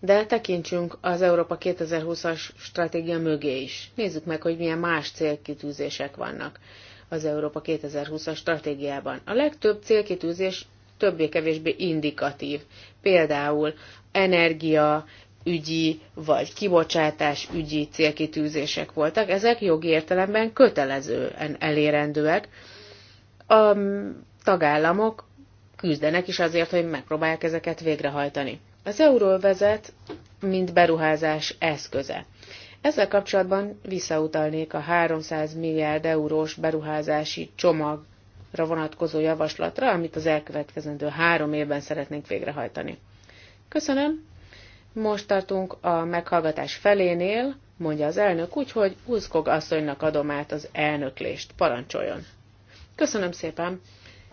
De tekintsünk az Európa 2020-as stratégia mögé is. Nézzük meg, hogy milyen más célkitűzések vannak az Európa 2020-as stratégiában. A legtöbb célkitűzés többé-kevésbé indikatív. Például energia, ügyi vagy kibocsátás ügyi célkitűzések voltak. Ezek jogi értelemben kötelezően elérendőek. A tagállamok küzdenek is azért, hogy megpróbálják ezeket végrehajtani. Az euról vezet, mint beruházás eszköze. Ezzel kapcsolatban visszautalnék a 300 milliárd eurós beruházási csomagra vonatkozó javaslatra, amit az elkövetkezendő három évben szeretnénk végrehajtani. Köszönöm, most tartunk a meghallgatás felénél, mondja az elnök, úgyhogy Uszkog asszonynak adom át az elnöklést. Parancsoljon! Köszönöm szépen!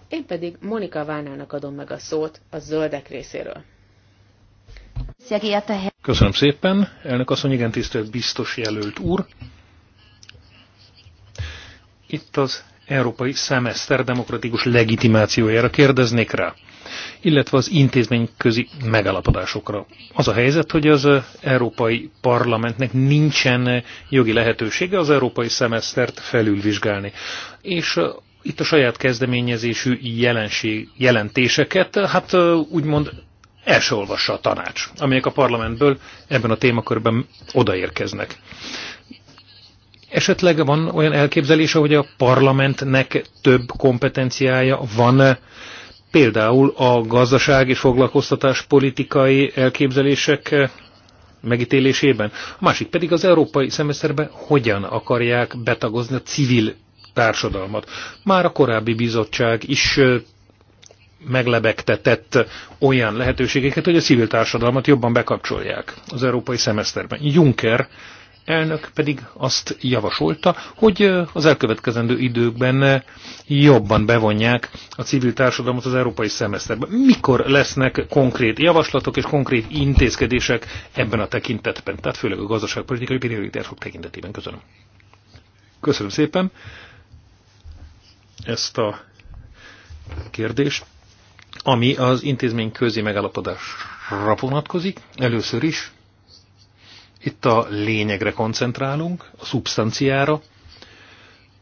Én pedig Monika Vánának adom meg a szót a zöldek részéről. Köszönöm szépen, elnök asszony, igen tisztelt biztos jelölt úr. Itt az európai szemeszter demokratikus legitimációjára kérdeznék rá illetve az intézményközi megállapodásokra. Az a helyzet, hogy az eh, Európai Parlamentnek nincsen eh, jogi lehetősége az európai szemesztert felülvizsgálni. És eh, itt a saját kezdeményezésű jelenség, jelentéseket, hát úgymond első olvassa a tanács, amelyek a parlamentből ebben a témakörben odaérkeznek. Esetleg van olyan elképzelése, hogy a parlamentnek több kompetenciája van Például a gazdaság és foglalkoztatás politikai elképzelések eh, megítélésében, a másik pedig az európai szemeszterben hogyan akarják betagozni a civil társadalmat. Már a korábbi bizottság is eh, meglebegtetett olyan lehetőségeket, hogy a civil társadalmat jobban bekapcsolják az európai szemeszterben. Juncker elnök pedig azt javasolta, hogy az elkövetkezendő időkben jobban bevonják a civil társadalmat az európai szemeszterbe. Mikor lesznek konkrét javaslatok és konkrét intézkedések ebben a tekintetben, tehát főleg a gazdaságpolitikai prioritások tekintetében? Köszönöm. Köszönöm szépen ezt a kérdést, ami az intézmény közi megállapodásra vonatkozik. Először is itt a lényegre koncentrálunk, a szubstanciára,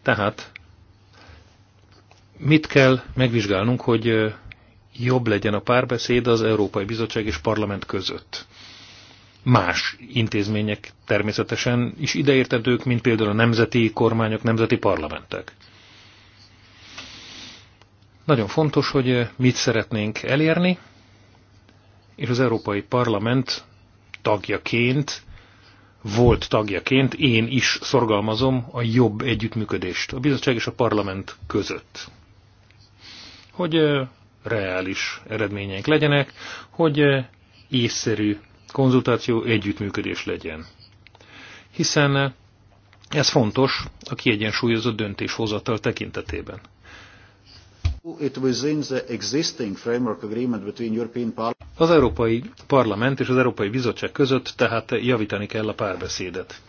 tehát mit kell megvizsgálnunk, hogy jobb legyen a párbeszéd az Európai Bizottság és Parlament között. Más intézmények természetesen is ideértedők, mint például a nemzeti kormányok, nemzeti parlamentek. Nagyon fontos, hogy mit szeretnénk elérni, és az Európai Parlament tagjaként volt tagjaként én is szorgalmazom a jobb együttműködést a bizottság és a parlament között. Hogy reális eredményeink legyenek, hogy észszerű konzultáció, együttműködés legyen. Hiszen ez fontos a kiegyensúlyozott döntéshozatal tekintetében. Az Európai Parlament és az Európai Bizottság között tehát javítani kell a párbeszédet.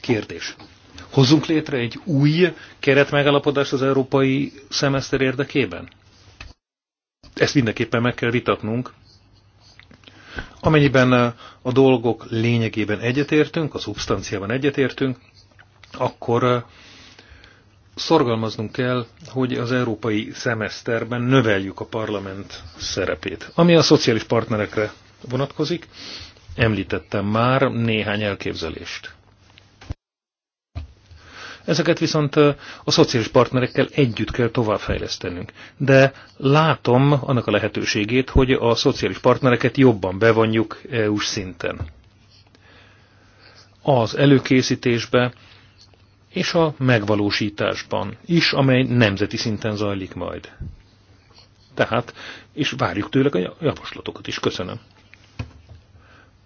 Kérdés. Hozzunk létre egy új keretmegállapodást az európai szemeszter érdekében? Ezt mindenképpen meg kell vitatnunk. Amennyiben a dolgok lényegében egyetértünk, a szubstanciában egyetértünk, akkor szorgalmaznunk kell, hogy az európai szemeszterben növeljük a parlament szerepét. Ami a szociális partnerekre vonatkozik, említettem már néhány elképzelést. Ezeket viszont a szociális partnerekkel együtt kell továbbfejlesztenünk. De látom annak a lehetőségét, hogy a szociális partnereket jobban bevonjuk EU-s szinten. Az előkészítésbe, és a megvalósításban is, amely nemzeti szinten zajlik majd. Tehát, és várjuk tőle a javaslatokat is. Köszönöm.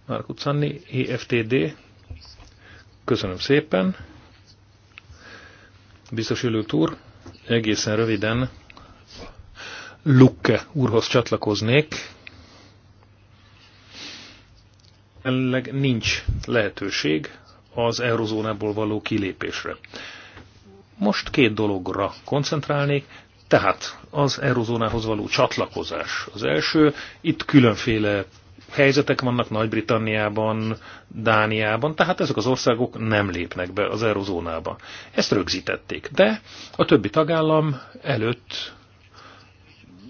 Márkut Szanni, EFTD. Köszönöm szépen. Biztos ülőt úr, egészen röviden Lukke úrhoz csatlakoznék. Jelenleg nincs lehetőség az eurozónából való kilépésre. Most két dologra koncentrálnék, tehát az eurozónához való csatlakozás az első. Itt különféle helyzetek vannak Nagy-Britanniában, Dániában, tehát ezek az országok nem lépnek be az eurozónába. Ezt rögzítették, de a többi tagállam előtt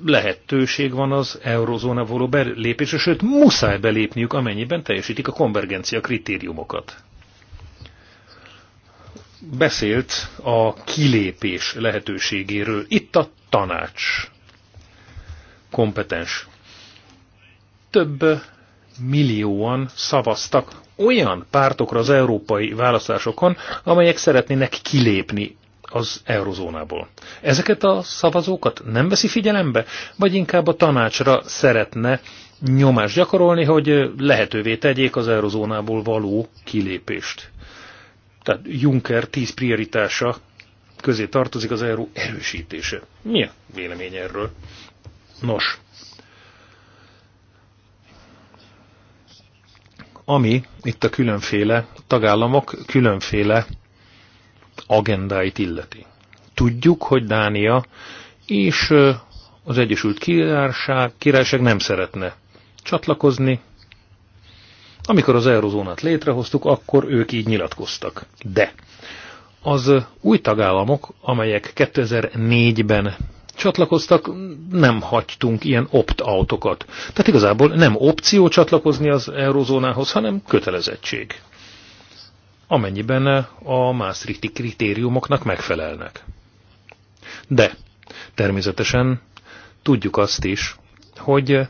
lehetőség van az eurozóna való belépésre, sőt muszáj belépniük, amennyiben teljesítik a konvergencia kritériumokat beszélt a kilépés lehetőségéről. Itt a tanács kompetens. Több millióan szavaztak olyan pártokra az európai választásokon, amelyek szeretnének kilépni az eurozónából. Ezeket a szavazókat nem veszi figyelembe, vagy inkább a tanácsra szeretne nyomást gyakorolni, hogy lehetővé tegyék az eurozónából való kilépést tehát Juncker tíz prioritása közé tartozik az euró erősítése. Mi a vélemény erről? Nos, ami itt a különféle tagállamok különféle agendáit illeti. Tudjuk, hogy Dánia és az Egyesült Királyság, nem szeretne csatlakozni, amikor az eurozónát létrehoztuk, akkor ők így nyilatkoztak. De az új tagállamok, amelyek 2004-ben csatlakoztak, nem hagytunk ilyen opt-autokat. Tehát igazából nem opció csatlakozni az eurozónához, hanem kötelezettség. Amennyiben a Maastrichti kritériumoknak megfelelnek. De természetesen tudjuk azt is, hogy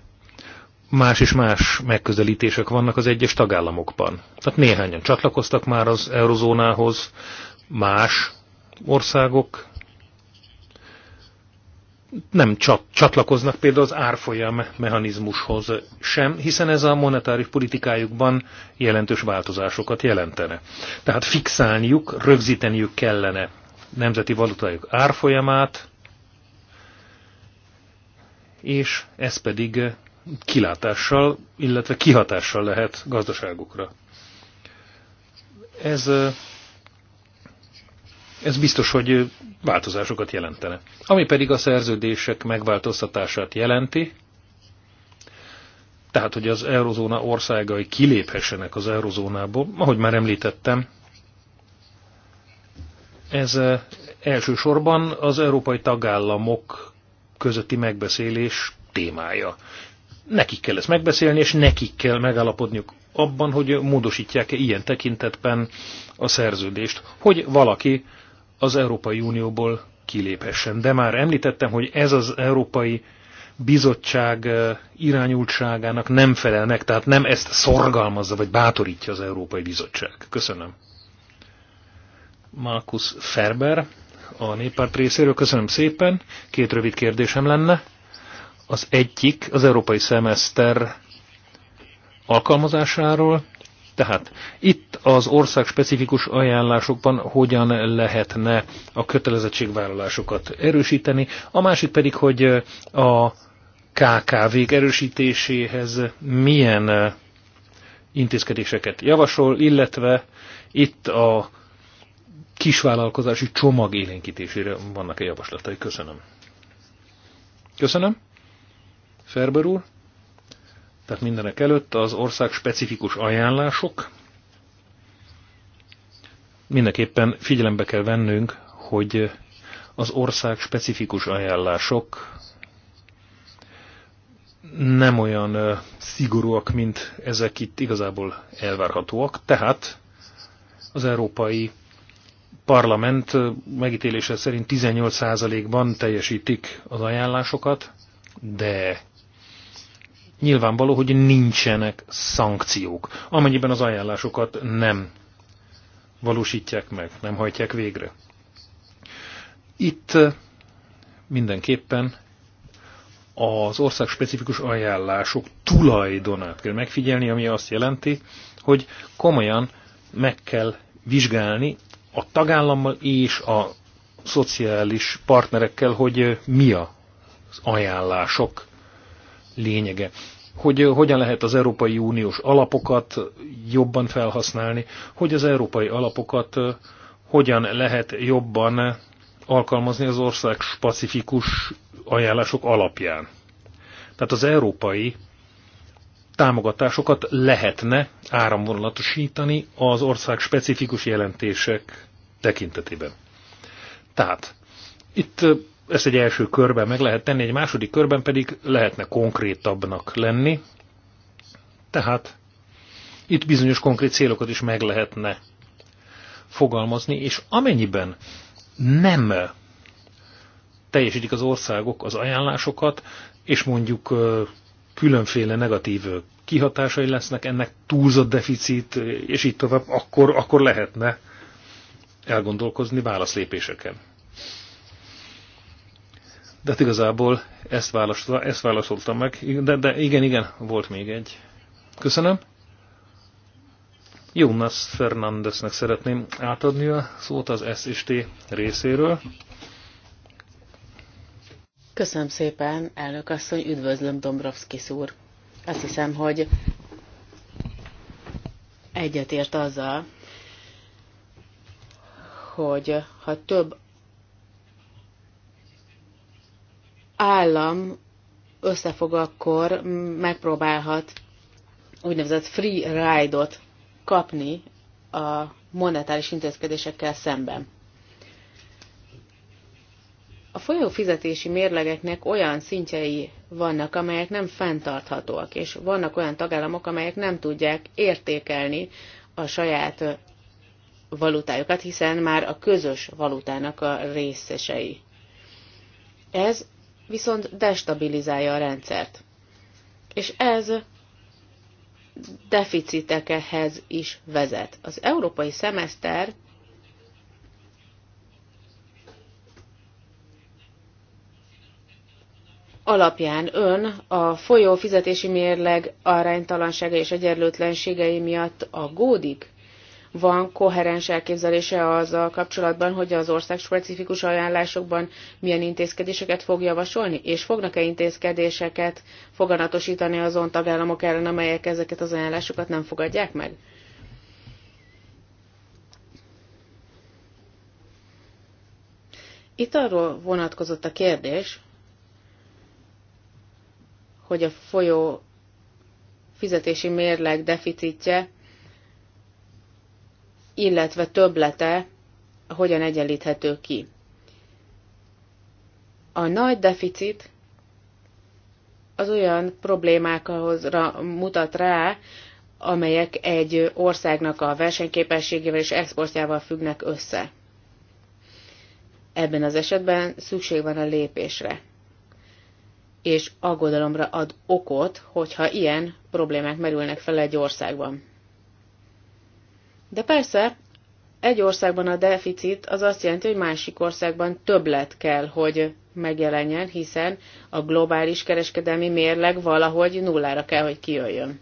más és más megközelítések vannak az egyes tagállamokban. Tehát néhányan csatlakoztak már az eurozónához, más országok nem csat, csatlakoznak például az árfolyam mechanizmushoz sem, hiszen ez a monetáris politikájukban jelentős változásokat jelentene. Tehát fixálniuk, rögzíteniük kellene nemzeti valutájuk árfolyamát, és ez pedig kilátással, illetve kihatással lehet gazdaságukra. Ez, ez biztos, hogy változásokat jelentene. Ami pedig a szerződések megváltoztatását jelenti, tehát, hogy az eurozóna országai kiléphessenek az eurozónából, ahogy már említettem, ez elsősorban az európai tagállamok közötti megbeszélés témája nekik kell ezt megbeszélni, és nekik kell megállapodniuk abban, hogy módosítják-e ilyen tekintetben a szerződést, hogy valaki az Európai Unióból kiléphessen. De már említettem, hogy ez az Európai Bizottság eh, irányultságának nem felel meg, tehát nem ezt szorgalmazza vagy bátorítja az Európai Bizottság. Köszönöm. Markus Ferber, a néppárt részéről. Köszönöm szépen. Két rövid kérdésem lenne. Az egyik az európai szemeszter alkalmazásáról, tehát itt az ország specifikus ajánlásokban hogyan lehetne a kötelezettségvállalásokat erősíteni, a másik pedig, hogy a KKV-k erősítéséhez milyen intézkedéseket javasol, illetve itt a kisvállalkozási csomag élénkítésére vannak-e javaslatai. Köszönöm. Köszönöm. Ferber úr. Tehát mindenek előtt az ország specifikus ajánlások. Mindenképpen figyelembe kell vennünk, hogy az ország specifikus ajánlások nem olyan szigorúak, mint ezek itt igazából elvárhatóak. Tehát az Európai Parlament megítélése szerint 18%-ban teljesítik az ajánlásokat, de nyilvánvaló, hogy nincsenek szankciók, amennyiben az ajánlásokat nem valósítják meg, nem hajtják végre. Itt mindenképpen az ország specifikus ajánlások tulajdonát kell megfigyelni, ami azt jelenti, hogy komolyan meg kell vizsgálni a tagállammal és a szociális partnerekkel, hogy mi az ajánlások lényege. Hogy hogyan lehet az Európai Uniós alapokat jobban felhasználni, hogy az európai alapokat hogyan lehet jobban alkalmazni az ország specifikus ajánlások alapján. Tehát az európai támogatásokat lehetne áramvonalatosítani az ország specifikus jelentések tekintetében. Tehát itt ezt egy első körben meg lehet tenni, egy második körben pedig lehetne konkrétabbnak lenni. Tehát itt bizonyos konkrét célokat is meg lehetne fogalmazni, és amennyiben nem teljesítik az országok az ajánlásokat, és mondjuk különféle negatív kihatásai lesznek, ennek túlzott deficit, és így tovább, akkor, akkor lehetne elgondolkozni válaszlépéseken. De hát igazából ezt, válaszolta, ezt válaszoltam meg, de, de igen, igen, volt még egy. Köszönöm. Jonas Fernandesnek szeretném átadni a szót az SST részéről. Köszönöm szépen, elnök asszony, üdvözlöm Dombrovski úr. Azt hiszem, hogy egyetért azzal, hogy ha több állam összefog, akkor megpróbálhat úgynevezett free ride-ot kapni a monetáris intézkedésekkel szemben. A folyó fizetési mérlegeknek olyan szintjei vannak, amelyek nem fenntarthatóak, és vannak olyan tagállamok, amelyek nem tudják értékelni a saját valutájukat, hiszen már a közös valutának a részesei. Ez viszont destabilizálja a rendszert. És ez deficitekhez is vezet. Az európai szemeszter alapján ön a folyó fizetési mérleg aránytalansága és egyenlőtlenségei miatt aggódik? van koherens elképzelése a kapcsolatban, hogy az ország specifikus ajánlásokban milyen intézkedéseket fog javasolni, és fognak-e intézkedéseket foganatosítani azon tagállamok ellen, amelyek ezeket az ajánlásokat nem fogadják meg? Itt arról vonatkozott a kérdés, hogy a folyó fizetési mérleg deficitje illetve töblete hogyan egyenlíthető ki. A nagy deficit az olyan problémákhoz mutat rá, amelyek egy országnak a versenyképességével és exportjával függnek össze. Ebben az esetben szükség van a lépésre, és aggodalomra ad okot, hogyha ilyen problémák merülnek fel egy országban. De persze, egy országban a deficit az azt jelenti, hogy másik országban többlet kell, hogy megjelenjen, hiszen a globális kereskedelmi mérleg valahogy nullára kell, hogy kijöjjön.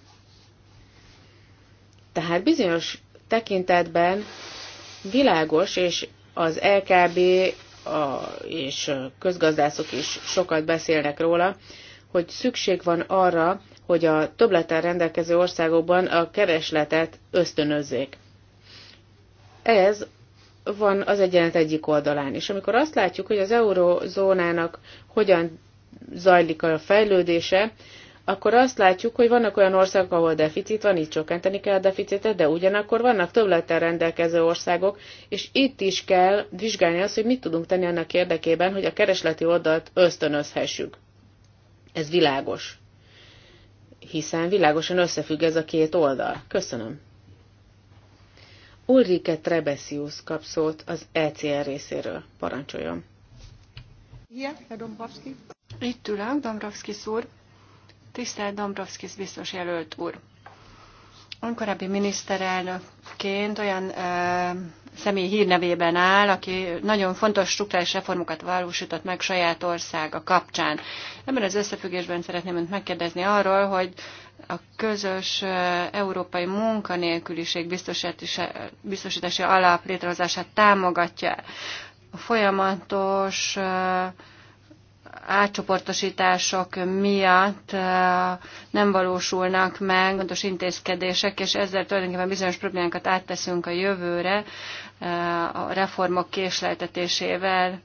Tehát bizonyos tekintetben világos, és az LKB a, és közgazdászok is sokat beszélnek róla, hogy szükség van arra, hogy a többleten rendelkező országokban a keresletet ösztönözzék. Ez van az egyenlet egyik oldalán. És amikor azt látjuk, hogy az eurozónának hogyan zajlik a fejlődése, akkor azt látjuk, hogy vannak olyan országok, ahol deficit van, így csökkenteni kell a deficitet, de ugyanakkor vannak többlettel rendelkező országok, és itt is kell vizsgálni azt, hogy mit tudunk tenni annak érdekében, hogy a keresleti oldalt ösztönözhessük. Ez világos. Hiszen világosan összefügg ez a két oldal. Köszönöm. Ulrike Trebesius kap szót az ECR részéről. Parancsoljon. Igen, Herr Dombrovski. Itt ülök, Dombrovskis úr. Tisztelt Dombrovskis biztos jelölt úr. Önkorábbi miniszterelnökként olyan ö, személy hírnevében áll, aki nagyon fontos struktúrális reformokat valósított meg saját országa kapcsán. Ebben az összefüggésben szeretném önt megkérdezni arról, hogy a közös európai munkanélküliség biztosítási alap létrehozását támogatja. A folyamatos átcsoportosítások miatt nem valósulnak meg fontos intézkedések, és ezzel tulajdonképpen bizonyos problémákat átteszünk a jövőre a reformok késleltetésével.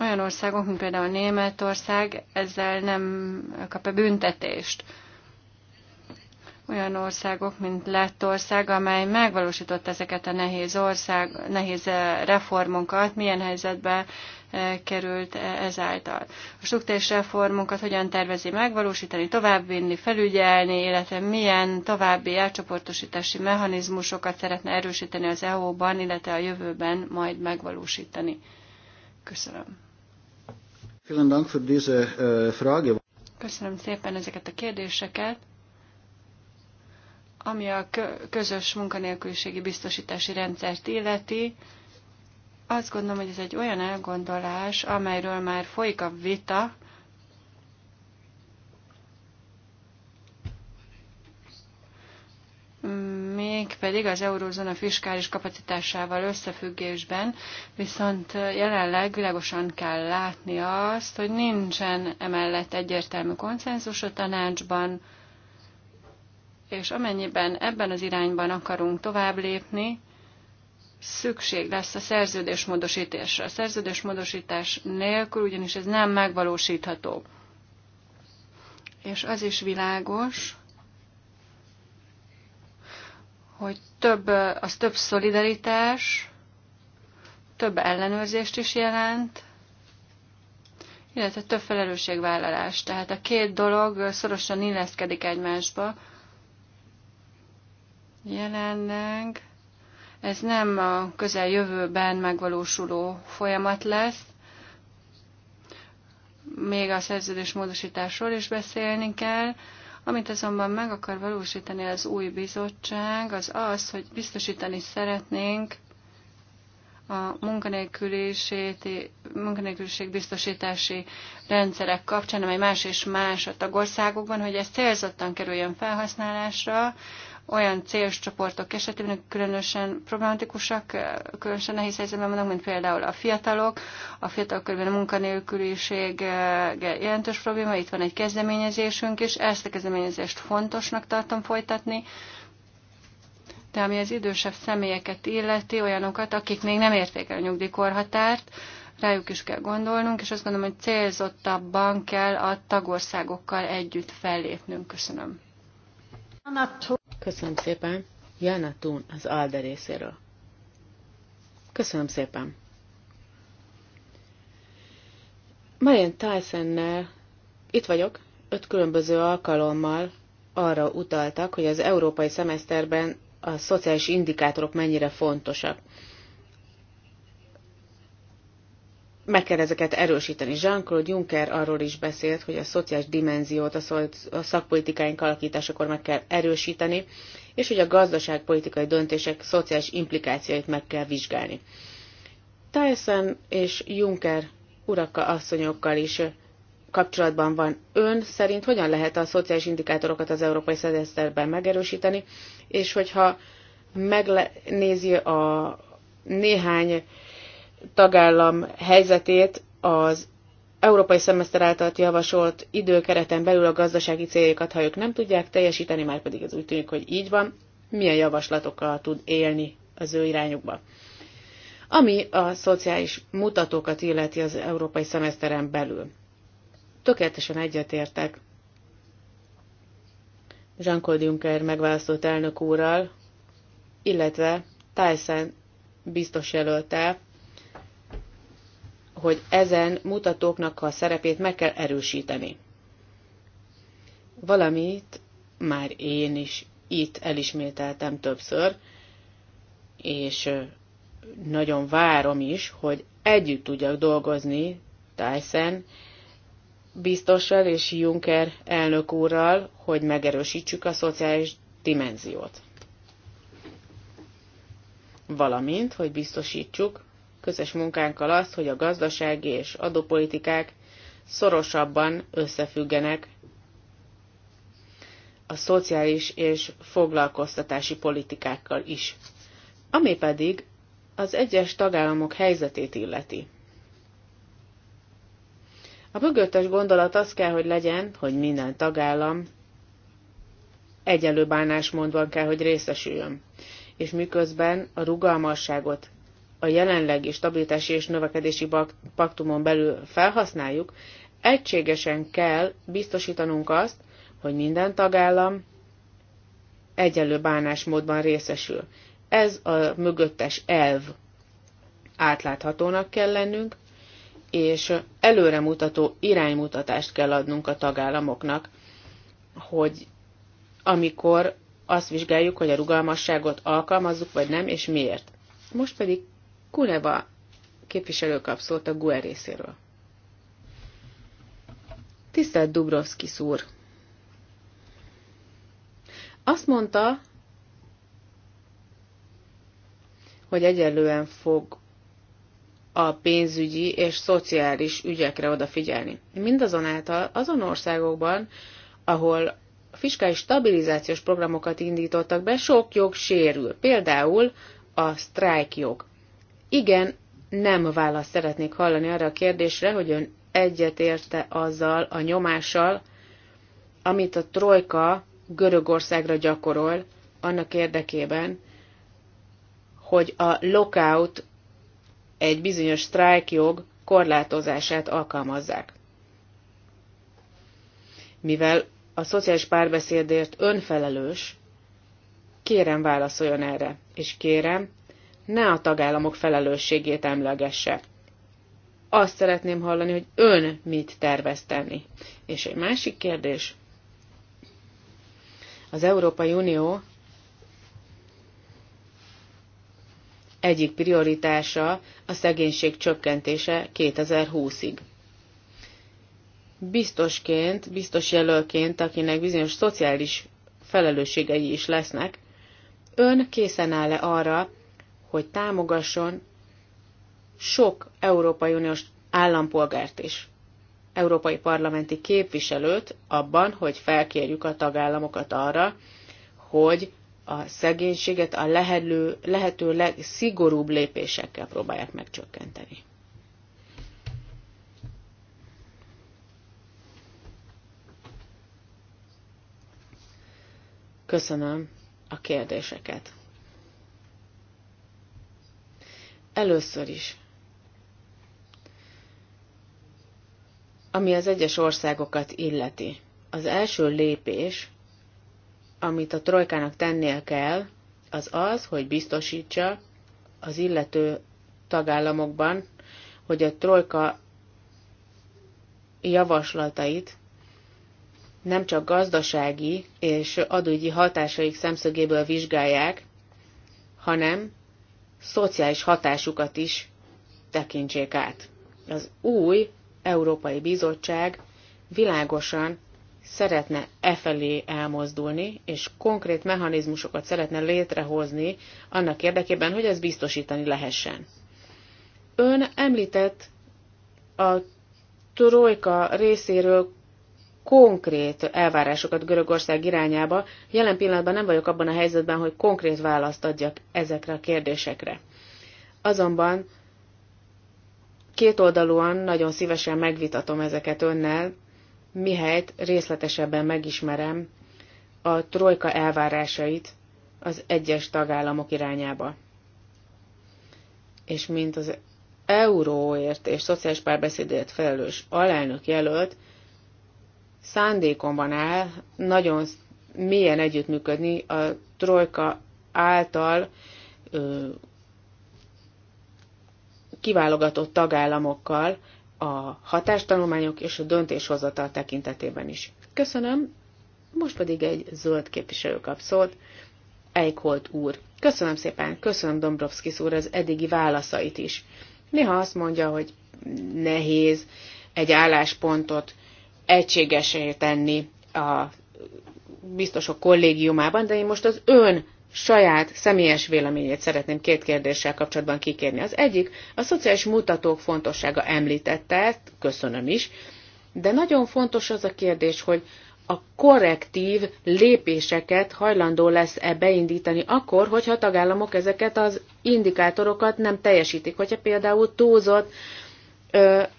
Olyan országok, mint például Németország, ezzel nem kap -e büntetést olyan országok, mint Lettország, amely megvalósított ezeket a nehéz, ország, nehéz eh, reformokat, milyen helyzetbe eh, került e, ezáltal. A struktúrás reformunkat hogyan tervezi megvalósítani, továbbvinni, felügyelni, illetve milyen további elcsoportosítási mechanizmusokat szeretne erősíteni az EU-ban, illetve a jövőben majd megvalósítani. Köszönöm. Eh, Köszönöm szépen ezeket a kérdéseket. Ami a közös munkanélküliségi biztosítási rendszert illeti, azt gondolom, hogy ez egy olyan elgondolás, amelyről már folyik a vita, mégpedig az eurózóna fiskális kapacitásával összefüggésben, viszont jelenleg világosan kell látni azt, hogy nincsen emellett egyértelmű konszenzus a tanácsban, és amennyiben ebben az irányban akarunk tovább lépni, szükség lesz a szerződésmódosításra. A szerződésmódosítás nélkül ugyanis ez nem megvalósítható. És az is világos, hogy több, az több szolidaritás, több ellenőrzést is jelent, illetve több felelősségvállalás. Tehát a két dolog szorosan illeszkedik egymásba, jelenleg ez nem a közeljövőben megvalósuló folyamat lesz. Még a szerződés módosításról is beszélni kell. Amit azonban meg akar valósítani az új bizottság, az az, hogy biztosítani szeretnénk a munkanélküliség biztosítási rendszerek kapcsán, amely más és más a tagországokban, hogy ez célzottan kerüljön felhasználásra, olyan célos csoportok esetében különösen problematikusak, különösen nehéz helyzetben vannak, mint például a fiatalok. A fiatalok körben a munkanélküliség jelentős probléma, itt van egy kezdeményezésünk is, ezt a kezdeményezést fontosnak tartom folytatni, de ami az idősebb személyeket illeti, olyanokat, akik még nem érték el a nyugdíjkorhatárt, rájuk is kell gondolnunk, és azt gondolom, hogy célzottabban kell a tagországokkal együtt fellépnünk. Köszönöm. Köszönöm szépen. Jana Thun az ALDE részéről. Köszönöm szépen. Marian Tysonnel itt vagyok, öt különböző alkalommal arra utaltak, hogy az európai szemeszterben a szociális indikátorok mennyire fontosak. meg kell ezeket erősíteni. Jean-Claude Juncker arról is beszélt, hogy a szociális dimenziót a szakpolitikáink alakításakor meg kell erősíteni, és hogy a gazdaságpolitikai döntések szociális implikációit meg kell vizsgálni. Tyson és Juncker urakkal, asszonyokkal is kapcsolatban van ön szerint, hogyan lehet a szociális indikátorokat az európai szedeszterben megerősíteni, és hogyha megnézi a néhány tagállam helyzetét az európai szemeszter által javasolt időkereten belül a gazdasági céljaikat, ha ők nem tudják teljesíteni, már pedig ez úgy tűnik, hogy így van, milyen javaslatokkal tud élni az ő irányukba. Ami a szociális mutatókat illeti az európai szemeszteren belül. Tökéletesen egyetértek Jean-Claude Juncker megválasztott elnök úrral, illetve Tyson biztos jelöltel, hogy ezen mutatóknak a szerepét meg kell erősíteni. Valamit már én is itt elismételtem többször, és nagyon várom is, hogy együtt tudjak dolgozni Tyson biztossal és Juncker elnök úrral, hogy megerősítsük a szociális dimenziót. Valamint, hogy biztosítsuk, közös munkánkkal azt, hogy a gazdasági és adópolitikák szorosabban összefüggenek a szociális és foglalkoztatási politikákkal is, ami pedig az egyes tagállamok helyzetét illeti. A mögöttes gondolat az kell, hogy legyen, hogy minden tagállam egyelő bánásmódban kell, hogy részesüljön, és miközben a rugalmasságot a jelenlegi stabilitási és növekedési paktumon belül felhasználjuk, egységesen kell biztosítanunk azt, hogy minden tagállam egyenlő bánásmódban részesül. Ez a mögöttes elv. Átláthatónak kell lennünk, és előremutató iránymutatást kell adnunk a tagállamoknak, hogy amikor azt vizsgáljuk, hogy a rugalmasságot alkalmazzuk vagy nem, és miért. Most pedig Kuleva képviselő kapszolt a GUE részéről. Tisztelt Dubrovski szúr! Azt mondta, hogy egyelően fog a pénzügyi és szociális ügyekre odafigyelni. Mindazonáltal azon országokban, ahol fiskális stabilizációs programokat indítottak be, sok jog sérül, például a sztrájkjog igen, nem választ szeretnék hallani arra a kérdésre, hogy ön egyetérte azzal a nyomással, amit a trojka Görögországra gyakorol, annak érdekében, hogy a lockout, egy bizonyos sztrájkjog korlátozását alkalmazzák. Mivel a szociális párbeszédért önfelelős, kérem válaszoljon erre, és kérem, ne a tagállamok felelősségét emlegesse. Azt szeretném hallani, hogy ön mit tervez tenni. És egy másik kérdés. Az Európai Unió egyik prioritása a szegénység csökkentése 2020-ig. Biztosként, biztos jelölként, akinek bizonyos szociális felelősségei is lesznek, ön készen áll-e arra, hogy támogasson sok Európai Uniós állampolgárt is, európai parlamenti képviselőt abban, hogy felkérjük a tagállamokat arra, hogy a szegénységet a lehető, lehető legszigorúbb lépésekkel próbálják megcsökkenteni. Köszönöm a kérdéseket. Először is, ami az egyes országokat illeti. Az első lépés, amit a trojkának tennie kell, az az, hogy biztosítsa az illető tagállamokban, hogy a trojka javaslatait nem csak gazdasági és adógyi hatásaik szemszögéből vizsgálják, hanem szociális hatásukat is tekintsék át. Az új Európai Bizottság világosan szeretne e felé elmozdulni, és konkrét mechanizmusokat szeretne létrehozni annak érdekében, hogy ezt biztosítani lehessen. Ön említett a trojka részéről konkrét elvárásokat Görögország irányába. Jelen pillanatban nem vagyok abban a helyzetben, hogy konkrét választ adjak ezekre a kérdésekre. Azonban kétoldalúan nagyon szívesen megvitatom ezeket önnel, mihelyt részletesebben megismerem a trojka elvárásait az egyes tagállamok irányába. És mint az euróért és szociális párbeszédért felelős alelnök jelölt, szándékomban áll nagyon mélyen együttműködni a trojka által ö, kiválogatott tagállamokkal a hatástanulmányok és a döntéshozatal tekintetében is. Köszönöm, most pedig egy zöld képviselő kap szót, Eichholt úr. Köszönöm szépen, köszönöm Dombrovskis úr az eddigi válaszait is. Néha azt mondja, hogy nehéz egy álláspontot egységesé tenni a biztosok kollégiumában, de én most az ön saját személyes véleményét szeretném két kérdéssel kapcsolatban kikérni. Az egyik, a szociális mutatók fontossága említette ezt, köszönöm is, de nagyon fontos az a kérdés, hogy a korrektív lépéseket hajlandó lesz-e beindítani akkor, hogyha a tagállamok ezeket az indikátorokat nem teljesítik, hogyha például túlzott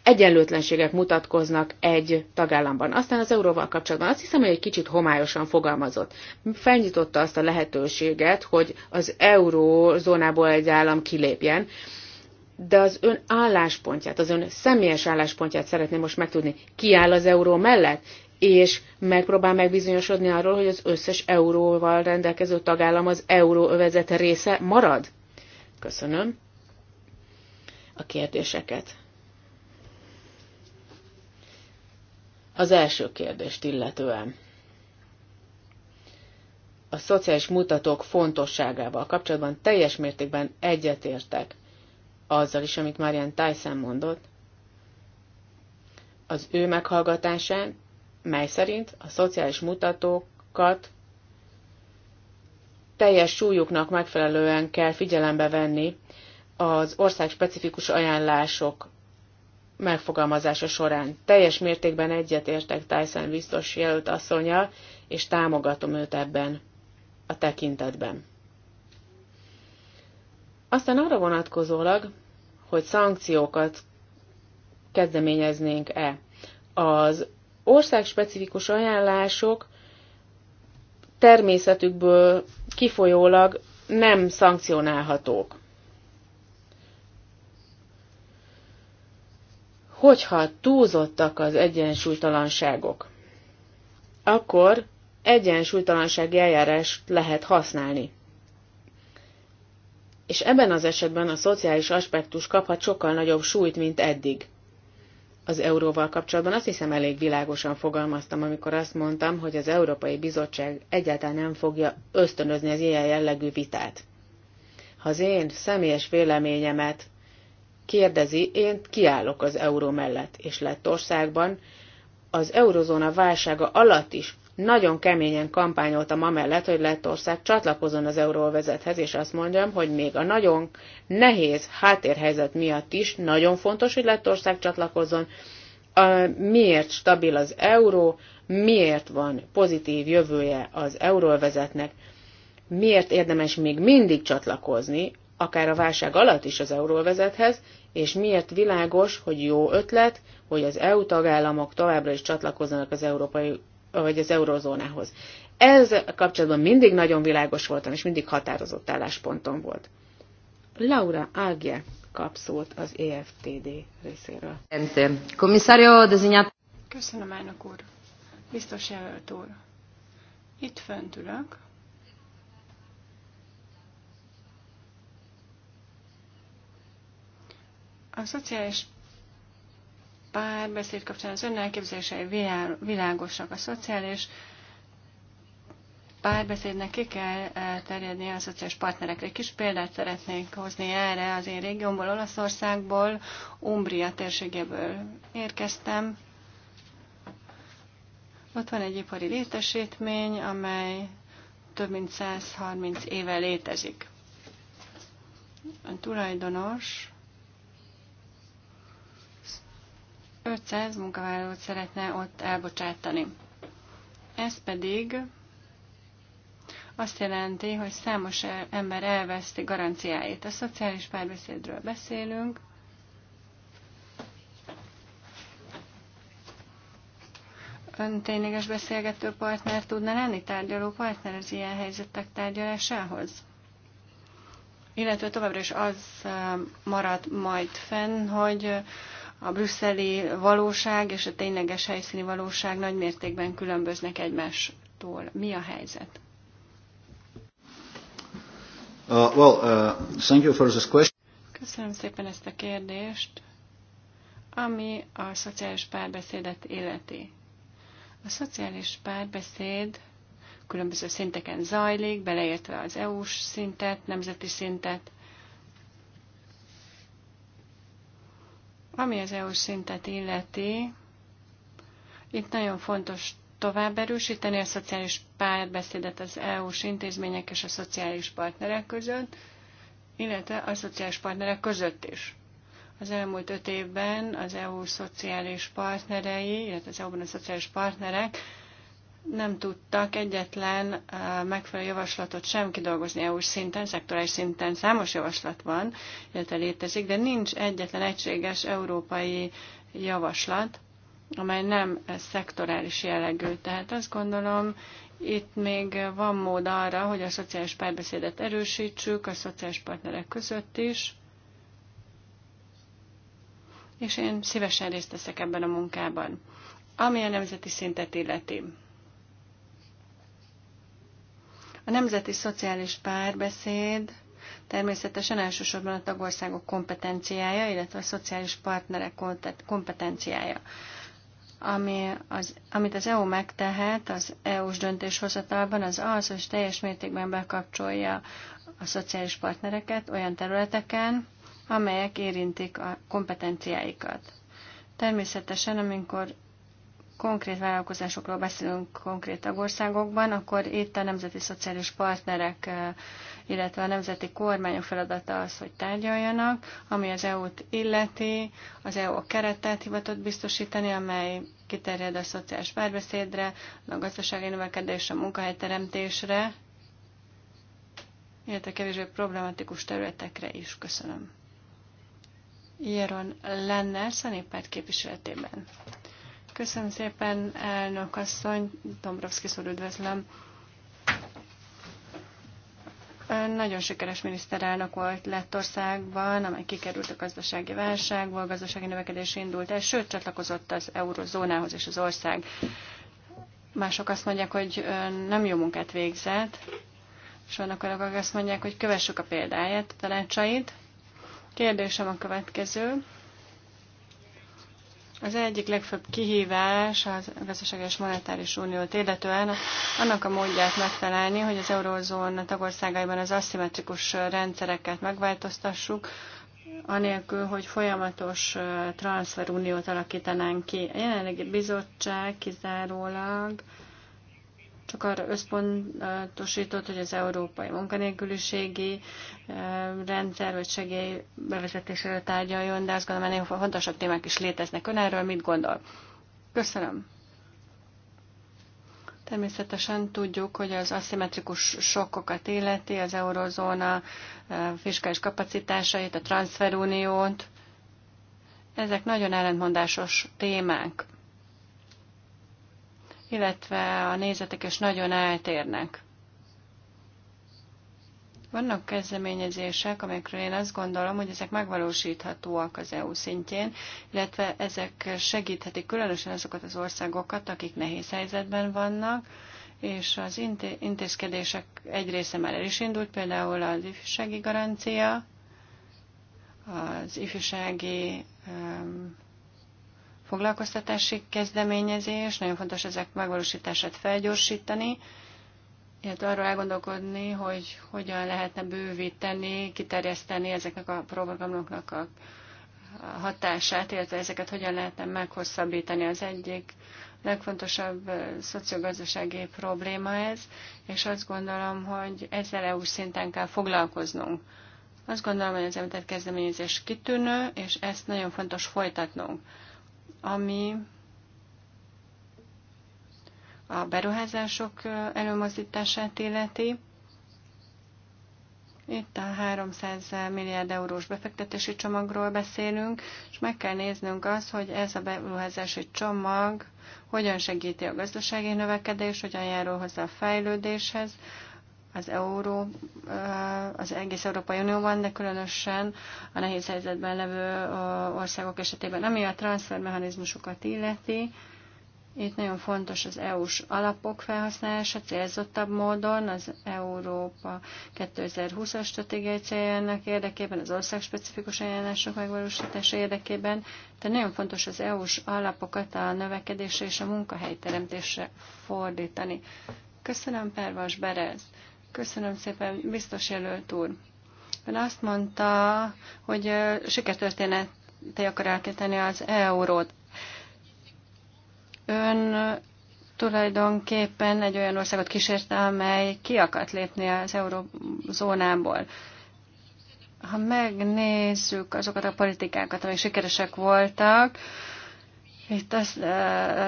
egyenlőtlenségek mutatkoznak egy tagállamban. Aztán az euróval kapcsolatban azt hiszem, hogy egy kicsit homályosan fogalmazott. Felnyitotta azt a lehetőséget, hogy az eurózónából egy állam kilépjen, de az ön álláspontját, az ön személyes álláspontját szeretném most megtudni. Ki áll az euró mellett? és megpróbál megbizonyosodni arról, hogy az összes euróval rendelkező tagállam az euróövezet része marad? Köszönöm a kérdéseket. Az első kérdést illetően a szociális mutatók fontosságával kapcsolatban teljes mértékben egyetértek azzal is, amit Marian Tyson mondott, az ő meghallgatásán, mely szerint a szociális mutatókat teljes súlyuknak megfelelően kell figyelembe venni az ország specifikus ajánlások megfogalmazása során. Teljes mértékben egyetértek Tyson biztos jelölt asszonya, és támogatom őt ebben a tekintetben. Aztán arra vonatkozólag, hogy szankciókat kezdeményeznénk-e. Az országspecifikus ajánlások természetükből kifolyólag nem szankcionálhatók. hogyha túlzottak az egyensúlytalanságok, akkor egyensúlytalansági eljárást lehet használni. És ebben az esetben a szociális aspektus kaphat sokkal nagyobb súlyt, mint eddig. Az euróval kapcsolatban azt hiszem elég világosan fogalmaztam, amikor azt mondtam, hogy az Európai Bizottság egyáltalán nem fogja ösztönözni az ilyen jellegű vitát. Ha az én személyes véleményemet kérdezi, én kiállok az euró mellett, és országban. az eurozóna válsága alatt is nagyon keményen kampányoltam amellett, hogy Lettország csatlakozon az euróvezethez, és azt mondjam, hogy még a nagyon nehéz háttérhelyzet miatt is nagyon fontos, hogy Lettország csatlakozzon. Miért stabil az euró, miért van pozitív jövője az euróvezetnek, miért érdemes még mindig csatlakozni, akár a válság alatt is az euróvezethez, és miért világos, hogy jó ötlet, hogy az EU tagállamok továbbra is csatlakozzanak az európai vagy az eurozónához. Ez kapcsolatban mindig nagyon világos voltam, és mindig határozott állásponton volt. Laura Ágje kap szót az EFTD részéről. Köszönöm, elnök úr. Biztos jelölt úr. Itt fönt ülök, A szociális párbeszéd kapcsán az elképzelései világosak. A szociális párbeszédnek ki kell eh, terjedni a szociális partnerekre. Egy kis példát szeretnék hozni erre az én régiómból, Olaszországból, Umbria térségéből érkeztem. Ott van egy ipari létesítmény, amely több mint 130 éve létezik. A tulajdonos 500 munkavállalót szeretne ott elbocsátani. Ez pedig azt jelenti, hogy számos ember elveszti garanciáit. A szociális párbeszédről beszélünk. Ön tényleges beszélgető partner tudna lenni, tárgyaló partner az ilyen helyzetek tárgyalásához? Illetve továbbra is az marad majd fenn, hogy a brüsszeli valóság és a tényleges helyszíni valóság nagy mértékben különböznek egymástól. Mi a helyzet? Uh, well, uh, thank you for this question. Köszönöm szépen ezt a kérdést, ami a szociális párbeszédet életi. A szociális párbeszéd különböző szinteken zajlik, beleértve az EU-s szintet, nemzeti szintet, Ami az EU szintet illeti, itt nagyon fontos tovább erősíteni a szociális párbeszédet az EU-s intézmények és a szociális partnerek között, illetve a szociális partnerek között is. Az elmúlt öt évben az EU szociális partnerei, illetve az EU-ban a szociális partnerek nem tudtak egyetlen megfelelő javaslatot sem kidolgozni EU-s szinten, szektorális szinten számos javaslat van, illetve létezik, de nincs egyetlen egységes európai javaslat, amely nem szektorális jellegű. Tehát azt gondolom, itt még van mód arra, hogy a szociális párbeszédet erősítsük a szociális partnerek között is, és én szívesen részt veszek ebben a munkában, ami a nemzeti szintet illeti nemzeti szociális párbeszéd természetesen elsősorban a tagországok kompetenciája, illetve a szociális partnerek kompetenciája. Ami az, amit az EU megtehet az EU-s döntéshozatalban, az az, hogy teljes mértékben bekapcsolja a szociális partnereket olyan területeken, amelyek érintik a kompetenciáikat. Természetesen, amikor konkrét vállalkozásokról beszélünk konkrét tagországokban, akkor itt a nemzeti szociális partnerek, illetve a nemzeti kormányok feladata az, hogy tárgyaljanak, ami az EU-t illeti, az EU a keretet hivatott biztosítani, amely kiterjed a szociális párbeszédre, a gazdasági növekedésre, a munkahelyteremtésre, illetve kevésbé problematikus területekre is. Köszönöm. Jeron Lenner, a képviseletében. Köszönöm szépen, elnök asszony, Dombrovszki szól üdvözlöm. Ön nagyon sikeres miniszterelnök volt Lettországban, amely kikerült a gazdasági válságból, a gazdasági növekedés indult el, sőt csatlakozott az eurozónához és az ország. Mások azt mondják, hogy nem jó munkát végzett, és vannak olyanok, akik azt mondják, hogy kövessük a példáját, a tanácsait. Kérdésem a következő. Az egyik legfőbb kihívás az gazdaságos monetáris uniót illetően annak a módját megtalálni, hogy az eurózóna tagországaiban az aszimmetrikus rendszereket megváltoztassuk, anélkül, hogy folyamatos transferuniót alakítanánk ki. A jelenlegi bizottság kizárólag csak arra összpontosított, hogy az európai munkanélküliségi eh, rendszer vagy segély bevezetéséről tárgyaljon, de azt gondolom, ennél fontosabb témák is léteznek. Ön erről mit gondol? Köszönöm. Természetesen tudjuk, hogy az aszimmetrikus sokkokat illeti, az eurozóna eh, fiskális kapacitásait, a transferuniót. Ezek nagyon ellentmondásos témák illetve a nézetek is nagyon eltérnek. Vannak kezdeményezések, amelyekről én azt gondolom, hogy ezek megvalósíthatóak az EU szintjén, illetve ezek segíthetik különösen azokat az országokat, akik nehéz helyzetben vannak, és az intézkedések egy része már el is indult, például az ifjúsági garancia, az ifjúsági foglalkoztatási kezdeményezés, nagyon fontos ezek megvalósítását felgyorsítani, illetve arról elgondolkodni, hogy hogyan lehetne bővíteni, kiterjeszteni ezeknek a programoknak a hatását, illetve ezeket hogyan lehetne meghosszabbítani. Az egyik legfontosabb eh, szociogazdasági probléma ez, és azt gondolom, hogy ezzel EU szinten kell foglalkoznunk. Azt gondolom, hogy az említett kezdeményezés kitűnő, és ezt nagyon fontos folytatnunk ami a beruházások előmozdítását illeti. Itt a 300 milliárd eurós befektetési csomagról beszélünk, és meg kell néznünk azt, hogy ez a beruházási csomag hogyan segíti a gazdasági növekedést, hogyan járul hozzá a fejlődéshez, az euró, az egész Európai Unióban, de különösen a nehéz helyzetben levő országok esetében. Ami a transfermechanizmusokat illeti, itt nagyon fontos az EU-s alapok felhasználása célzottabb módon, az Európa 2020-as stratégiai céljának érdekében, az specifikus ajánlások megvalósítása érdekében. Tehát nagyon fontos az EU-s alapokat a növekedésre és a munkahelyteremtésre fordítani. Köszönöm, Pervas Berez! Köszönöm szépen, biztos jelölt úr. Ön azt mondta, hogy sikertörténetei akar elkezdeni az eurót. Ön tulajdonképpen egy olyan országot kísérte, amely ki akart lépni az eurózónából. Ha megnézzük azokat a politikákat, amik sikeresek voltak, itt azt uh,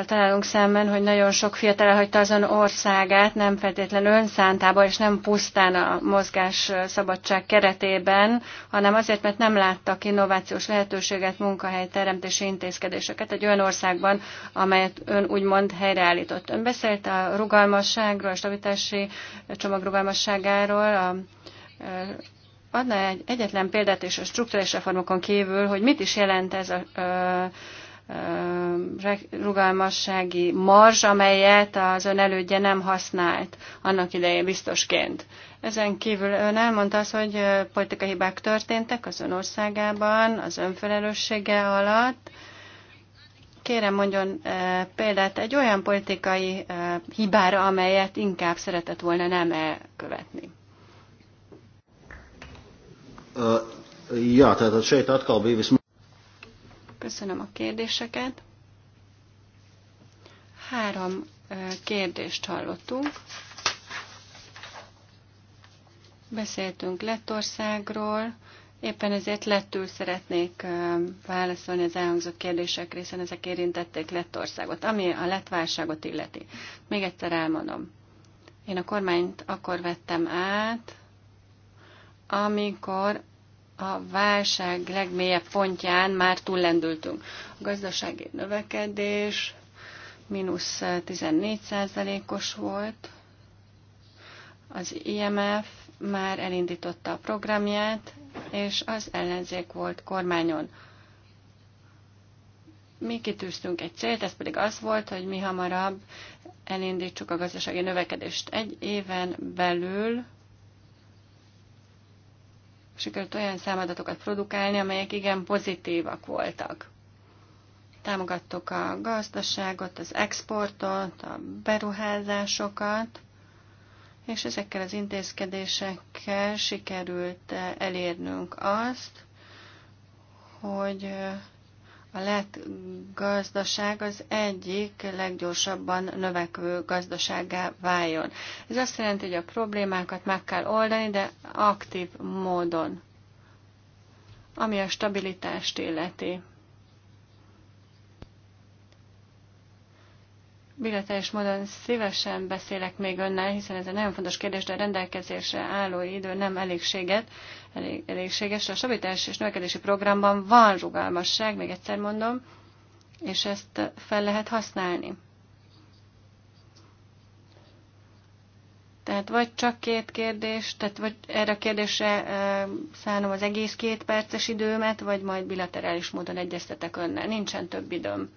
találunk szemben, hogy nagyon sok fiatal elhagyta azon országát, nem feltétlenül önszántából, és nem pusztán a mozgás szabadság keretében, hanem azért, mert nem láttak innovációs lehetőséget, munkahely teremtési intézkedéseket egy olyan országban, amelyet ön úgymond helyreállított. Ön beszélt a rugalmasságról, a stabilitási csomag rugalmasságáról, a, adna egy egyetlen példát és a struktúrális reformokon kívül, hogy mit is jelent ez a, a rugalmassági marzs, amelyet az ön elődje nem használt annak idején biztosként. Ezen kívül ön elmondta azt, hogy politikai hibák történtek az ön országában, az önfelelőssége alatt. Kérem mondjon példát egy olyan politikai hibára, amelyet inkább szeretett volna nem elkövetni. Uh, tehát a sejt atkal bévisz... Köszönöm a kérdéseket. Három kérdést hallottunk. Beszéltünk Lettországról, éppen ezért lettül szeretnék válaszolni az elhangzott kérdésekre, hiszen ezek érintették Lettországot, ami a Lettválságot illeti. Még egyszer elmondom. Én a kormányt akkor vettem át, amikor a válság legmélyebb pontján már túllendültünk. A gazdasági növekedés mínusz 14 százalékos volt, az IMF már elindította a programját, és az ellenzék volt kormányon. Mi kitűztünk egy célt, ez pedig az volt, hogy mi hamarabb elindítsuk a gazdasági növekedést. Egy éven belül sikerült olyan számadatokat produkálni, amelyek igen pozitívak voltak. Támogattuk a gazdaságot, az exportot, a beruházásokat, és ezekkel az intézkedésekkel sikerült eh, elérnünk azt, hogy eh, a lett gazdaság az egyik leggyorsabban növekvő gazdaságá váljon. Ez azt jelenti, hogy a problémákat meg kell oldani, de aktív módon, ami a stabilitást illeti. Bilaterális módon szívesen beszélek még önnel, hiszen ez egy nagyon fontos kérdés, de a rendelkezésre álló idő nem elégséget, elég, elégséges. A stabilitás és növekedési programban van rugalmasság, még egyszer mondom, és ezt fel lehet használni. Tehát vagy csak két kérdés, tehát vagy erre a kérdésre e, szánom az egész két perces időmet, vagy majd bilaterális módon egyeztetek önnel. Nincsen több időm.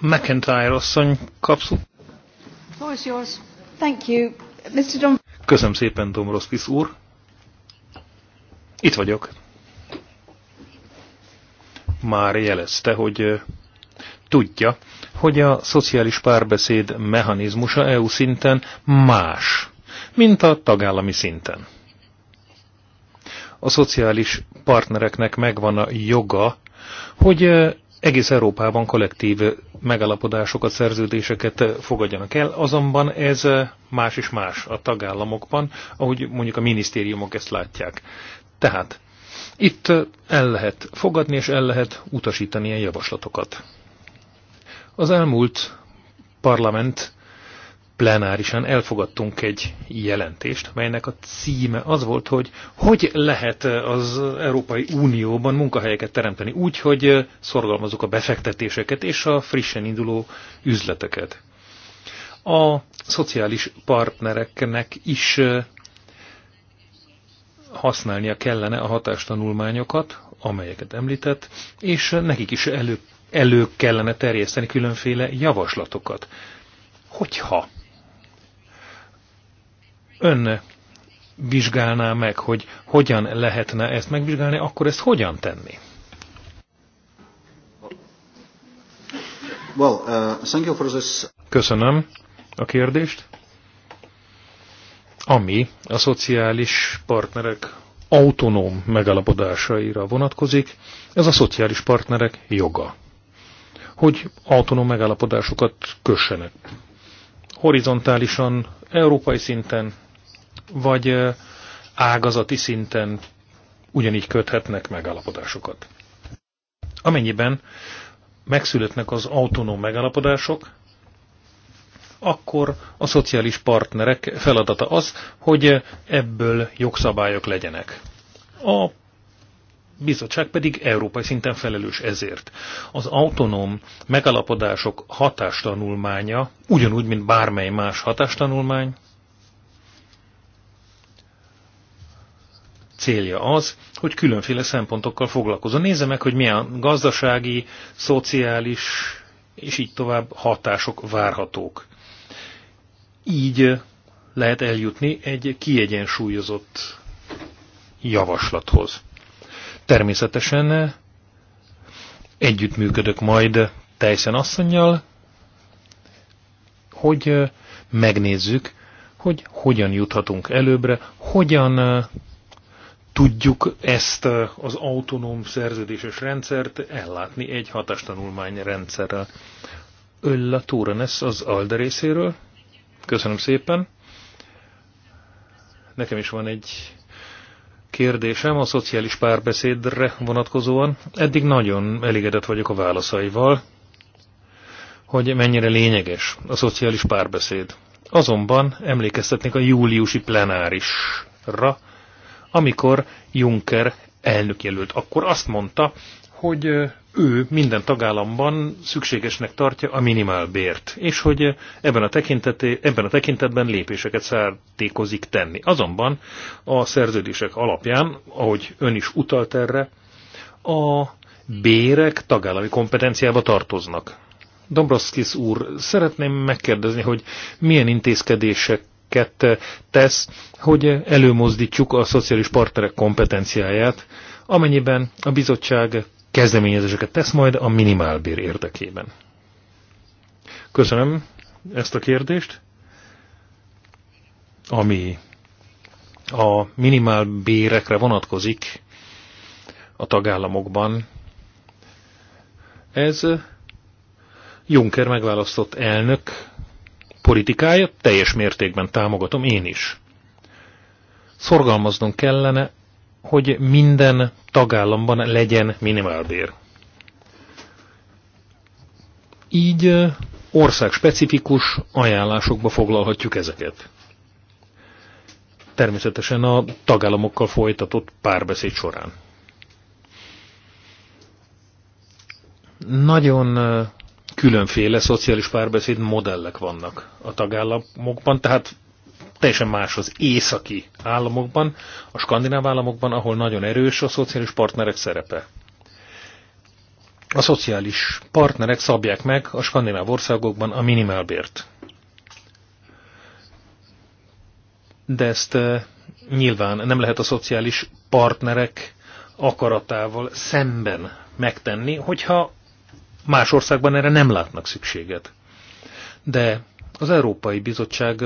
McIntyre asszony kapszul. Floor is yours. Thank you. Mr. Köszönöm szépen, Domrosztis úr. Itt vagyok. Már jelezte, hogy tudja, hogy a szociális párbeszéd mechanizmusa EU szinten más, mint a tagállami szinten a szociális partnereknek megvan a joga, hogy egész Európában kollektív megalapodásokat, szerződéseket fogadjanak el, azonban ez más is más a tagállamokban, ahogy mondjuk a minisztériumok ezt látják. Tehát itt el lehet fogadni és el lehet utasítani ilyen javaslatokat. Az elmúlt parlament plenárisan elfogadtunk egy jelentést, melynek a címe az volt, hogy hogy lehet az Európai Unióban munkahelyeket teremteni úgy, hogy szorgalmazzuk a befektetéseket és a frissen induló üzleteket. A szociális partnereknek is használnia kellene a hatástanulmányokat, amelyeket említett, és nekik is elő, elő kellene terjeszteni különféle javaslatokat. Hogyha ön vizsgálná meg, hogy hogyan lehetne ezt megvizsgálni, akkor ezt hogyan tenni? Well, uh, thank you for this. Köszönöm a kérdést. Ami a szociális partnerek autonóm megalapodásaira vonatkozik, ez a szociális partnerek joga. Hogy autonóm megalapodásokat kössenek. Horizontálisan, európai szinten vagy ágazati szinten ugyanígy köthetnek megállapodásokat. Amennyiben megszületnek az autonóm megállapodások, akkor a szociális partnerek feladata az, hogy ebből jogszabályok legyenek. A bizottság pedig európai szinten felelős ezért. Az autonóm megalapodások hatástanulmánya, ugyanúgy, mint bármely más hatástanulmány, célja az, hogy különféle szempontokkal foglalkozó. Nézze meg, hogy milyen gazdasági, szociális és így tovább hatások várhatók. Így lehet eljutni egy kiegyensúlyozott javaslathoz. Természetesen együttműködök majd teljesen asszonynal, hogy megnézzük, hogy hogyan juthatunk előbbre, hogyan tudjuk ezt eh, az autonóm szerződéses rendszert ellátni egy hatástanulmány rendszerrel. Ölla Túranes az ALDE részéről. Köszönöm szépen. Nekem is van egy kérdésem a szociális párbeszédre vonatkozóan. Eddig nagyon elégedett vagyok a válaszaival, hogy mennyire lényeges a szociális párbeszéd. Azonban emlékeztetnék a júliusi plenárisra, amikor Juncker elnök jelölt, Akkor azt mondta, hogy ő minden tagállamban szükségesnek tartja a minimálbért, és hogy ebben a, ebben a tekintetben lépéseket szártékozik tenni. Azonban a szerződések alapján, ahogy ön is utalt erre, a bérek tagállami kompetenciába tartoznak. Dombrovskis úr, szeretném megkérdezni, hogy milyen intézkedések lépéseket eh, tesz, hogy előmozdítsuk a szociális partnerek kompetenciáját, amennyiben a bizottság kezdeményezéseket tesz majd a minimálbér érdekében. Köszönöm ezt a kérdést, ami a minimálbérekre vonatkozik a tagállamokban. Ez Juncker megválasztott elnök politikája, teljes mértékben támogatom én is. Szorgalmaznunk kellene, hogy minden tagállamban legyen minimálbér. Így országspecifikus ajánlásokba foglalhatjuk ezeket. Természetesen a tagállamokkal folytatott párbeszéd során. Nagyon különféle szociális párbeszéd modellek vannak a tagállamokban, tehát teljesen más az északi államokban, a skandináv államokban, ahol nagyon erős a szociális partnerek szerepe. A szociális partnerek szabják meg a skandináv országokban a minimálbért. De ezt eh, nyilván nem lehet a szociális partnerek akaratával szemben megtenni, hogyha Más országban erre nem látnak szükséget. De az Európai Bizottság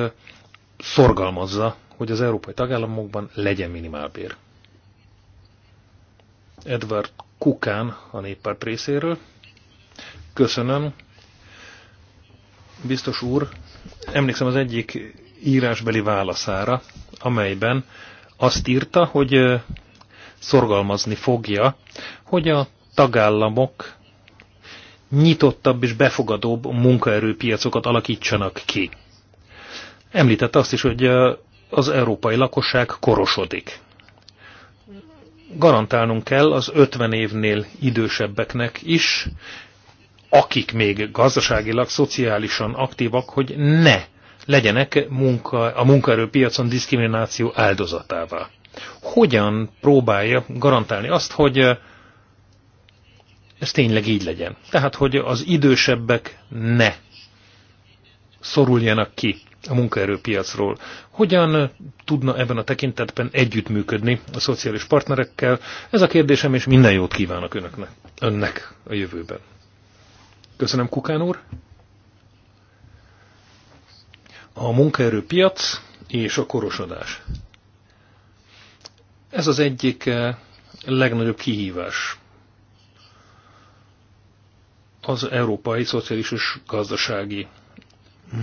szorgalmazza, hogy az európai tagállamokban legyen minimálbér. Edward Kukán a néppárt részéről. Köszönöm. Biztos úr, emlékszem az egyik írásbeli válaszára, amelyben azt írta, hogy szorgalmazni fogja, hogy a tagállamok nyitottabb és befogadóbb munkaerőpiacokat alakítsanak ki. Említette azt is, hogy az európai lakosság korosodik. Garantálnunk kell az 50 évnél idősebbeknek is, akik még gazdaságilag, szociálisan aktívak, hogy ne legyenek munka, a munkaerőpiacon diszkrimináció áldozatává. Hogyan próbálja garantálni azt, hogy ez tényleg így legyen. Tehát, hogy az idősebbek ne szoruljanak ki a munkaerőpiacról. Hogyan tudna ebben a tekintetben együttműködni a szociális partnerekkel? Ez a kérdésem, és minden jót kívánok önöknek, önnek a jövőben. Köszönöm, Kukán úr! A munkaerőpiac és a korosodás. Ez az egyik eh, legnagyobb kihívás az európai szociális gazdasági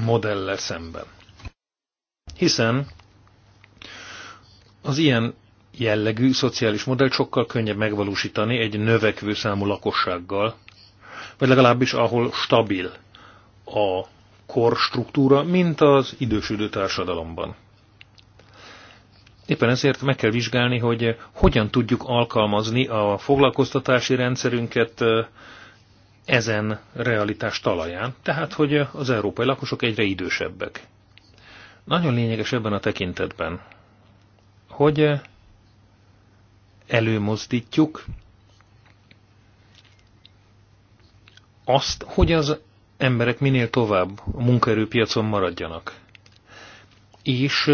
modellel szemben. Hiszen az ilyen jellegű szociális modell sokkal könnyebb megvalósítani egy növekvő számú lakossággal, vagy legalábbis ahol stabil a korstruktúra, mint az idősödő társadalomban. Éppen ezért meg kell vizsgálni, hogy hogyan tudjuk alkalmazni a foglalkoztatási rendszerünket ezen realitás talaján, tehát hogy az európai lakosok egyre idősebbek. Nagyon lényeges ebben a tekintetben, hogy előmozdítjuk azt, hogy az emberek minél tovább a munkaerőpiacon maradjanak. És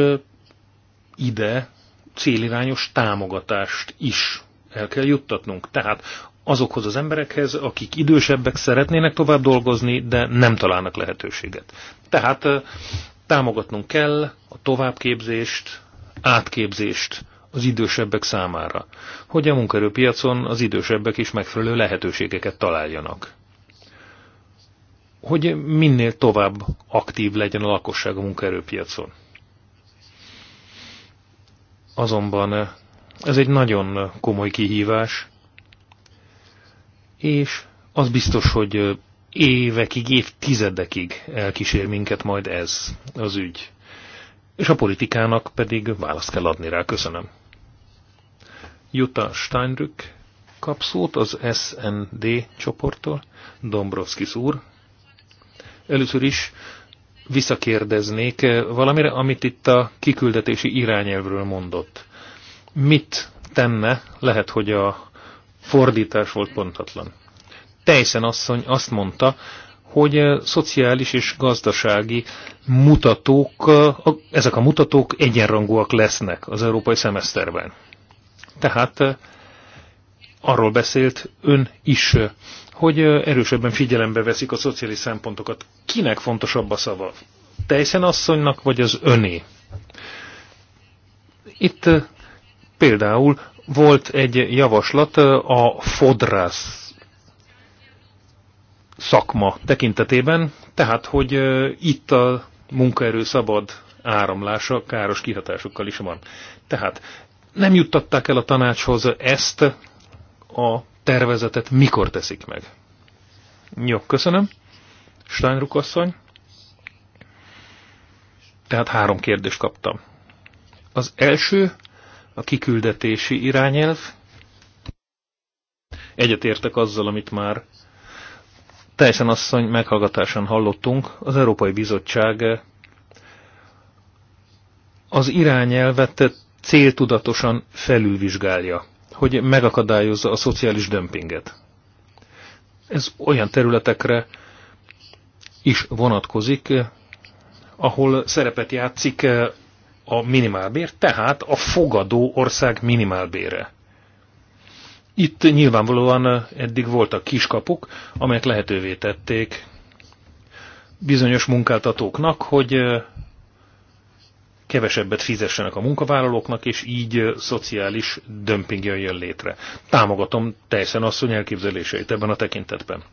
ide célirányos támogatást is el kell juttatnunk. Tehát azokhoz az emberekhez, akik idősebbek szeretnének tovább dolgozni, de nem találnak lehetőséget. Tehát támogatnunk kell a továbbképzést, átképzést az idősebbek számára, hogy a munkaerőpiacon az idősebbek is megfelelő lehetőségeket találjanak. Hogy minél tovább aktív legyen a lakosság a munkaerőpiacon. Azonban ez egy nagyon komoly kihívás, és az biztos, hogy évekig, évtizedekig elkísér minket majd ez az ügy. És a politikának pedig választ kell adni rá. Köszönöm. Jutta Steinrück kap szót az SND csoporttól, Dombrovskis úr. Először is visszakérdeznék valamire, amit itt a kiküldetési irányelvről mondott. Mit tenne, lehet, hogy a fordítás volt pontatlan. Tejszen asszony azt mondta, hogy eh, szociális és gazdasági mutatók, eh, ezek a mutatók egyenrangúak lesznek az európai szemeszterben. Tehát eh, arról beszélt ön is, hogy erősebben figyelembe veszik a szociális szempontokat. Kinek fontosabb a szava? Tejszen asszonynak, vagy az öné? Itt például volt egy javaslat a fodrász szakma tekintetében, tehát, hogy itt a munkaerő szabad áramlása káros kihatásokkal is van. Tehát nem juttatták el a tanácshoz ezt a tervezetet, mikor teszik meg. Jó, köszönöm. Steinruck asszony. Tehát három kérdést kaptam. Az első a kiküldetési irányelv. Egyetértek azzal, amit már teljesen asszony meghallgatásán hallottunk. Az Európai Bizottság az irányelvet céltudatosan felülvizsgálja, hogy megakadályozza a szociális dömpinget. Ez olyan területekre is vonatkozik, ahol szerepet játszik a minimálbér, tehát a fogadó ország minimálbére. Itt nyilvánvalóan eddig voltak kiskapuk, amelyek lehetővé tették bizonyos munkáltatóknak, hogy kevesebbet fizessenek a munkavállalóknak, és így szociális dömping jön létre. Támogatom teljesen asszony elképzeléseit ebben a tekintetben.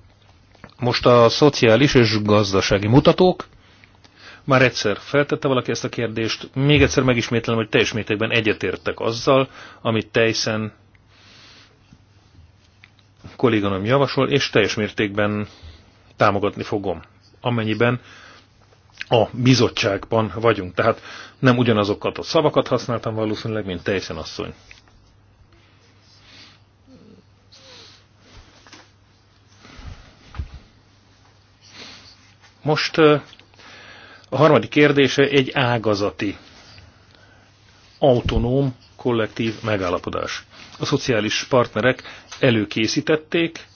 Most a szociális és gazdasági mutatók már egyszer feltette valaki ezt a kérdést, még egyszer megismétlem, hogy teljes mértékben egyetértek azzal, amit Tejszen kolléganom javasol, és teljes mértékben támogatni fogom, amennyiben a bizottságban vagyunk. Tehát nem ugyanazokat a szavakat használtam valószínűleg, mint Tejszen asszony. Most a harmadik kérdése egy ágazati, autonóm, kollektív megállapodás. A szociális partnerek előkészítették,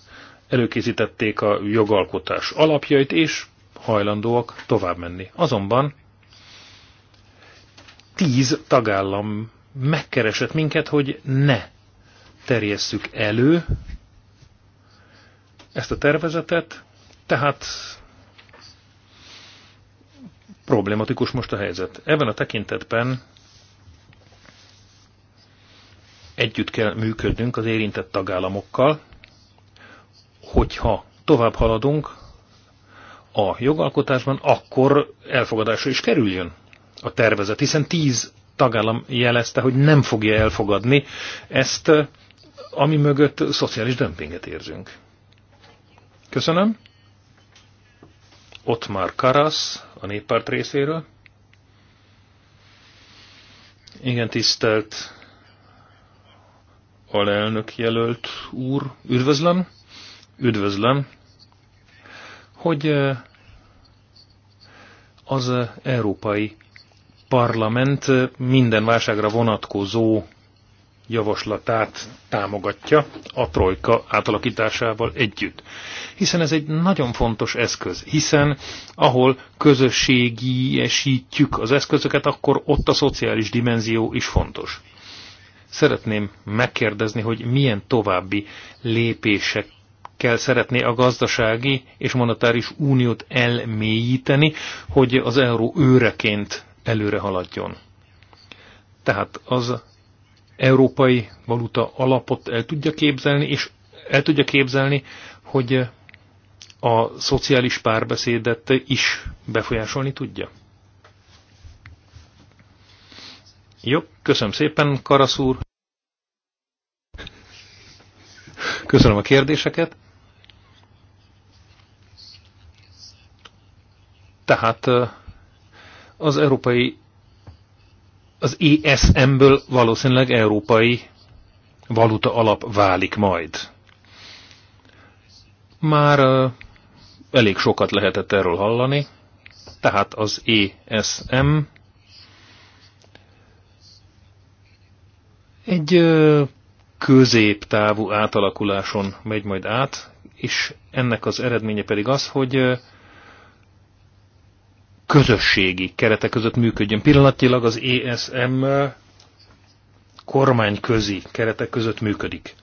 előkészítették a jogalkotás alapjait, és hajlandóak tovább menni. Azonban tíz tagállam megkeresett minket, hogy ne terjesszük elő ezt a tervezetet, tehát problematikus most a helyzet. Ebben a tekintetben együtt kell működnünk az érintett tagállamokkal, hogyha tovább haladunk a jogalkotásban, akkor elfogadásra is kerüljön a tervezet, hiszen tíz tagállam jelezte, hogy nem fogja elfogadni ezt, ami mögött szociális dömpinget érzünk. Köszönöm. Ottmar Karasz a néppárt részéről. Igen, tisztelt alelnök jelölt úr, üdvözlöm, üdvözlöm, hogy eh, az eh, Európai Parlament eh, minden válságra vonatkozó javaslatát támogatja a trojka átalakításával együtt. Hiszen ez egy nagyon fontos eszköz, hiszen ahol közösségiesítjük az eszközöket, akkor ott a szociális dimenzió is fontos. Szeretném megkérdezni, hogy milyen további lépések kell szeretné a gazdasági és monetáris uniót elmélyíteni, hogy az euró őreként előre haladjon. Tehát az európai valuta alapot el tudja képzelni, és el tudja képzelni, hogy a szociális párbeszédet is befolyásolni tudja? Jó, köszönöm szépen, Karasz úr. Köszönöm a kérdéseket. Tehát az európai az ESM-ből valószínűleg európai valuta alap válik majd. Már elég sokat lehetett erről hallani, tehát az ESM egy középtávú átalakuláson megy majd át, és ennek az eredménye pedig az, hogy közösségi keretek között működjön. Pillanatilag az ESM kormányközi keretek között működik.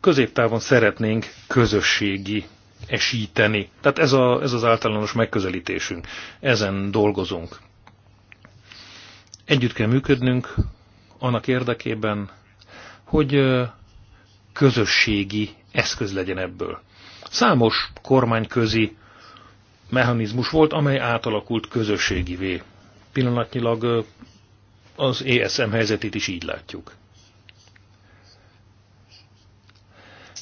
Középtávon szeretnénk közösségi esíteni. Tehát ez, a, ez az általános megközelítésünk. Ezen dolgozunk. Együtt kell működnünk annak érdekében, hogy közösségi eszköz legyen ebből. Számos kormányközi mechanizmus volt, amely átalakult közösségivé. Pillanatnyilag az ESM helyzetét is így látjuk.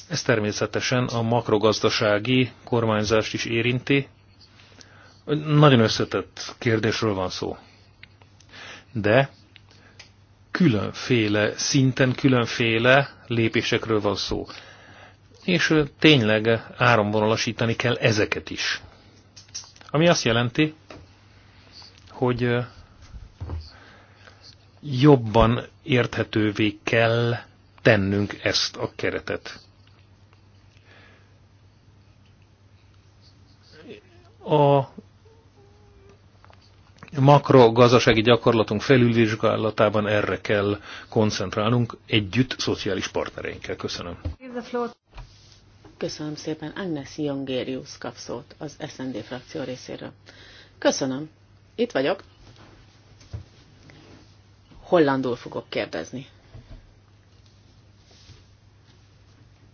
Ez természetesen a makrogazdasági kormányzást is érinti. Nagyon összetett kérdésről van szó. De különféle szinten, különféle lépésekről van szó. És tényleg áramvonalasítani kell ezeket is. Ami azt jelenti, hogy jobban érthetővé kell tennünk ezt a keretet. A makrogazdasági gyakorlatunk felülvizsgálatában erre kell koncentrálnunk együtt szociális partnereinkkel. Köszönöm. Köszönöm szépen. Agnes Jongérius kap szót az SND frakció részéről. Köszönöm. Itt vagyok. Hollandul fogok kérdezni.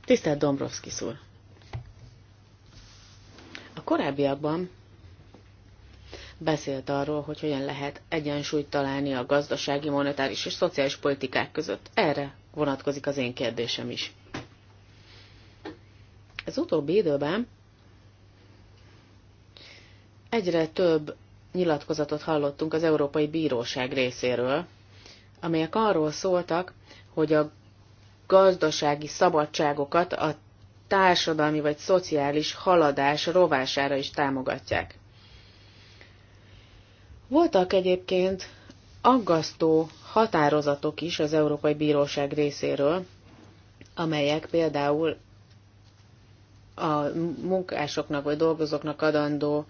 Tisztelt Dombrovski úr! A korábbiakban beszélt arról, hogy hogyan lehet egyensúlyt találni a gazdasági, monetáris és szociális politikák között. Erre vonatkozik az én kérdésem is. Ez utóbbi időben egyre több nyilatkozatot hallottunk az Európai Bíróság részéről, amelyek arról szóltak, hogy a gazdasági szabadságokat a társadalmi vagy szociális haladás rovására is támogatják. Voltak egyébként aggasztó határozatok is az Európai Bíróság részéről, amelyek például a munkásoknak vagy dolgozóknak adandó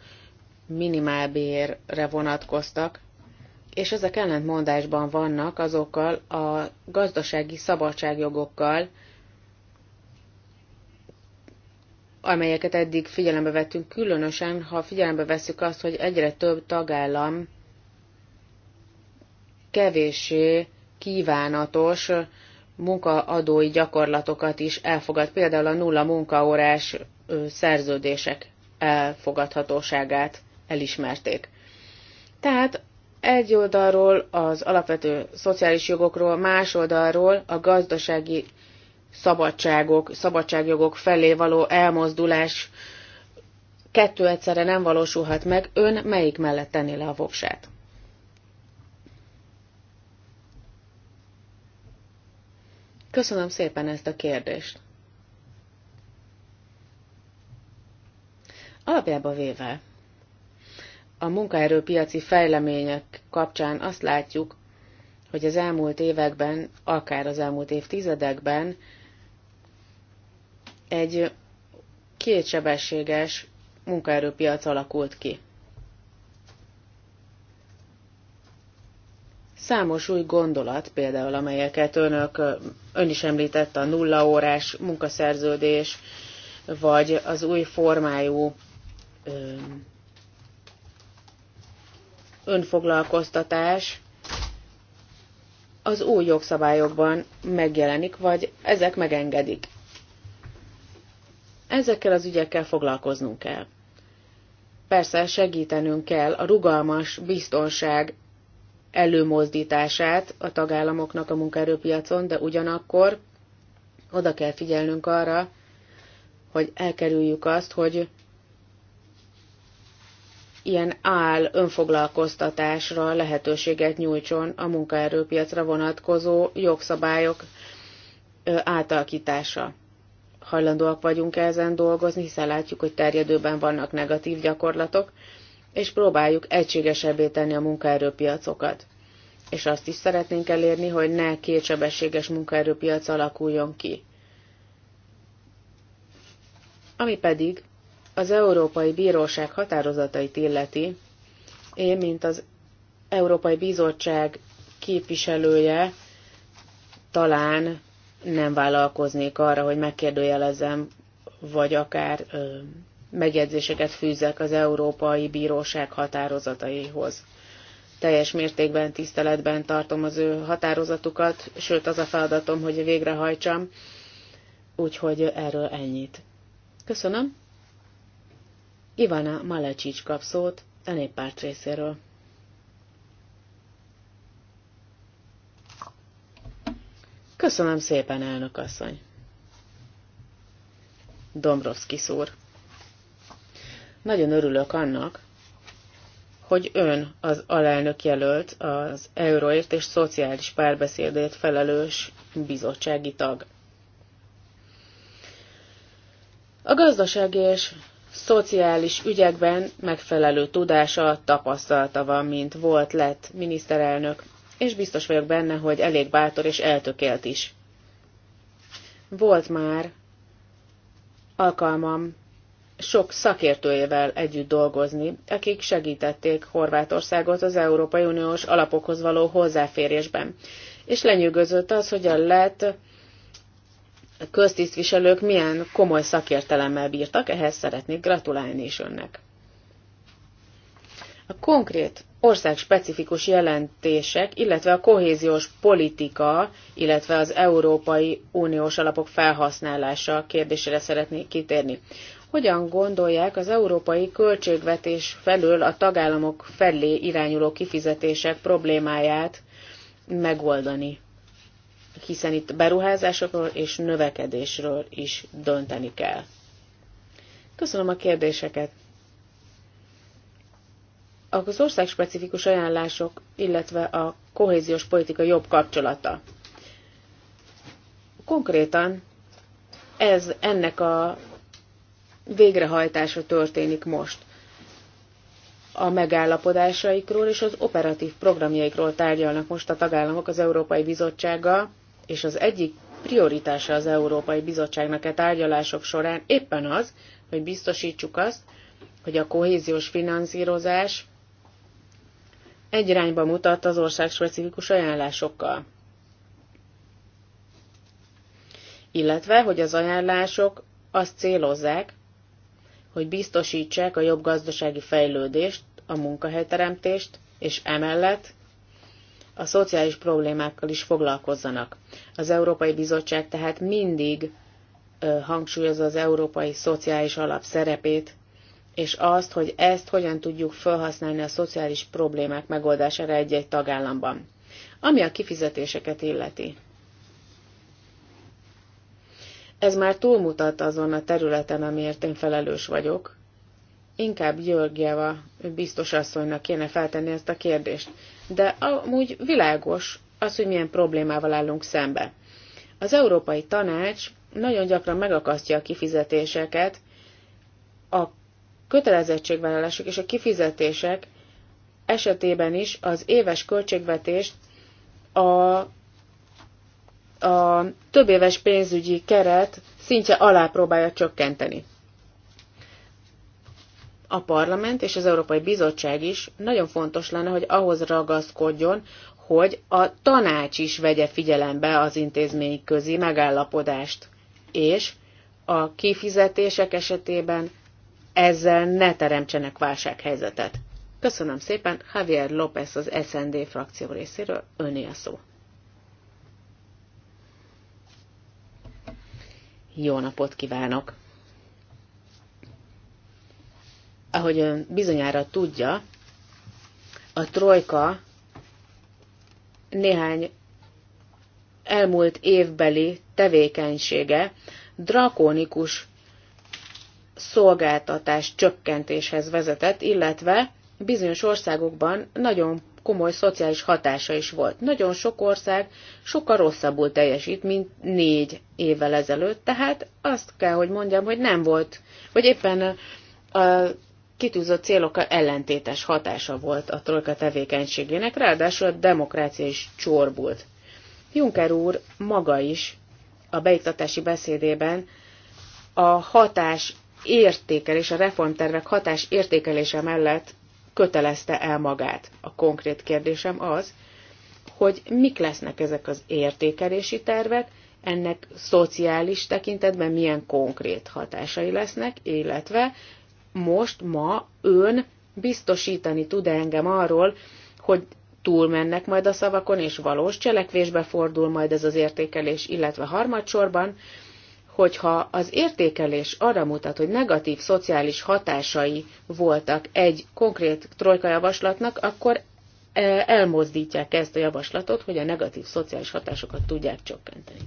minimálbérre vonatkoztak, és ezek ellentmondásban vannak azokkal a gazdasági szabadságjogokkal, amelyeket eddig figyelembe vettünk, különösen, ha figyelembe vesszük azt, hogy egyre több tagállam kevéssé kívánatos munkaadói gyakorlatokat is elfogad, például a nulla munkaórás szerződések elfogadhatóságát elismerték. Tehát egy oldalról az alapvető szociális jogokról, más oldalról a gazdasági szabadságok, szabadságjogok felé való elmozdulás kettő egyszerre nem valósulhat meg, ön melyik mellett tenni le a voksát? Köszönöm szépen ezt a kérdést. Alapjába véve, a munkaerőpiaci fejlemények kapcsán azt látjuk, hogy az elmúlt években, akár az elmúlt évtizedekben egy kétsebességes munkaerőpiac alakult ki. Számos új gondolat, például amelyeket önök Ön is említette a nullaórás munkaszerződés, vagy az új formájú önfoglalkoztatás az új jogszabályokban megjelenik, vagy ezek megengedik. Ezekkel az ügyekkel foglalkoznunk kell. Persze segítenünk kell a rugalmas biztonság előmozdítását a tagállamoknak a munkaerőpiacon, de ugyanakkor oda kell figyelnünk arra, hogy elkerüljük azt, hogy ilyen áll önfoglalkoztatásra lehetőséget nyújtson a munkaerőpiacra vonatkozó jogszabályok átalakítása. Hajlandóak vagyunk ezen dolgozni, hiszen látjuk, hogy terjedőben vannak negatív gyakorlatok, és próbáljuk egységesebbé tenni a munkaerőpiacokat. És azt is szeretnénk elérni, hogy ne kétsebességes munkaerőpiac alakuljon ki. Ami pedig az Európai Bíróság határozatait illeti, én, mint az Európai Bizottság képviselője, talán nem vállalkoznék arra, hogy megkérdőjelezem, vagy akár ö, megjegyzéseket fűzek az Európai Bíróság határozataihoz. Teljes mértékben tiszteletben tartom az ő határozatukat, sőt az a feladatom, hogy végrehajtsam, úgyhogy erről ennyit. Köszönöm. Ivana Malecsics kap szót a néppárt részéről. Köszönöm szépen, elnök asszony. Dombrovszki szúr. Nagyon örülök annak, hogy ön az alelnök jelölt az euróért és szociális párbeszédért felelős bizottsági tag. A gazdaság és szociális ügyekben megfelelő tudása, tapasztalata van, mint volt, lett miniszterelnök, és biztos vagyok benne, hogy elég bátor és eltökélt is. Volt már alkalmam sok szakértőjével együtt dolgozni, akik segítették Horvátországot az Európai Uniós alapokhoz való hozzáférésben. És lenyűgözött az, hogy a lett köztisztviselők milyen komoly szakértelemmel bírtak, ehhez szeretnék gratulálni is önnek. A konkrét ország specifikus jelentések, illetve a kohéziós politika, illetve az Európai Uniós alapok felhasználása kérdésére szeretnék kitérni hogyan gondolják az európai költségvetés felől a tagállamok felé irányuló kifizetések problémáját megoldani. Hiszen itt beruházásokról és növekedésről is dönteni kell. Köszönöm a kérdéseket! az országspecifikus ajánlások, illetve a kohéziós politika jobb kapcsolata. Konkrétan ez ennek a végrehajtása történik most. A megállapodásaikról és az operatív programjaikról tárgyalnak most a tagállamok az Európai Bizottsággal, és az egyik prioritása az Európai Bizottságnak a e tárgyalások során éppen az, hogy biztosítsuk azt, hogy a kohéziós finanszírozás egy irányba mutat az ország specifikus ajánlásokkal. Illetve, hogy az ajánlások azt célozzák, hogy biztosítsák a jobb gazdasági fejlődést, a munkahelyteremtést, és emellett a szociális problémákkal is foglalkozzanak. Az Európai Bizottság tehát mindig hangsúlyozza az európai szociális alap szerepét, és azt, hogy ezt hogyan tudjuk felhasználni a szociális problémák megoldására egy-egy tagállamban. Ami a kifizetéseket illeti. Ez már túlmutat azon a területen, amiért én felelős vagyok. Inkább Györgyeva biztos asszonynak kéne feltenni ezt a kérdést. De amúgy világos az, hogy milyen problémával állunk szembe. Az Európai Tanács nagyon gyakran megakasztja a kifizetéseket, a kötelezettségvállalások és a kifizetések esetében is az éves költségvetést a a több éves pénzügyi keret szintje alá próbálja csökkenteni. A parlament és az Európai Bizottság is nagyon fontos lenne, hogy ahhoz ragaszkodjon, hogy a tanács is vegye figyelembe az intézmény közi megállapodást, és a kifizetések esetében ezzel ne teremtsenek válsághelyzetet. Köszönöm szépen, Javier López az SND frakció részéről, öné a szó. Jó napot kívánok! Ahogy ön bizonyára tudja, a trojka néhány elmúlt évbeli tevékenysége drakonikus szolgáltatás csökkentéshez vezetett, illetve bizonyos országokban nagyon komoly szociális hatása is volt. Nagyon sok ország sokkal rosszabbul teljesít, mint négy évvel ezelőtt, tehát azt kell, hogy mondjam, hogy nem volt, vagy éppen a kitűzött célokkal ellentétes hatása volt a trojka tevékenységének, ráadásul a demokrácia is csorbult. Juncker úr maga is a beiktatási beszédében a hatás értékelés, a reformtervek hatás értékelése mellett kötelezte el magát. A konkrét kérdésem az, hogy mik lesznek ezek az értékelési tervek, ennek szociális tekintetben milyen konkrét hatásai lesznek, illetve most, ma ön biztosítani tud -e engem arról, hogy túlmennek majd a szavakon, és valós cselekvésbe fordul majd ez az értékelés, illetve harmadsorban, hogyha az értékelés arra mutat, hogy negatív szociális hatásai voltak egy konkrét trojka javaslatnak, akkor e, elmozdítják ezt a javaslatot, hogy a negatív szociális hatásokat tudják csökkenteni.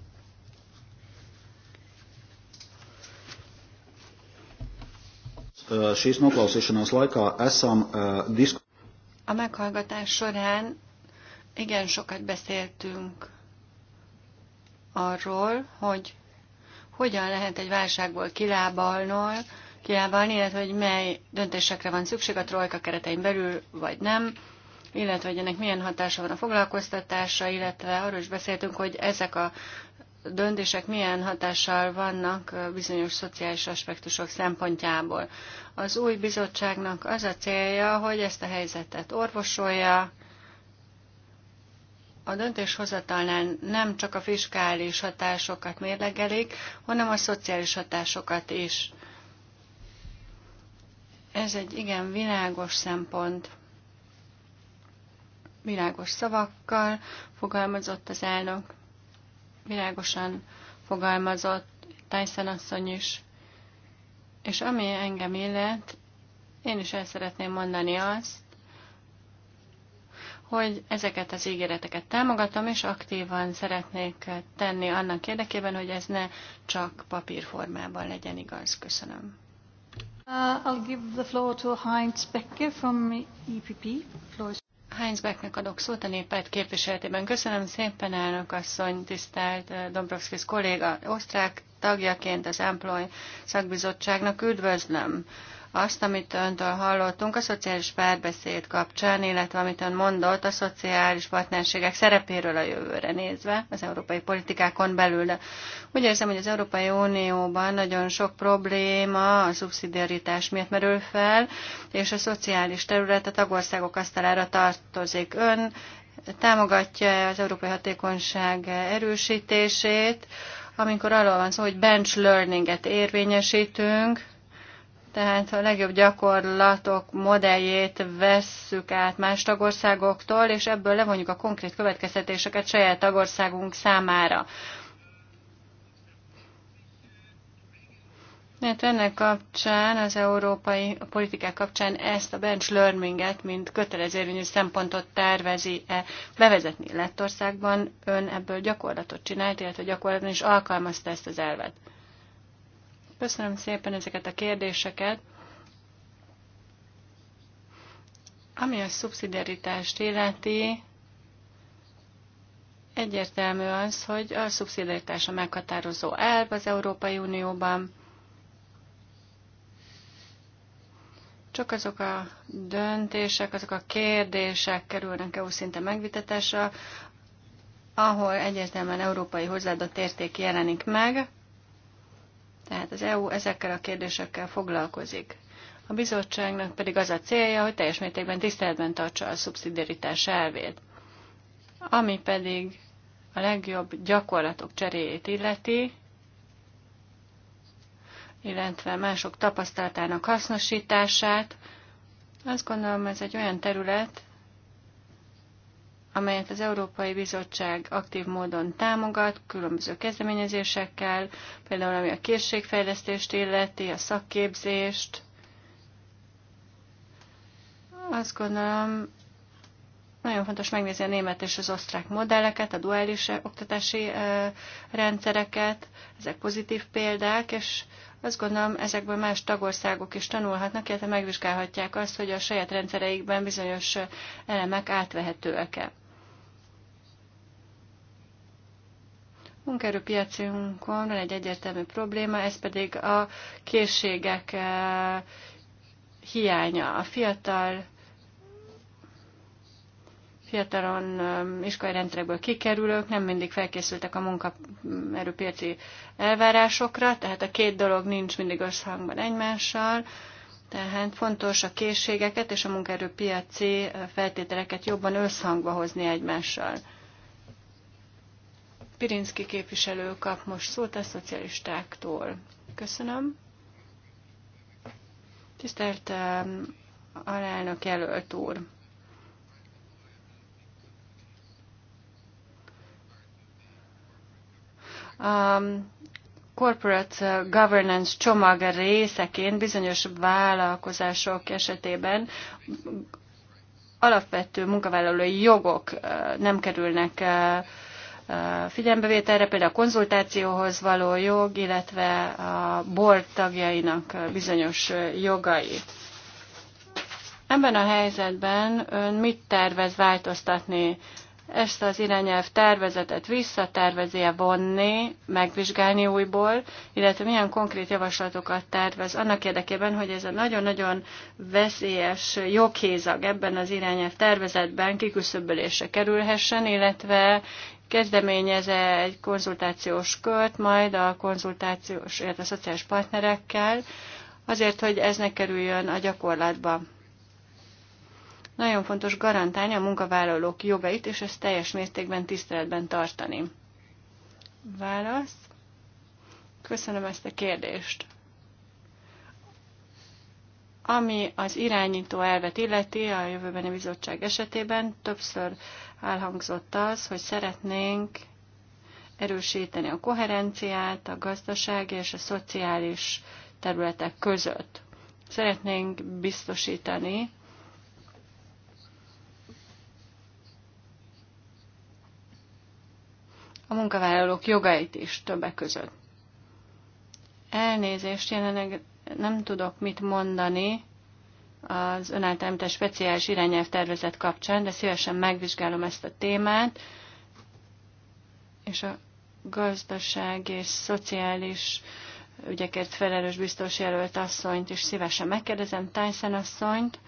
E, a meghallgatás során igen sokat beszéltünk arról, hogy hogyan lehet egy válságból kilábalnol, kilábalni, illetve hogy mely döntésekre van szükség a trojka keretein belül, vagy nem, illetve hogy ennek milyen hatása van a foglalkoztatásra, illetve arról is beszéltünk, hogy ezek a döntések milyen hatással vannak bizonyos szociális aspektusok szempontjából. Az új bizottságnak az a célja, hogy ezt a helyzetet orvosolja, a döntéshozatalnál nem csak a fiskális hatásokat mérlegelik, hanem a szociális hatásokat is. Ez egy igen világos szempont. Világos szavakkal fogalmazott az elnök, világosan fogalmazott Tyson asszony is. És ami engem illet, én is el szeretném mondani azt, hogy ezeket az ígéreteket támogatom, és aktívan szeretnék tenni annak érdekében, hogy ez ne csak papírformában legyen igaz. Köszönöm. Uh, I'll give the floor to Heinz Becker from EPP. Heinz Becknek adok szót a néppárt képviseletében. Köszönöm szépen, elnök asszony, tisztelt uh, Dombrovskis kolléga, osztrák tagjaként az Employ szakbizottságnak üdvözlöm azt, amit öntől hallottunk a szociális párbeszéd kapcsán, illetve amit ön mondott a szociális partnerségek szerepéről a jövőre nézve, az európai politikákon belül. De úgy érzem, hogy az Európai Unióban nagyon sok probléma a szubszidiaritás miatt merül fel, és a szociális terület a tagországok asztalára tartozik. Ön támogatja az európai hatékonyság erősítését, amikor arról van szó, hogy bench learninget érvényesítünk, tehát ha a legjobb gyakorlatok modelljét vesszük át más tagországoktól, és ebből levonjuk a konkrét következtetéseket saját tagországunk számára. Mert hát ennek kapcsán, az európai politikák kapcsán ezt a bench learninget, mint kötelezérvényű szempontot tervezi-e bevezetni Lettországban? Ön ebből gyakorlatot csinált, illetve gyakorlatban is alkalmazta ezt az elvet. Köszönöm szépen ezeket a kérdéseket. Ami a szubszidiaritást illeti, egyértelmű az, hogy a szubszidiaritás a meghatározó elv az Európai Unióban. Csak azok a döntések, azok a kérdések kerülnek EU szinte megvitatásra, ahol egyértelműen európai hozzáadott érték jelenik meg, tehát az EU ezekkel a kérdésekkel foglalkozik. A bizottságnak pedig az a célja, hogy teljes mértékben tiszteletben tartsa a szubszidiaritás elvét. Ami pedig a legjobb gyakorlatok cseréjét illeti, illetve mások tapasztalatának hasznosítását, azt gondolom ez egy olyan terület, amelyet az Európai Bizottság aktív módon támogat, különböző kezdeményezésekkel, például ami a készségfejlesztést illeti, a szakképzést. Azt gondolom, nagyon fontos megnézni a német és az osztrák modelleket, a duális eh, oktatási eh, rendszereket, ezek pozitív példák, és azt gondolom, ezekből más tagországok is tanulhatnak, illetve megvizsgálhatják azt, hogy a saját rendszereikben bizonyos eh, elemek átvehetőek-e. munkaerőpiacunkon van egy egyértelmű probléma, ez pedig a készségek eh, hiánya. A fiatal fiatalon eh, iskolai rendszerekből kikerülők nem mindig felkészültek a munkaerőpiaci elvárásokra, tehát a két dolog nincs mindig összhangban egymással, tehát fontos a készségeket és a munkaerőpiaci eh, feltételeket jobban összhangba hozni egymással. Pirinszki képviselő kap most szót a szocialistáktól. Köszönöm. Tisztelt alelnök jelölt úr! A corporate governance csomag részeként bizonyos vállalkozások esetében alapvető munkavállalói jogok eh, nem kerülnek eh, figyelembevételre, például a konzultációhoz való jog, illetve a board tagjainak bizonyos jogai. Ebben a helyzetben ön mit tervez változtatni? Ezt az irányelv tervezetet visszatervezi-e vonni, megvizsgálni újból, illetve milyen konkrét javaslatokat tervez annak érdekében, hogy ez a nagyon-nagyon veszélyes joghézag ebben az irányelv tervezetben kiküszöbölésre kerülhessen, illetve kezdeményeze egy konzultációs kört, majd a konzultációs, illetve a szociális partnerekkel, azért, hogy ez ne kerüljön a gyakorlatba. Nagyon fontos garantálni a munkavállalók jogait, és ezt teljes mértékben tiszteletben tartani. Válasz. Köszönöm ezt a kérdést. Ami az irányító elvet illeti a jövőbeni bizottság esetében, többször elhangzott az, hogy szeretnénk erősíteni a koherenciát a gazdasági és a szociális területek között. Szeretnénk biztosítani, a munkavállalók jogait is többek között. Elnézést, jelenleg nem tudok mit mondani, az önáltal speciális irányelv tervezet kapcsán, de szívesen megvizsgálom ezt a témát, és a gazdaság és szociális ügyekért felelős biztos jelölt asszonyt is szívesen megkérdezem, Tyson asszonyt,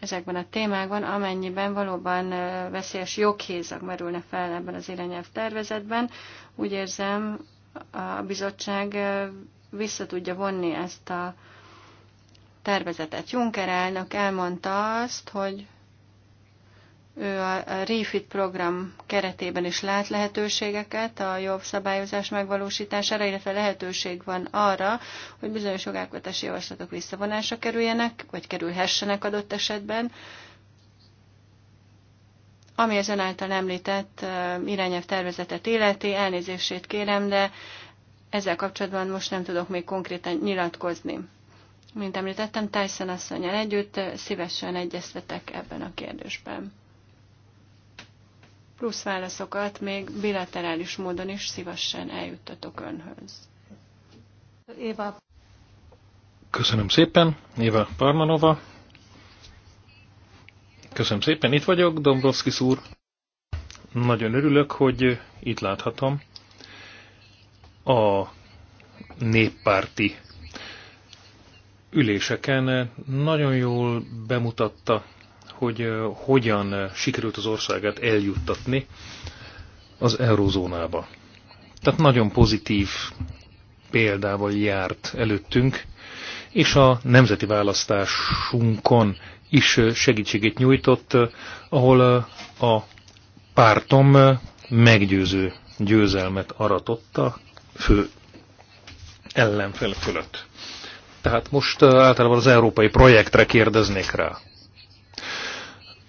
ezekben a témákban, amennyiben valóban veszélyes joghézak merülne fel ebben az irányelv tervezetben. Úgy érzem, a bizottság vissza tudja vonni ezt a tervezetet. Juncker elnök elmondta azt, hogy ő a Refit program keretében is lát lehetőségeket a jobb szabályozás megvalósítására, illetve lehetőség van arra, hogy bizonyos jogalkotási javaslatok visszavonásra kerüljenek, vagy kerülhessenek adott esetben, ami az ön által említett irányelv tervezetet illeti, elnézését kérem, de ezzel kapcsolatban most nem tudok még konkrétan nyilatkozni. Mint említettem, Tyson asszonyjal együtt szívesen egyeztetek ebben a kérdésben. Plusz válaszokat még bilaterális módon is szívesen eljuttatok önhöz. Éva. Köszönöm szépen, Éva Parmanova. Köszönöm szépen, itt vagyok, Dombrovskis úr. Nagyon örülök, hogy itt láthatom a néppárti üléseken nagyon jól bemutatta, hogy hogyan sikerült az országát eljuttatni az eurózónába. Tehát nagyon pozitív példával járt előttünk, és a nemzeti választásunkon is segítségét nyújtott, ahol a pártom meggyőző győzelmet aratotta fő ellenfél fölött. Tehát most általában az európai projektre kérdeznék rá.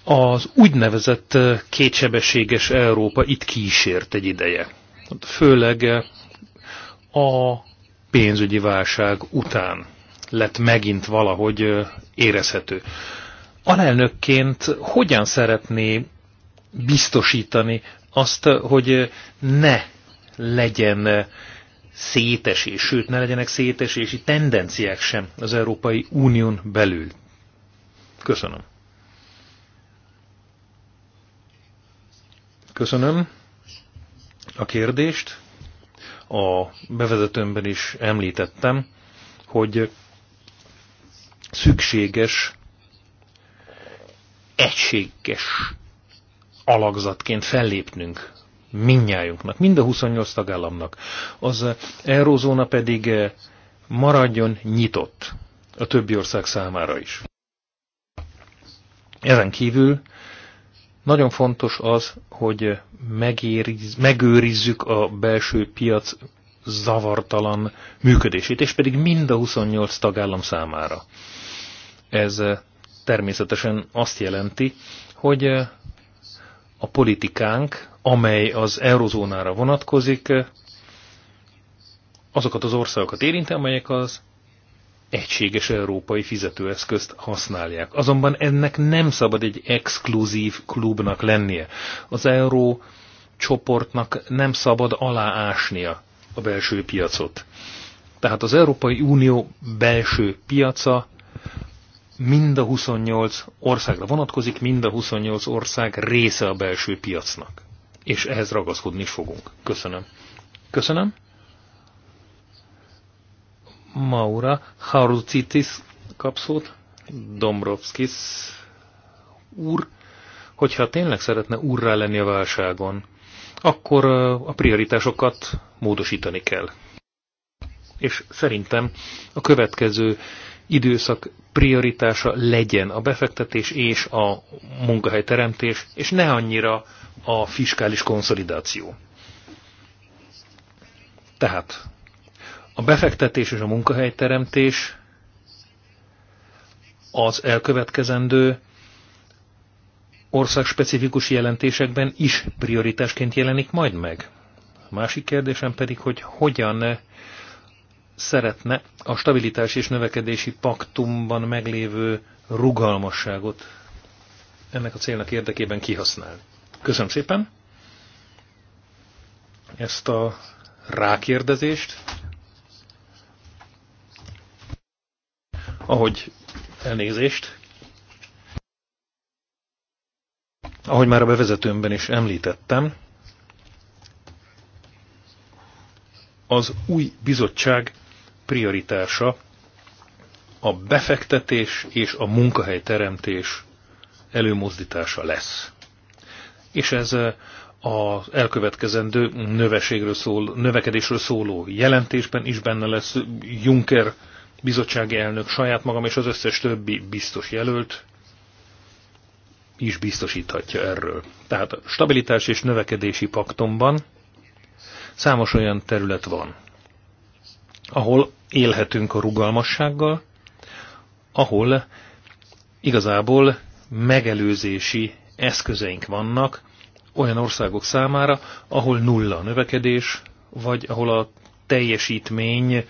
Az úgynevezett kétsebességes Európa itt kísért egy ideje. Főleg a pénzügyi válság után lett megint valahogy érezhető. Alelnökként hogyan szeretné biztosítani azt, hogy ne legyen szétesés, sőt ne legyenek szétesési tendenciák sem az Európai Unión belül. Köszönöm. Köszönöm a kérdést. A bevezetőmben is említettem, hogy szükséges egységes alakzatként fellépnünk minnyájunknak, mind a 28 tagállamnak. Az eurózóna pedig eh, maradjon nyitott a többi ország számára is. Ezen kívül nagyon fontos az, hogy megériz, megőrizzük a belső piac zavartalan működését, és pedig mind a 28 tagállam számára. Ez eh, természetesen azt jelenti, hogy eh, a politikánk, amely az eurozónára vonatkozik, azokat az országokat érinti, amelyek az egységes európai fizetőeszközt használják. Azonban ennek nem szabad egy exkluzív klubnak lennie. Az euró csoportnak nem szabad aláásnia a belső piacot. Tehát az Európai Unió belső piaca mind a 28 országra vonatkozik, mind a 28 ország része a belső piacnak. És ehhez ragaszkodni fogunk. Köszönöm. Köszönöm. Maura Harucitis kapszót, Dombrovskis úr, hogyha tényleg szeretne úrrá lenni a válságon, akkor a prioritásokat módosítani kell. És szerintem a következő időszak prioritása legyen a befektetés és a munkahelyteremtés, és ne annyira a fiskális konszolidáció. Tehát a befektetés és a munkahelyteremtés az elkövetkezendő országspecifikus jelentésekben is prioritásként jelenik majd meg. A másik kérdésem pedig, hogy hogyan szeretne a stabilitás és növekedési paktumban meglévő rugalmasságot ennek a célnak érdekében kihasználni. Köszönöm szépen ezt a rákérdezést. Ahogy elnézést, ahogy már a bevezetőmben is említettem, az új bizottság prioritása a befektetés és a munkahelyteremtés előmozdítása lesz. És ez eh, az elkövetkezendő növeségről szól, növekedésről szóló jelentésben is benne lesz Juncker bizottsági elnök, saját magam és az összes többi biztos jelölt is biztosíthatja erről. Tehát a stabilitás és növekedési paktomban számos olyan terület van, ahol élhetünk a rugalmassággal, ahol igazából megelőzési eszközeink vannak olyan országok számára, ahol nulla a növekedés, vagy ahol a teljesítmény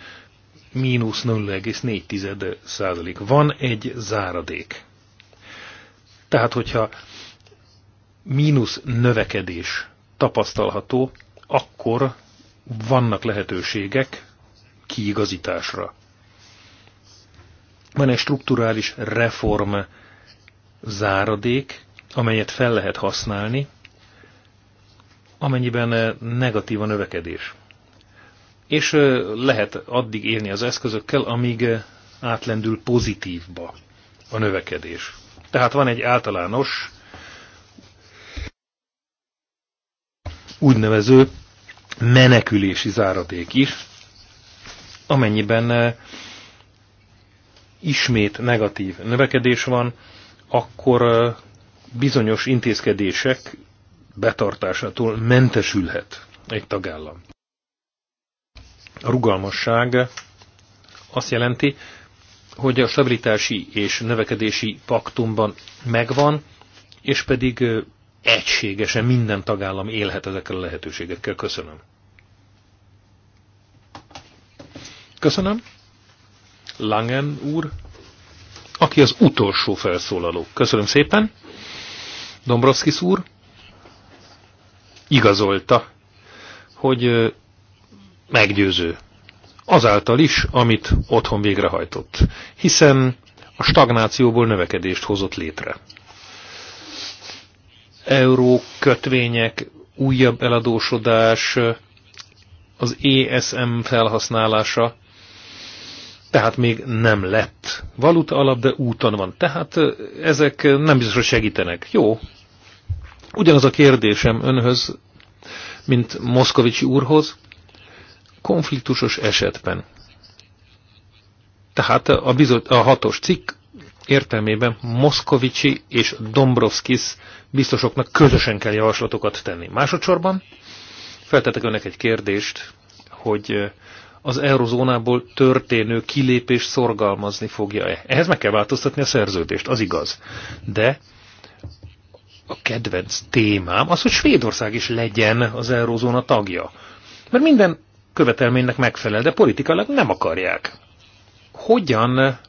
mínusz 0,4 százalék. Van egy záradék. Tehát, hogyha mínusz növekedés tapasztalható, akkor vannak lehetőségek kiigazításra. Van egy strukturális reform záradék, amelyet fel lehet használni, amennyiben negatív a növekedés. És lehet addig élni az eszközökkel, amíg átlendül pozitívba a növekedés. Tehát van egy általános úgynevező menekülési záradék is, amennyiben eh, ismét negatív növekedés van, akkor eh, bizonyos intézkedések betartásától mentesülhet egy tagállam. A rugalmasság azt jelenti, hogy a stabilitási és növekedési paktumban megvan, és pedig eh, egységesen minden tagállam élhet ezekkel a lehetőségekkel. Köszönöm. Köszönöm. Langen úr, aki az utolsó felszólaló. Köszönöm szépen. Dombrovskis úr igazolta, hogy meggyőző. Azáltal is, amit otthon végrehajtott. Hiszen a stagnációból növekedést hozott létre. Euró, kötvények, újabb eladósodás, az ESM felhasználása tehát még nem lett valuta alap, de úton van. Tehát ezek nem biztos, hogy segítenek. Jó. Ugyanaz a kérdésem önhöz, mint Moszkovicsi úrhoz, konfliktusos esetben. Tehát a, bizot, a hatos cikk értelmében Moszkovicsi és Dombrovskis biztosoknak közösen kell javaslatokat tenni. Másodszorban feltettek önnek egy kérdést, hogy az eurozónából történő kilépést szorgalmazni fogja-e. Ehhez meg kell változtatni a szerződést, az igaz. De a kedvenc témám az, hogy Svédország is legyen az eurozóna tagja. Mert minden követelménynek megfelel, de politikailag nem akarják. Hogyan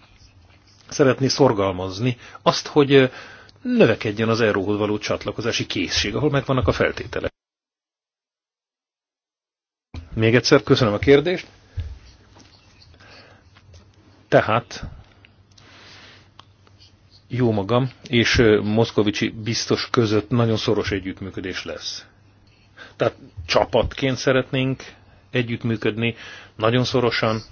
szeretné szorgalmazni azt, hogy növekedjen az euróhoz való csatlakozási készség, ahol megvannak a feltételek? Még egyszer köszönöm a kérdést. Tehát jó magam és Moszkovicsi biztos között nagyon szoros együttműködés lesz. Tehát csapatként szeretnénk együttműködni, nagyon szorosan,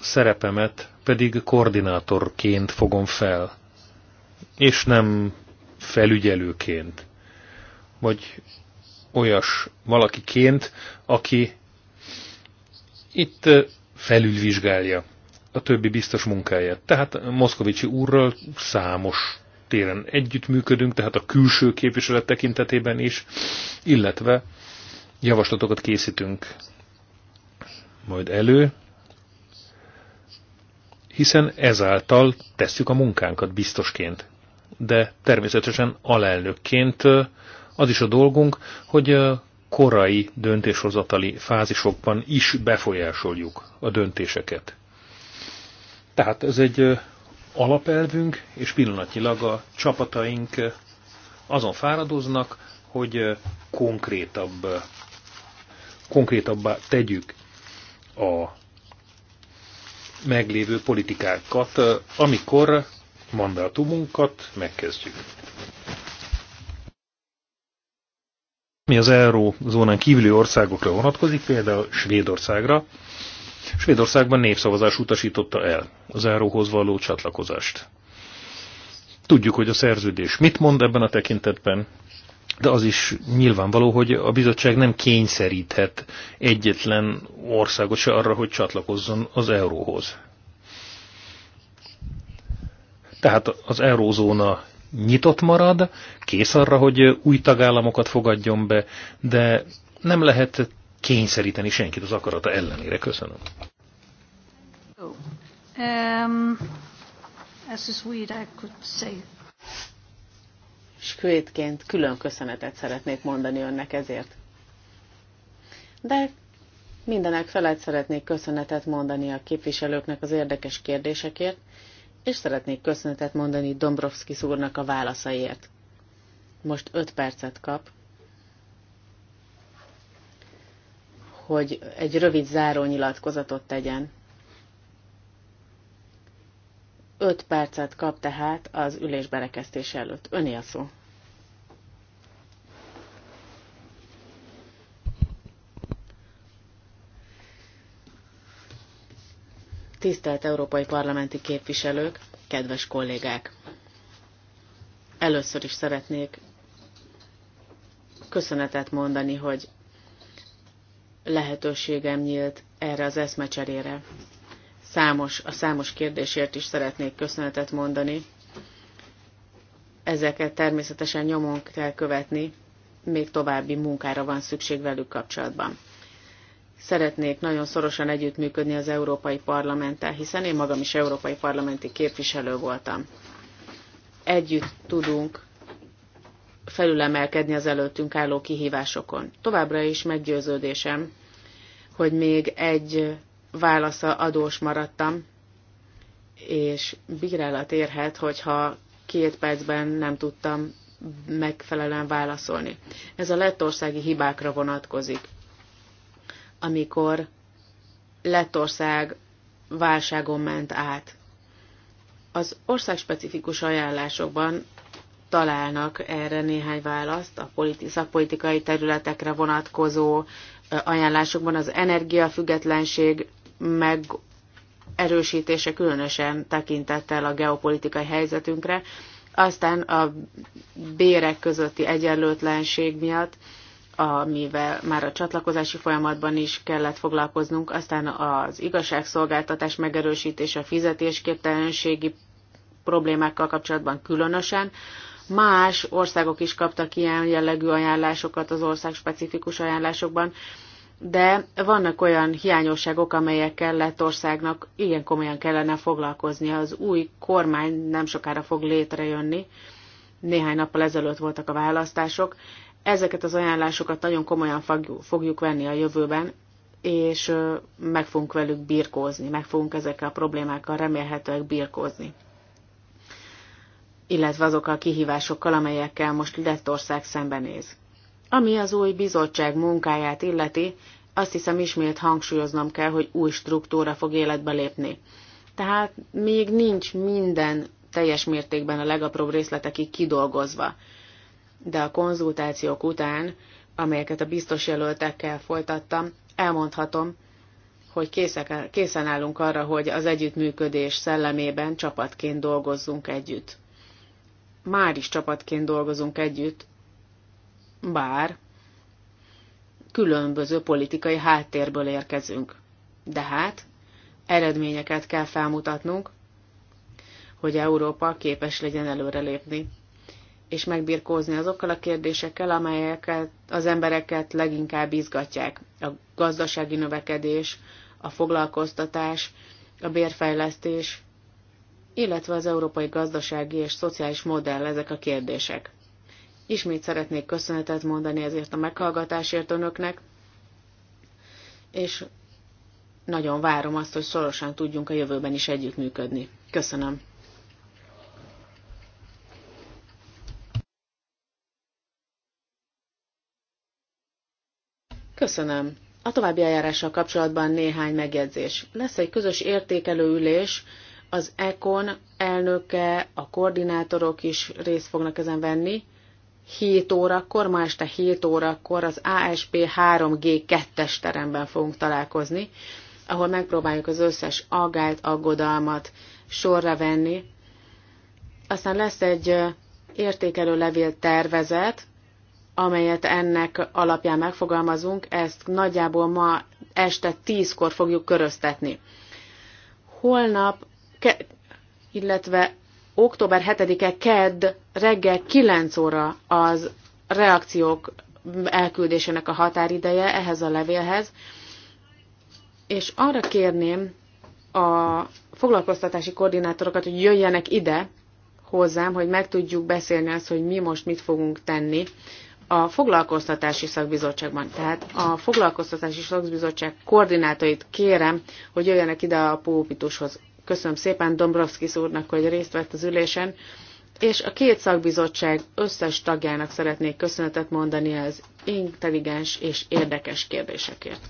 szerepemet pedig koordinátorként fogom fel, és nem felügyelőként, vagy olyas valakiként, aki itt felülvizsgálja a többi biztos munkáját. Tehát Moszkovicsi úrral számos téren együttműködünk, tehát a külső képviselet tekintetében is, illetve javaslatokat készítünk majd elő, hiszen ezáltal tesszük a munkánkat biztosként. De természetesen alelnökként az is a dolgunk, hogy korai döntéshozatali fázisokban is befolyásoljuk a döntéseket. Tehát ez egy alapelvünk, és pillanatnyilag a csapataink azon fáradoznak, hogy konkrétabb, konkrétabbá tegyük a meglévő politikákat, amikor mandátumunkat megkezdjük. mi az eurózónán kívüli országokra vonatkozik, például Svédországra, Svédországban népszavazás utasította el az euróhoz való csatlakozást. Tudjuk, hogy a szerződés mit mond ebben a tekintetben, de az is nyilvánvaló, hogy a bizottság nem kényszeríthet egyetlen országot se arra, hogy csatlakozzon az euróhoz. Tehát az eurózóna nyitott marad, kész arra, hogy új tagállamokat fogadjon be, de nem lehet kényszeríteni senkit az akarata ellenére. Köszönöm. Oh, um, as is weird, I could say. Svédként külön köszönetet szeretnék mondani önnek ezért. De mindenek felett szeretnék köszönetet mondani a képviselőknek az érdekes kérdésekért, és szeretnék köszönetet mondani Dombrovski szúrnak a válaszaiért. Most öt percet kap, hogy egy rövid zárónyilatkozatot tegyen. Öt percet kap tehát az ülés berekeztése előtt. Öné a szó. Tisztelt európai parlamenti képviselők, kedves kollégák! Először is szeretnék köszönetet mondani, hogy lehetőségem nyílt erre az eszmecserére. Számos, a számos kérdésért is szeretnék köszönetet mondani. Ezeket természetesen nyomon kell követni, még további munkára van szükség velük kapcsolatban szeretnék nagyon szorosan együttműködni az Európai Parlamenttel, hiszen én magam is Európai Parlamenti képviselő voltam. Együtt tudunk felülemelkedni az előttünk álló kihívásokon. Továbbra is meggyőződésem, hogy még egy válasza adós maradtam, és bírálat érhet, hogyha két percben nem tudtam megfelelően válaszolni. Ez a lettországi hibákra vonatkozik amikor Lettország válságon ment át. Az országspecifikus ajánlásokban találnak erre néhány választ a politi- szakpolitikai területekre vonatkozó ajánlásokban az energiafüggetlenség meg erősítése különösen tekintettel a geopolitikai helyzetünkre, aztán a bérek közötti egyenlőtlenség miatt, amivel már a csatlakozási folyamatban is kellett foglalkoznunk, aztán az igazságszolgáltatás megerősítése, a fizetésképtelenségi problémákkal kapcsolatban különösen. Más országok is kaptak ilyen jellegű ajánlásokat az ország specifikus ajánlásokban, de vannak olyan hiányosságok, amelyekkel lett országnak igen komolyan kellene foglalkoznia. Az új kormány nem sokára fog létrejönni, néhány nappal ezelőtt voltak a választások, Ezeket az ajánlásokat nagyon komolyan fogjuk venni a jövőben, és meg fogunk velük birkózni, meg fogunk ezekkel a problémákkal remélhetőleg birkózni. Illetve azokkal a kihívásokkal, amelyekkel most Lettország szembenéz. Ami az új bizottság munkáját illeti, azt hiszem ismét hangsúlyoznom kell, hogy új struktúra fog életbe lépni. Tehát még nincs minden teljes mértékben a legapróbb részletekig kidolgozva de a konzultációk után, amelyeket a biztos jelöltekkel folytattam, elmondhatom, hogy készek, készen állunk arra, hogy az együttműködés szellemében csapatként dolgozzunk együtt. Már is csapatként dolgozunk együtt, bár különböző politikai háttérből érkezünk. De hát, eredményeket kell felmutatnunk, hogy Európa képes legyen előrelépni és megbirkózni azokkal a kérdésekkel, amelyeket az embereket leginkább izgatják. A gazdasági növekedés, a foglalkoztatás, a bérfejlesztés, illetve az európai gazdasági és szociális modell ezek a kérdések. Ismét szeretnék köszönetet mondani ezért a meghallgatásért önöknek, és nagyon várom azt, hogy szorosan tudjunk a jövőben is együttműködni. Köszönöm. Köszönöm. A további eljárással kapcsolatban néhány megjegyzés. Lesz egy közös értékelő ülés, az ECON elnöke, a koordinátorok is részt fognak ezen venni. 7 órakor, ma este 7 órakor az ASP 3G2-es teremben fogunk találkozni, ahol megpróbáljuk az összes aggályt, aggodalmat sorra venni. Aztán lesz egy értékelő levél tervezet, amelyet ennek alapján megfogalmazunk, ezt nagyjából ma este tízkor fogjuk köröztetni. Holnap, ke- illetve október 7-e kedd reggel 9 óra az reakciók elküldésének a határideje ehhez a levélhez, és arra kérném a foglalkoztatási koordinátorokat, hogy jöjjenek ide hozzám, hogy meg tudjuk beszélni azt, hogy mi most mit fogunk tenni a foglalkoztatási szakbizottságban. Tehát a foglalkoztatási szakbizottság koordinátorait kérem, hogy jöjjenek ide a pulpitushoz. Köszönöm szépen Dombrovskis úrnak, hogy részt vett az ülésen, és a két szakbizottság összes tagjának szeretnék köszönetet mondani az intelligens és érdekes kérdésekért.